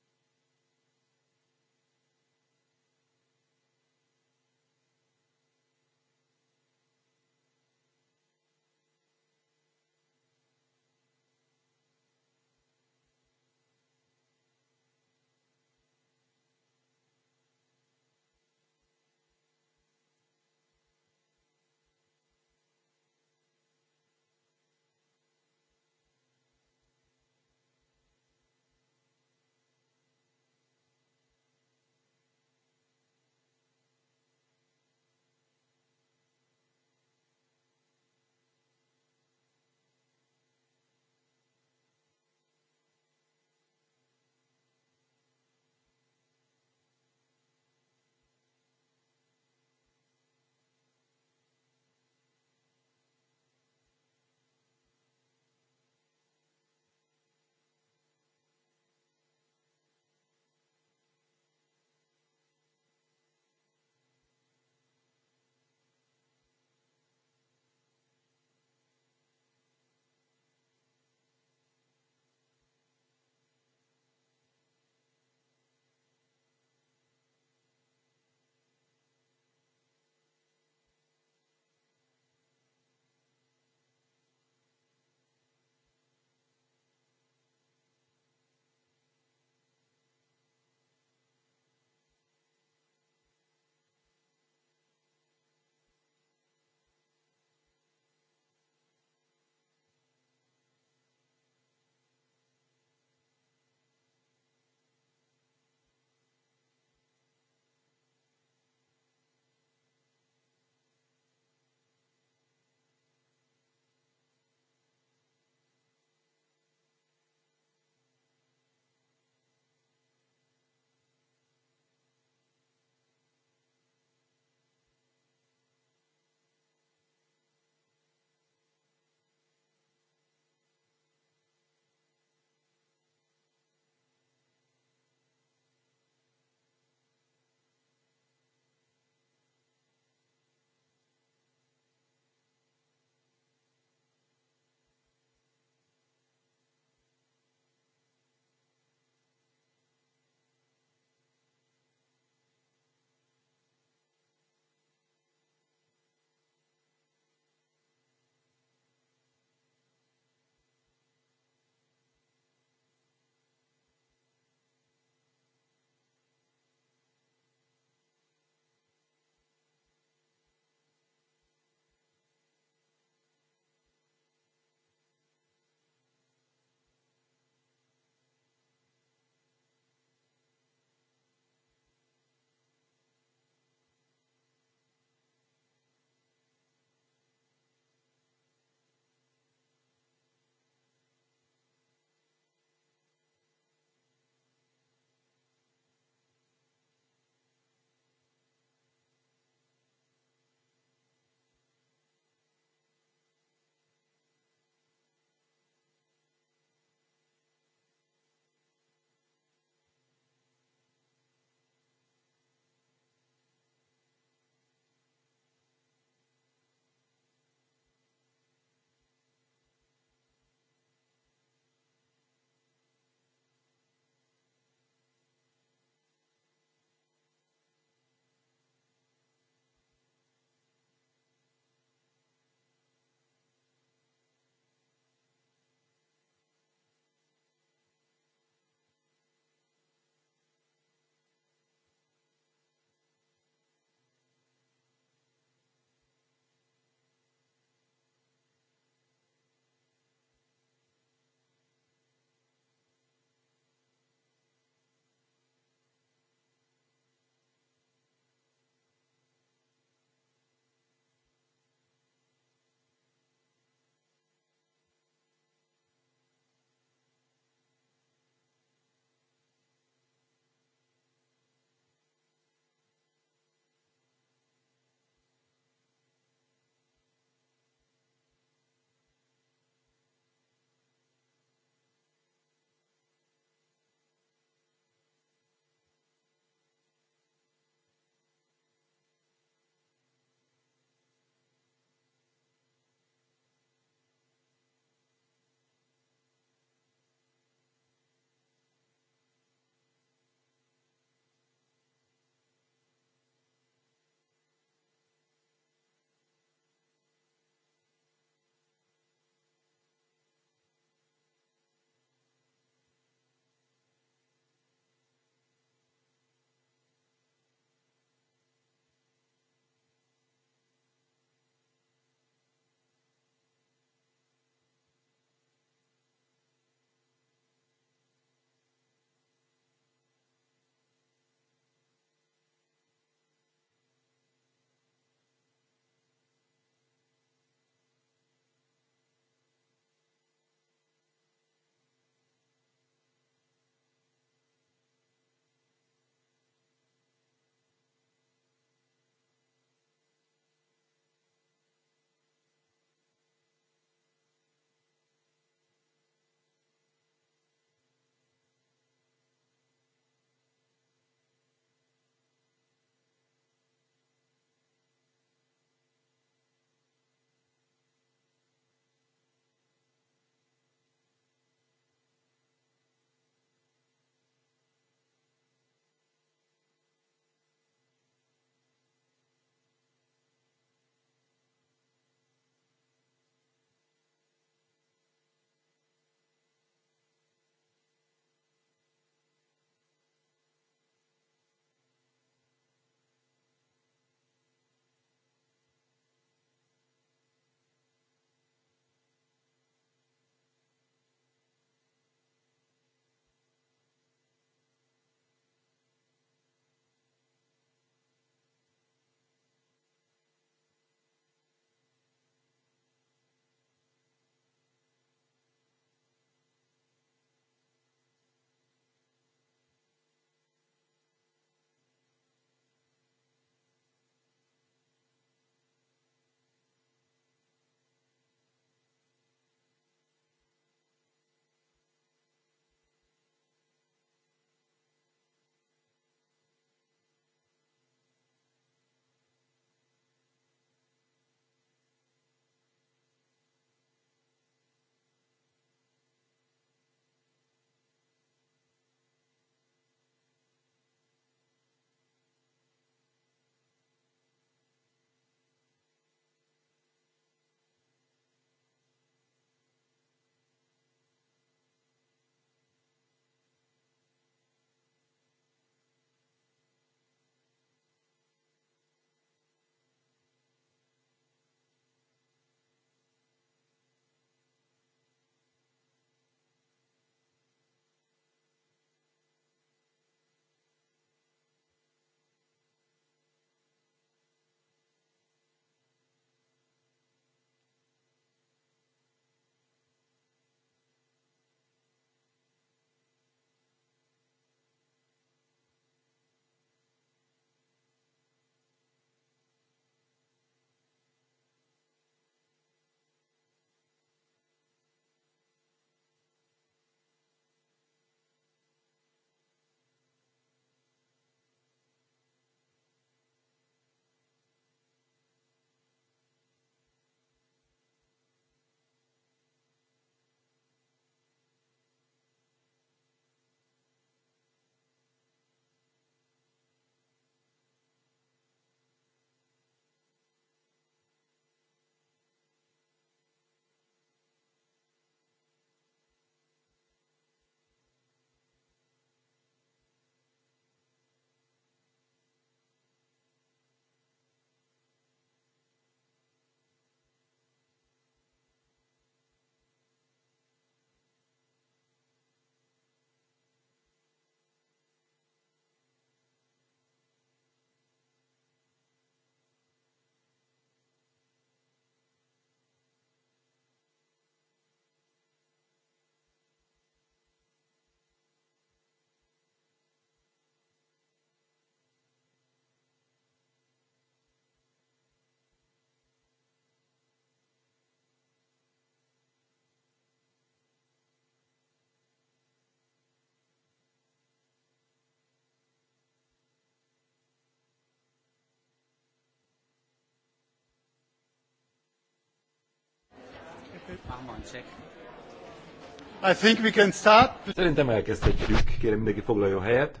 I think we can start. Szerintem elkezdhetjük. Kérem mindenki foglaljon helyet.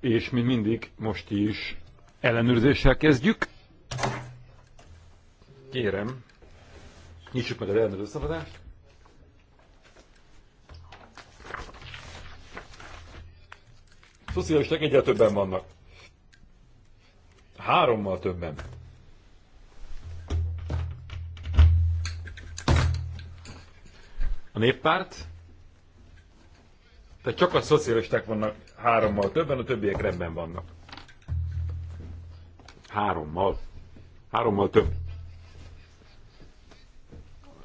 És mint mindig, most is ellenőrzéssel kezdjük. Kérem, nyissuk meg az ellenőrző szabadást. Szocialisták egyre többen vannak. Hárommal többen. néppárt, tehát csak a szocialisták vannak hárommal többen, a többiek rendben vannak. Hárommal. Hárommal több.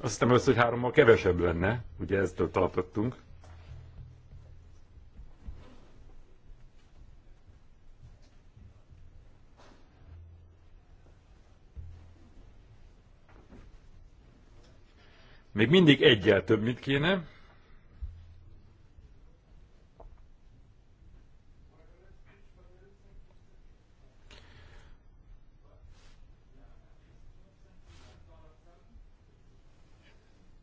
Azt hiszem össze, hogy hárommal kevesebb lenne, ugye eztől tartottunk. Még mindig egyel több, mint kéne.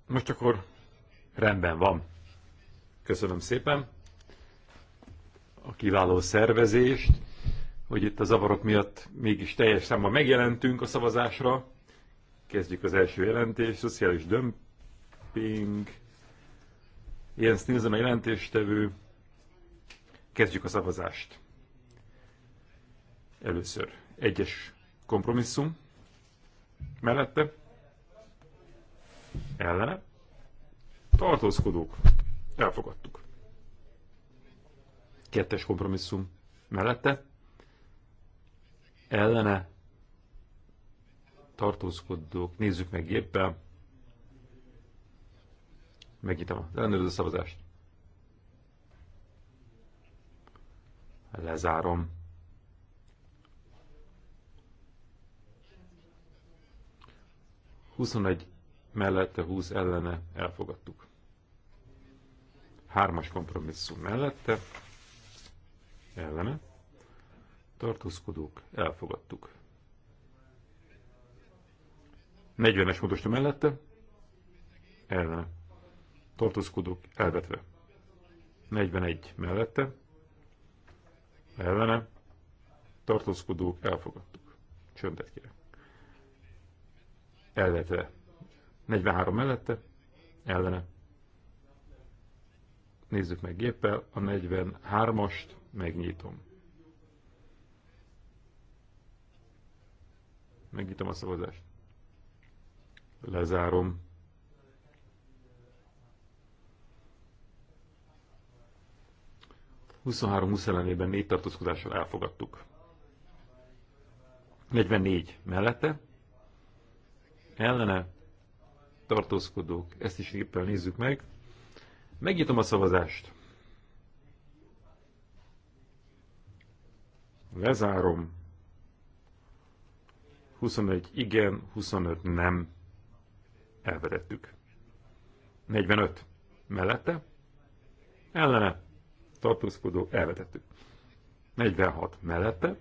Most akkor rendben van. Köszönöm szépen a kiváló szervezést, hogy itt a zavarok miatt mégis teljes számban megjelentünk a szavazásra. Kezdjük az első jelentést, szociális dömp shopping, Jens Stinsen a jelentéstevő. Kezdjük a szavazást. Először egyes kompromisszum mellette, ellene, tartózkodók, elfogadtuk. Kettes kompromisszum mellette, ellene, tartózkodók, nézzük meg éppen, Megnyitom a ellenőrző szavazást. Lezárom. Huszonegy mellette, 20 ellene elfogadtuk. Hármas kompromisszum mellette, ellene, tartózkodók, elfogadtuk. 40-es módosító mellette, ellene tartózkodók elvetve. 41 mellette, ellene, tartózkodók elfogadtuk. Csöndet kérek. Elvetve. 43 mellette, ellene. Nézzük meg géppel, a 43-ast megnyitom. Megnyitom a szavazást. Lezárom. 23-20 ellenében négy tartózkodással elfogadtuk. 44 mellette, ellene tartózkodók, ezt is éppen nézzük meg. Megnyitom a szavazást. Lezárom. 21 igen, 25 nem. Elvedettük. 45 mellette, ellene tartózkodó elvetettük. 46 mellette,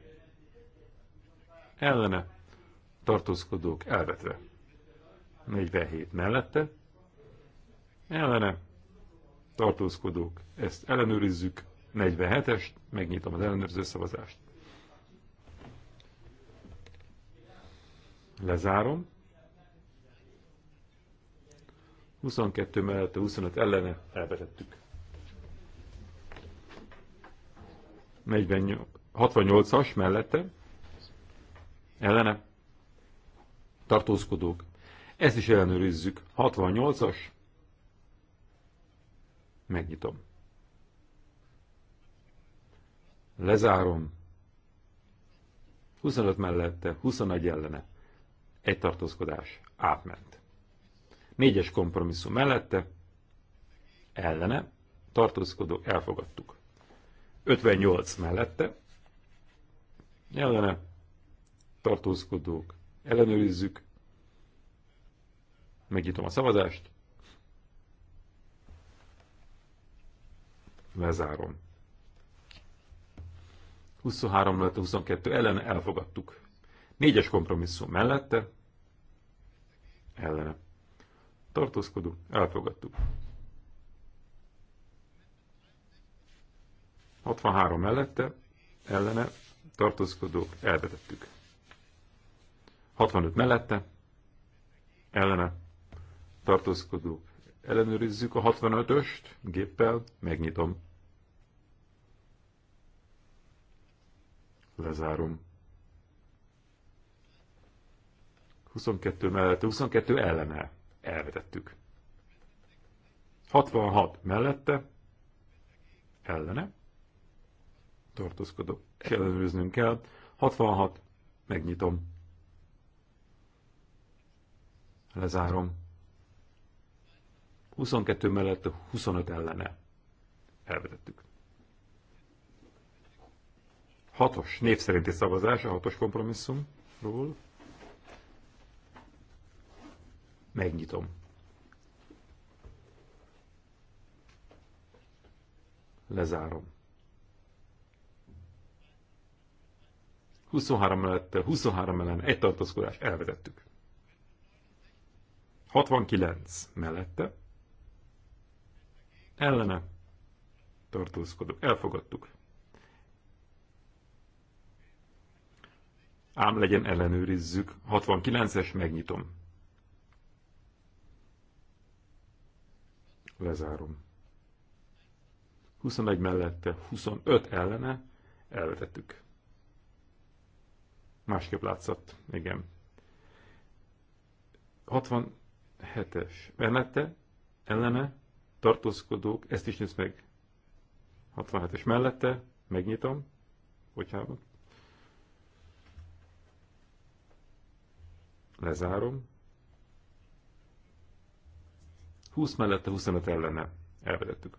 ellene tartózkodók elvetve. 47 mellette, ellene tartózkodók, ezt ellenőrizzük, 47-est, megnyitom az ellenőrző szavazást. Lezárom. 22 mellette, 25 ellene elvetettük. 68-as mellette ellene tartózkodók. Ezt is ellenőrizzük. 68-as. Megnyitom. Lezárom. 25 mellette, 21 ellene. Egy tartózkodás. Átment. 4-es kompromisszum mellette, ellene, tartózkodó, elfogadtuk. 58 mellette. Ellene tartózkodók. Ellenőrizzük. Megnyitom a szavazást. Lezárom. 23 mellette 22 ellen elfogadtuk. Négyes kompromisszum mellette ellene. Tartózkodó, elfogadtuk. 63 mellette, ellene, tartózkodók, elvetettük. 65 mellette, ellene, tartózkodók, ellenőrizzük a 65-öst géppel, megnyitom. Lezárom. 22 mellette, 22 ellene elvetettük. 66 mellette, ellene, tartózkodok, ellenőriznünk kell. 66, megnyitom. Lezárom. 22 mellett a 25 ellene. Elvetettük. 6-os név szerinti szavazás a 6-os kompromisszumról. Megnyitom. Lezárom. 23 mellette, 23 ellen, egy tartózkodás, elvetettük. 69 mellette, ellene tartózkodok, elfogadtuk. Ám legyen ellenőrizzük, 69-es, megnyitom. Lezárom. 21 mellette, 25 ellene, elvetettük. Másképp látszott, igen. 67-es. Mellette, ellene, tartózkodók, ezt is nézd meg. 67-es mellette, megnyitom, bocsánat. Lezárom. 20 mellette, 25 ellene elvedettük.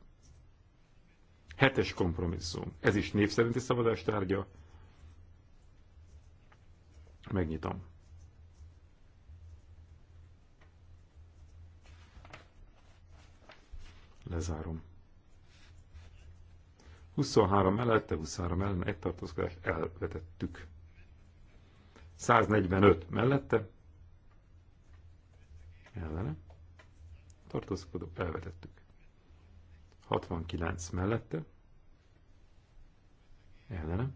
Hetes kompromisszum. Ez is név szerinti szavazás tárgya. Megnyitom. Lezárom. 23 mellette, 23 ellen, egy tartózkodás, elvetettük. 145 mellette, ellene, tartózkodó, elvetettük. 69 mellette, ellene,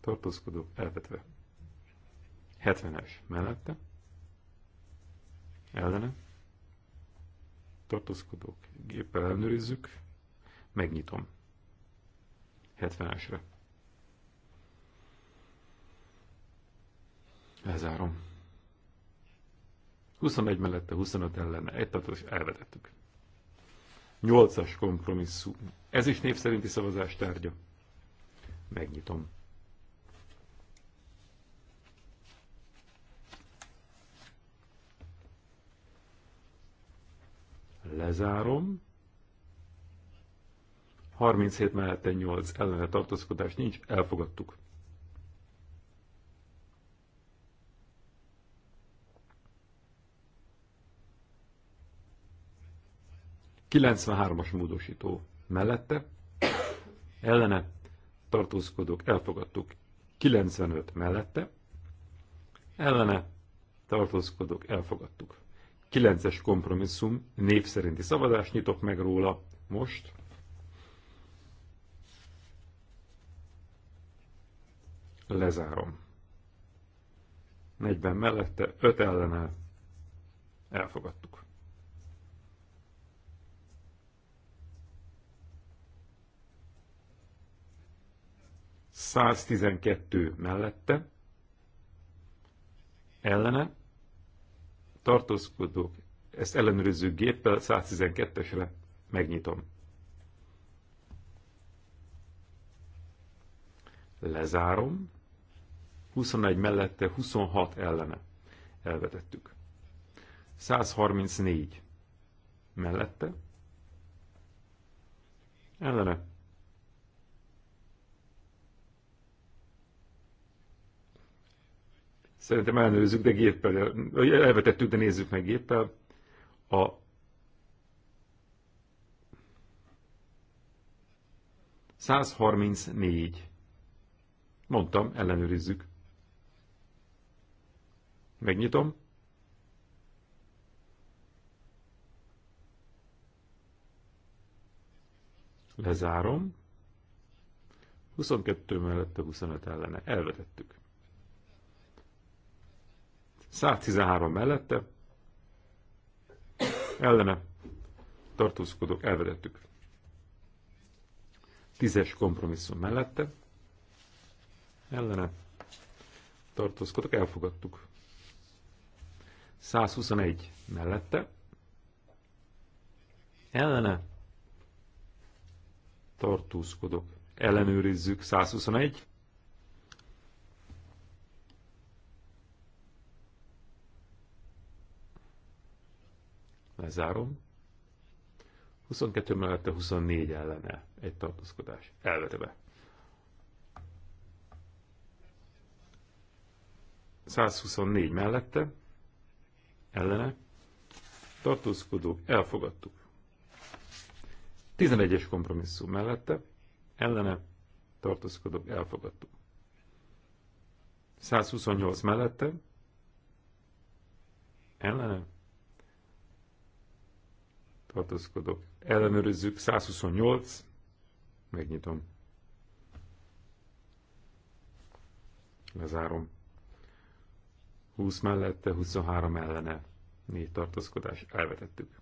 tartózkodó, elvetve. 70-es mellette, ellene, tartózkodók, géppel ellenőrizzük, megnyitom. 70-esre. Lezárom. 21 mellette, 25 ellen, egy tartós elvetettük. 8-as kompromisszum. Ez is név szerinti szavazás tárgya. Megnyitom. Lezárom. 37 mellette 8 ellene tartózkodás nincs, elfogadtuk. as módosító mellette, ellene tartózkodók elfogadtuk 95 mellette, ellene tartózkodók elfogadtuk. 9-es kompromisszum, név szerinti szavazást nyitok meg róla most. Lezárom. 40 mellette, 5 ellene elfogadtuk. Száztizenkettő mellette, ellene tartózkodók, ezt ellenőrző géppel 112-esre megnyitom. Lezárom. 21 mellette, 26 ellene. Elvetettük. 134 mellette. Ellene Szerintem ellenőrizzük, de géppel, elvetettük, de nézzük meg géppel. A 134. Mondtam, ellenőrizzük. Megnyitom. Lezárom. 22 mellette 25 ellene. Elvetettük. 113 mellette, ellene tartózkodók elvedettük. Tízes kompromisszum mellette, ellene tartózkodók elfogadtuk. 121 mellette, ellene tartózkodók ellenőrizzük 121 Lezárom. 22 mellette 24 ellene egy tartózkodás. Elvetve. 124 mellette ellene tartózkodók elfogadtuk. 11-es kompromisszum mellette ellene tartózkodók elfogadtuk. 128 mellette ellene tartózkodok. Ellenőrizzük, 128, megnyitom. Lezárom. 20 mellette, 23 ellene, 4 tartózkodás, elvetettük.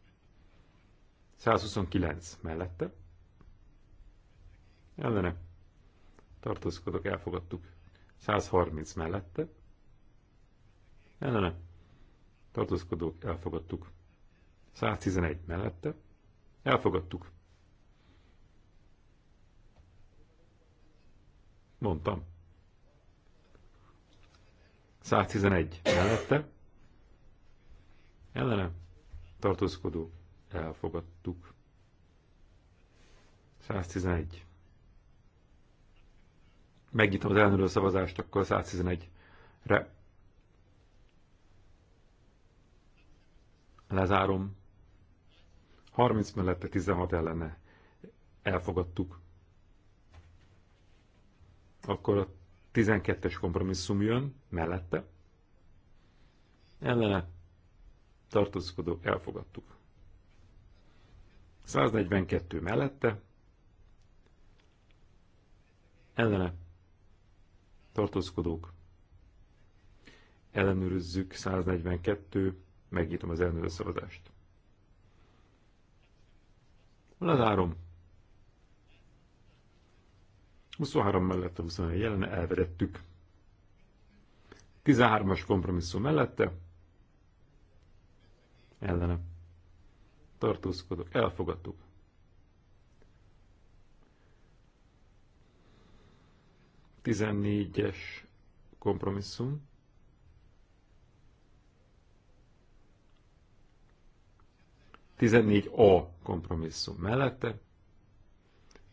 129 mellette, ellene, tartózkodok, elfogadtuk. 130 mellette, ellene, tartózkodók, elfogadtuk. 111 mellette. Elfogadtuk. Mondtam. 111 mellette. Ellene tartózkodó. Elfogadtuk. 111. Megnyitom az ellenőrző szavazást, akkor 111-re lezárom. 30 mellette 16 ellene elfogadtuk. Akkor a 12-es kompromisszum jön mellette. Ellene tartózkodó elfogadtuk. 142 mellette. Ellene tartózkodók. Ellenőrizzük 142, megnyitom az ellenőrző szavazást. Lezárom. 23 mellette, 21 jelene, elvedettük. 13-as kompromisszum mellette, ellene. Tartózkodok, elfogadtuk. Tizennégyes kompromisszum. 14a kompromisszum mellette,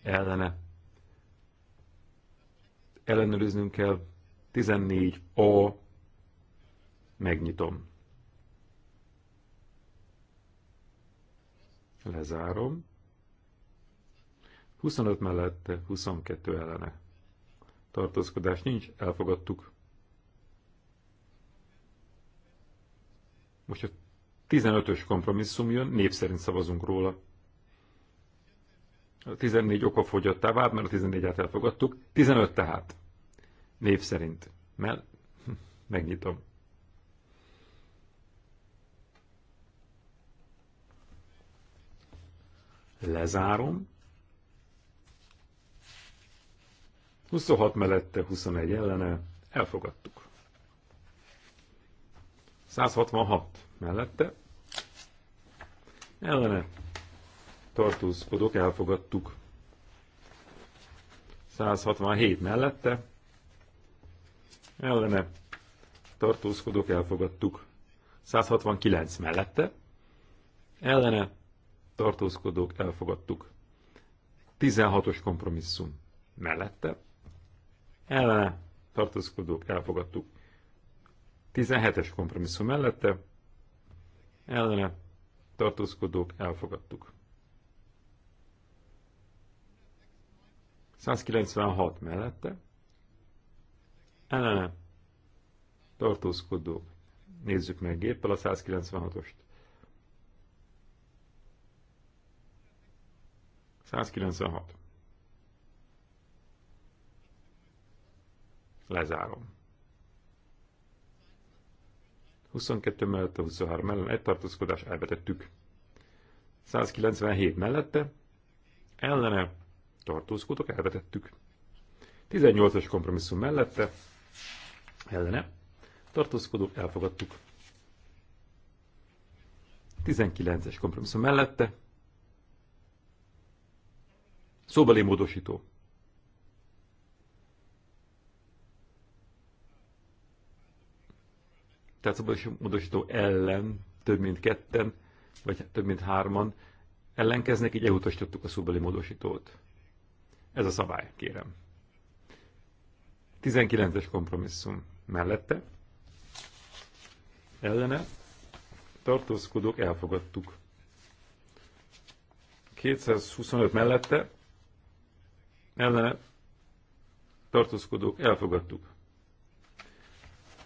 ellene. Ellenőriznünk kell 14a, megnyitom. Lezárom. 25 mellette, 22 ellene. Tartózkodás nincs, elfogadtuk. Most a 15-ös kompromisszum jön, név szerint szavazunk róla. A 14 fogyott tovább, mert a 14-et elfogadtuk. 15 tehát. Név szerint. Mert *laughs* megnyitom. Lezárom. 26 mellette, 21 ellene. Elfogadtuk. 166 mellette. Ellene tartózkodok, elfogadtuk. 167 mellette. Ellene tartózkodok, elfogadtuk. 169 mellette. Ellene tartózkodók, elfogadtuk. 16-os kompromisszum mellette. Ellene tartózkodók, elfogadtuk. 17-es kompromisszum mellette ellene tartózkodók elfogadtuk. 196 mellette ellene tartózkodók. Nézzük meg géppel a 196-ost. 196. Lezárom. 22 mellette, 23 ellen, egy tartózkodás, elvetettük. 197 mellette, ellene, tartózkodok, elvetettük. 18-as kompromisszum mellette, ellene, tartózkodók, elfogadtuk. 19-es kompromisszum mellette, szóbeli módosító tehát módosító ellen több mint ketten, vagy több mint hárman ellenkeznek, így elutasítottuk a szóbeli módosítót. Ez a szabály, kérem. 19-es kompromisszum mellette, ellene, tartózkodók elfogadtuk. 225 mellette, ellene, tartózkodók elfogadtuk.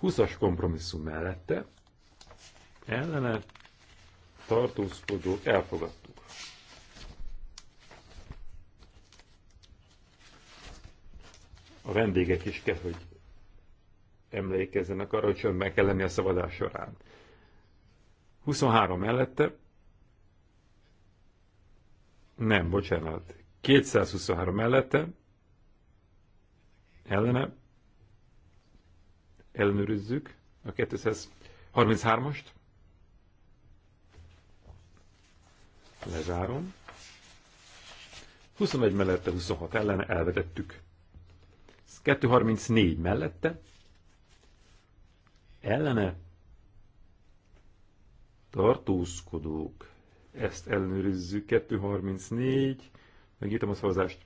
20-as kompromisszum mellette ellene tartózkodók elfogadtuk. A vendégek is kell, hogy emlékezzenek arra, hogy meg kell lenni a szavazás során. 23 mellette nem, bocsánat, 223 mellette ellene ellenőrizzük a 233-ast. Lezárom. 21 mellette, 26 ellen elvetettük. 234 mellette, ellene tartózkodók. Ezt ellenőrizzük. 234. Megnyitom a szavazást.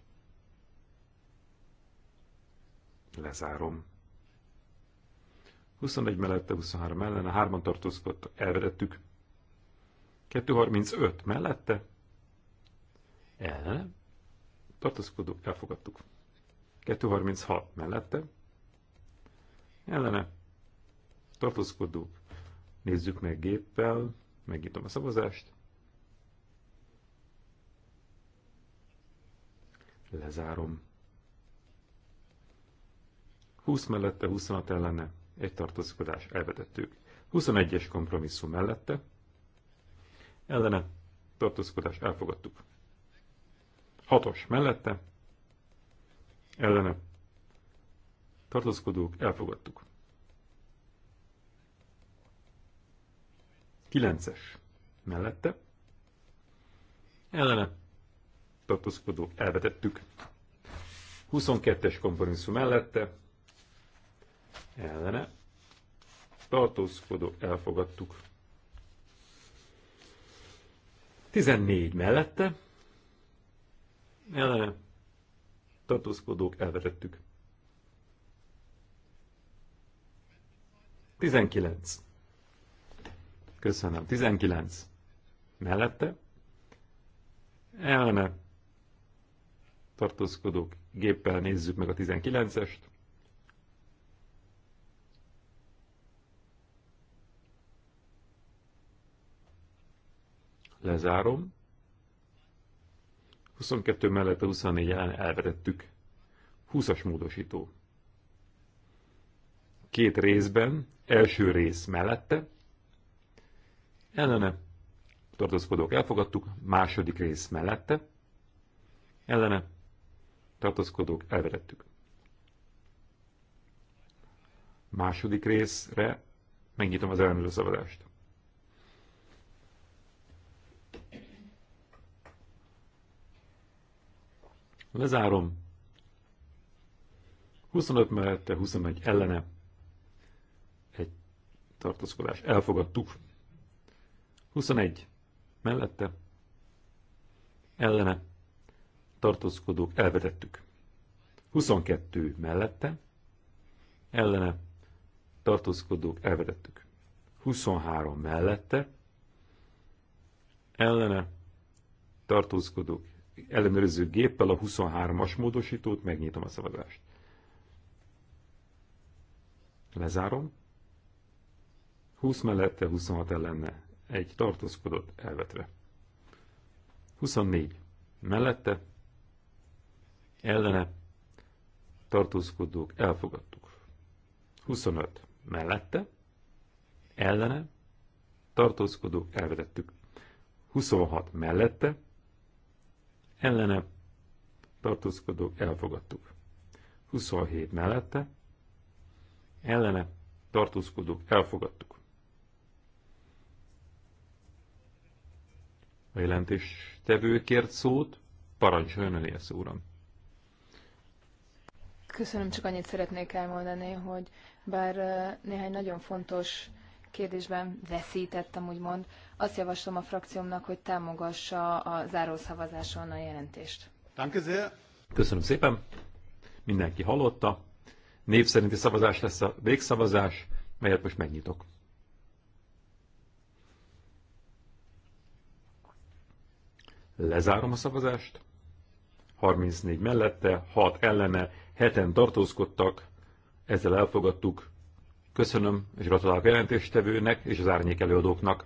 Lezárom. 21 mellette, 23 ellene, hárman an tartózkodtak, elvedettük. 235 mellette, ellene, tartózkodó, elfogadtuk. 236 mellette, ellene, tartózkodó, nézzük meg géppel, megnyitom a szavazást. Lezárom. 20 mellette, 26 ellene, egy tartózkodás, elvetettük. 21-es kompromisszum mellette, ellene tartózkodás, elfogadtuk. 6-os mellette, ellene tartózkodók, elfogadtuk. 9-es mellette, ellene tartózkodók, elvetettük. 22-es kompromisszum mellette, ellene tartózkodó elfogadtuk. 14 mellette ellene tartózkodók elvetettük. 19. Köszönöm. 19. Mellette ellene tartózkodók géppel nézzük meg a 19-est. Lezárom. 22 mellett a 24 ellen elvetettük. 20-as módosító. Két részben, első rész mellette, ellene tartózkodók elfogadtuk, második rész mellette, ellene tartózkodók elvetettük. Második részre megnyitom az ellenőrző szavazást. Lezárom. 25 mellette, 21 ellene. Egy tartózkodás. Elfogadtuk. 21 mellette, ellene tartózkodók elvetettük. 22 mellette, ellene tartózkodók elvetettük. 23 mellette, ellene tartózkodók ellenőrző géppel a 23-as módosítót, megnyitom a szavazást. Lezárom. 20 mellette, 26 ellenne. Egy tartózkodott elvetve. 24 mellette, ellene, tartózkodók elfogadtuk. 25 mellette, ellene, tartózkodók elvetettük. 26 mellette, ellene tartózkodók elfogadtuk. 27 mellette ellene tartózkodók elfogadtuk. A tevő kért szót, parancsoljon önél szó, uram. Köszönöm, csak annyit szeretnék elmondani, hogy bár eh, néhány nagyon fontos kérdésben veszítettem, úgymond, azt javaslom a frakciómnak, hogy támogassa a zárószavazáson a jelentést. Köszönöm szépen. Mindenki hallotta. Név szerinti szavazás lesz a végszavazás, melyet most megnyitok. Lezárom a szavazást. 34 mellette, 6 ellene, heten tartózkodtak, ezzel elfogadtuk Köszönöm, és gratulálok a jelentéstevőnek és az árnyék előadóknak.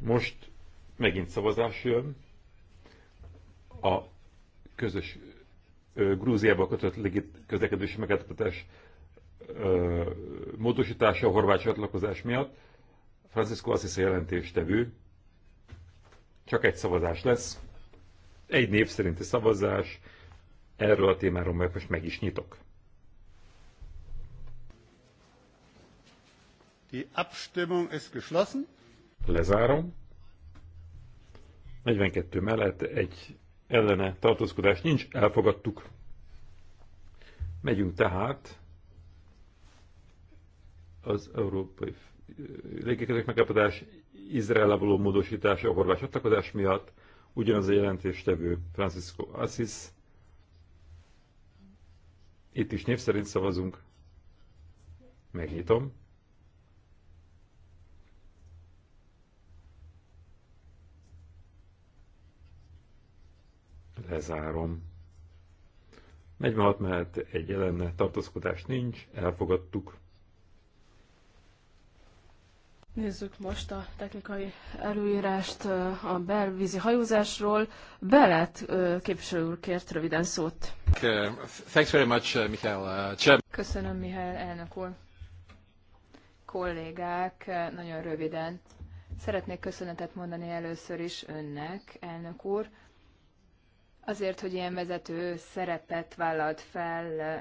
Most megint szavazás jön a közös Grúziába kötött közlekedési megállapodás módosítása a horvát csatlakozás miatt. Francisco Assisi jelentéstevő. Csak egy szavazás lesz. Egy név szerinti szavazás. Erről a témáról meg most meg is nyitok. Die Abstimmung ist geschlossen. Lezárom. 42 mellett egy ellene tartózkodás nincs, elfogadtuk. Megyünk tehát az európai eh, légikezők megállapodás Izrael való módosítása a horvás csatlakozás miatt, ugyanaz a jelentéstevő Francisco Assis. Itt is név szerint szavazunk. Megnyitom. lezárom. 46 mellett egy jelenne, tartózkodás nincs, elfogadtuk. Nézzük most a technikai előírást a belvízi hajózásról. Belet képviselő úr kért röviden szót. Thanks very much, Michael. Köszönöm, Mihály elnök úr. Kollégák, nagyon röviden. Szeretnék köszönetet mondani először is önnek, elnök úr, azért, hogy ilyen vezető szerepet vállalt fel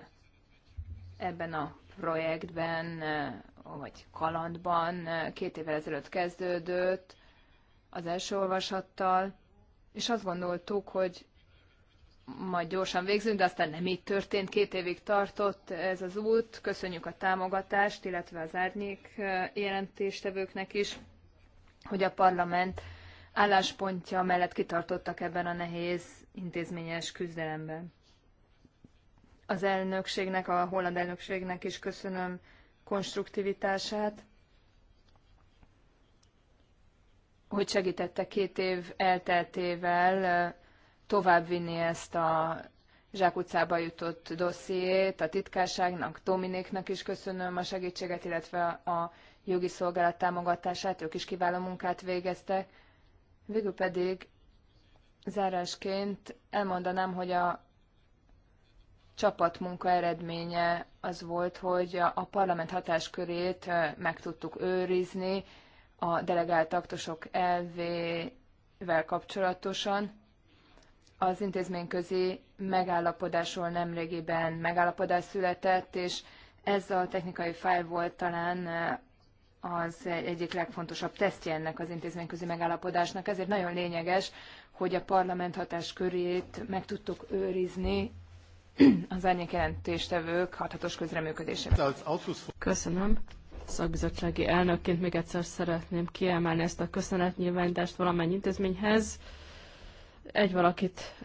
ebben a projektben, vagy kalandban, két évvel ezelőtt kezdődött az első olvasattal, és azt gondoltuk, hogy majd gyorsan végzünk, de aztán nem így történt, két évig tartott ez az út. Köszönjük a támogatást, illetve az árnyék jelentéstevőknek is, hogy a parlament álláspontja mellett kitartottak ebben a nehéz intézményes küzdelemben. Az elnökségnek, a holland elnökségnek is köszönöm konstruktivitását, hogy segítette két év elteltével továbbvinni ezt a zsákutcába jutott dossziét a titkárságnak, Dominiknak is köszönöm a segítséget, illetve a jogi szolgálat támogatását, ők is kiváló munkát végeztek. Végül pedig Zárásként elmondanám, hogy a csapatmunka eredménye az volt, hogy a parlament hatáskörét meg tudtuk őrizni a delegált aktusok elvével kapcsolatosan. Az intézményközi megállapodásról nemrégiben megállapodás született, és ez a technikai fáj volt talán az egyik legfontosabb tesztje ennek az intézményközi megállapodásnak, ezért nagyon lényeges, hogy a parlament hatáskörét meg tudtuk őrizni az jelentéstevők hathatós közreműködésével. Köszönöm. Szakbizottsági elnökként még egyszer szeretném kiemelni ezt a köszönetnyilvánítást valamennyi intézményhez. Egy valakit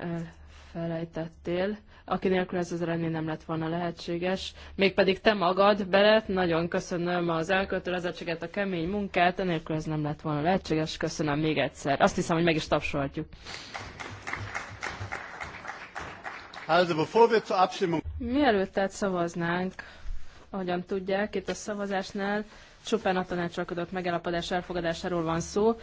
felejtettél aki nélkül ez az eredmény nem lett volna lehetséges. Mégpedig te magad, Belet, nagyon köszönöm az elkötelezettséget, a kemény munkát, enélkül ez nem lett volna lehetséges. Köszönöm még egyszer. Azt hiszem, hogy meg is tapsolhatjuk. Mielőtt tehát szavaznánk, ahogyan tudják, itt a szavazásnál csupán a tanácsalkodott megállapodás elfogadásáról van szó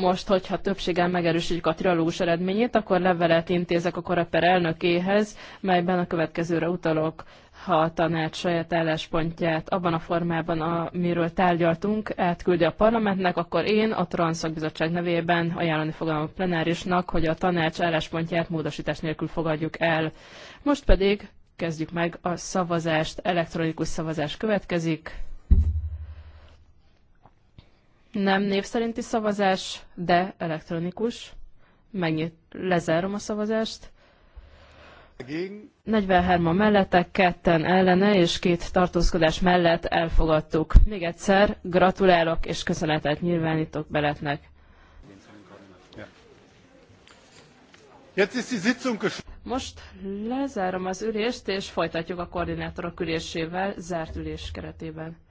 most, hogyha többséggel megerősítjük a trilógus eredményét, akkor levelet intézek a koraper elnökéhez, melyben a következőre utalok, ha a tanács saját álláspontját abban a formában, amiről tárgyaltunk, átküldi a parlamentnek, akkor én a Transzakbizottság nevében ajánlani fogom a plenárisnak, hogy a tanács álláspontját módosítás nélkül fogadjuk el. Most pedig kezdjük meg a szavazást, elektronikus szavazás következik. Nem név szerinti szavazás, de elektronikus. Megnyit, lezárom a szavazást. 43-a mellettek, ketten ellene és két tartózkodás mellett elfogadtuk. Még egyszer gratulálok és köszönetet nyilvánítok Beletnek. Most lezárom az ülést, és folytatjuk a koordinátorok ülésével, zárt ülés keretében.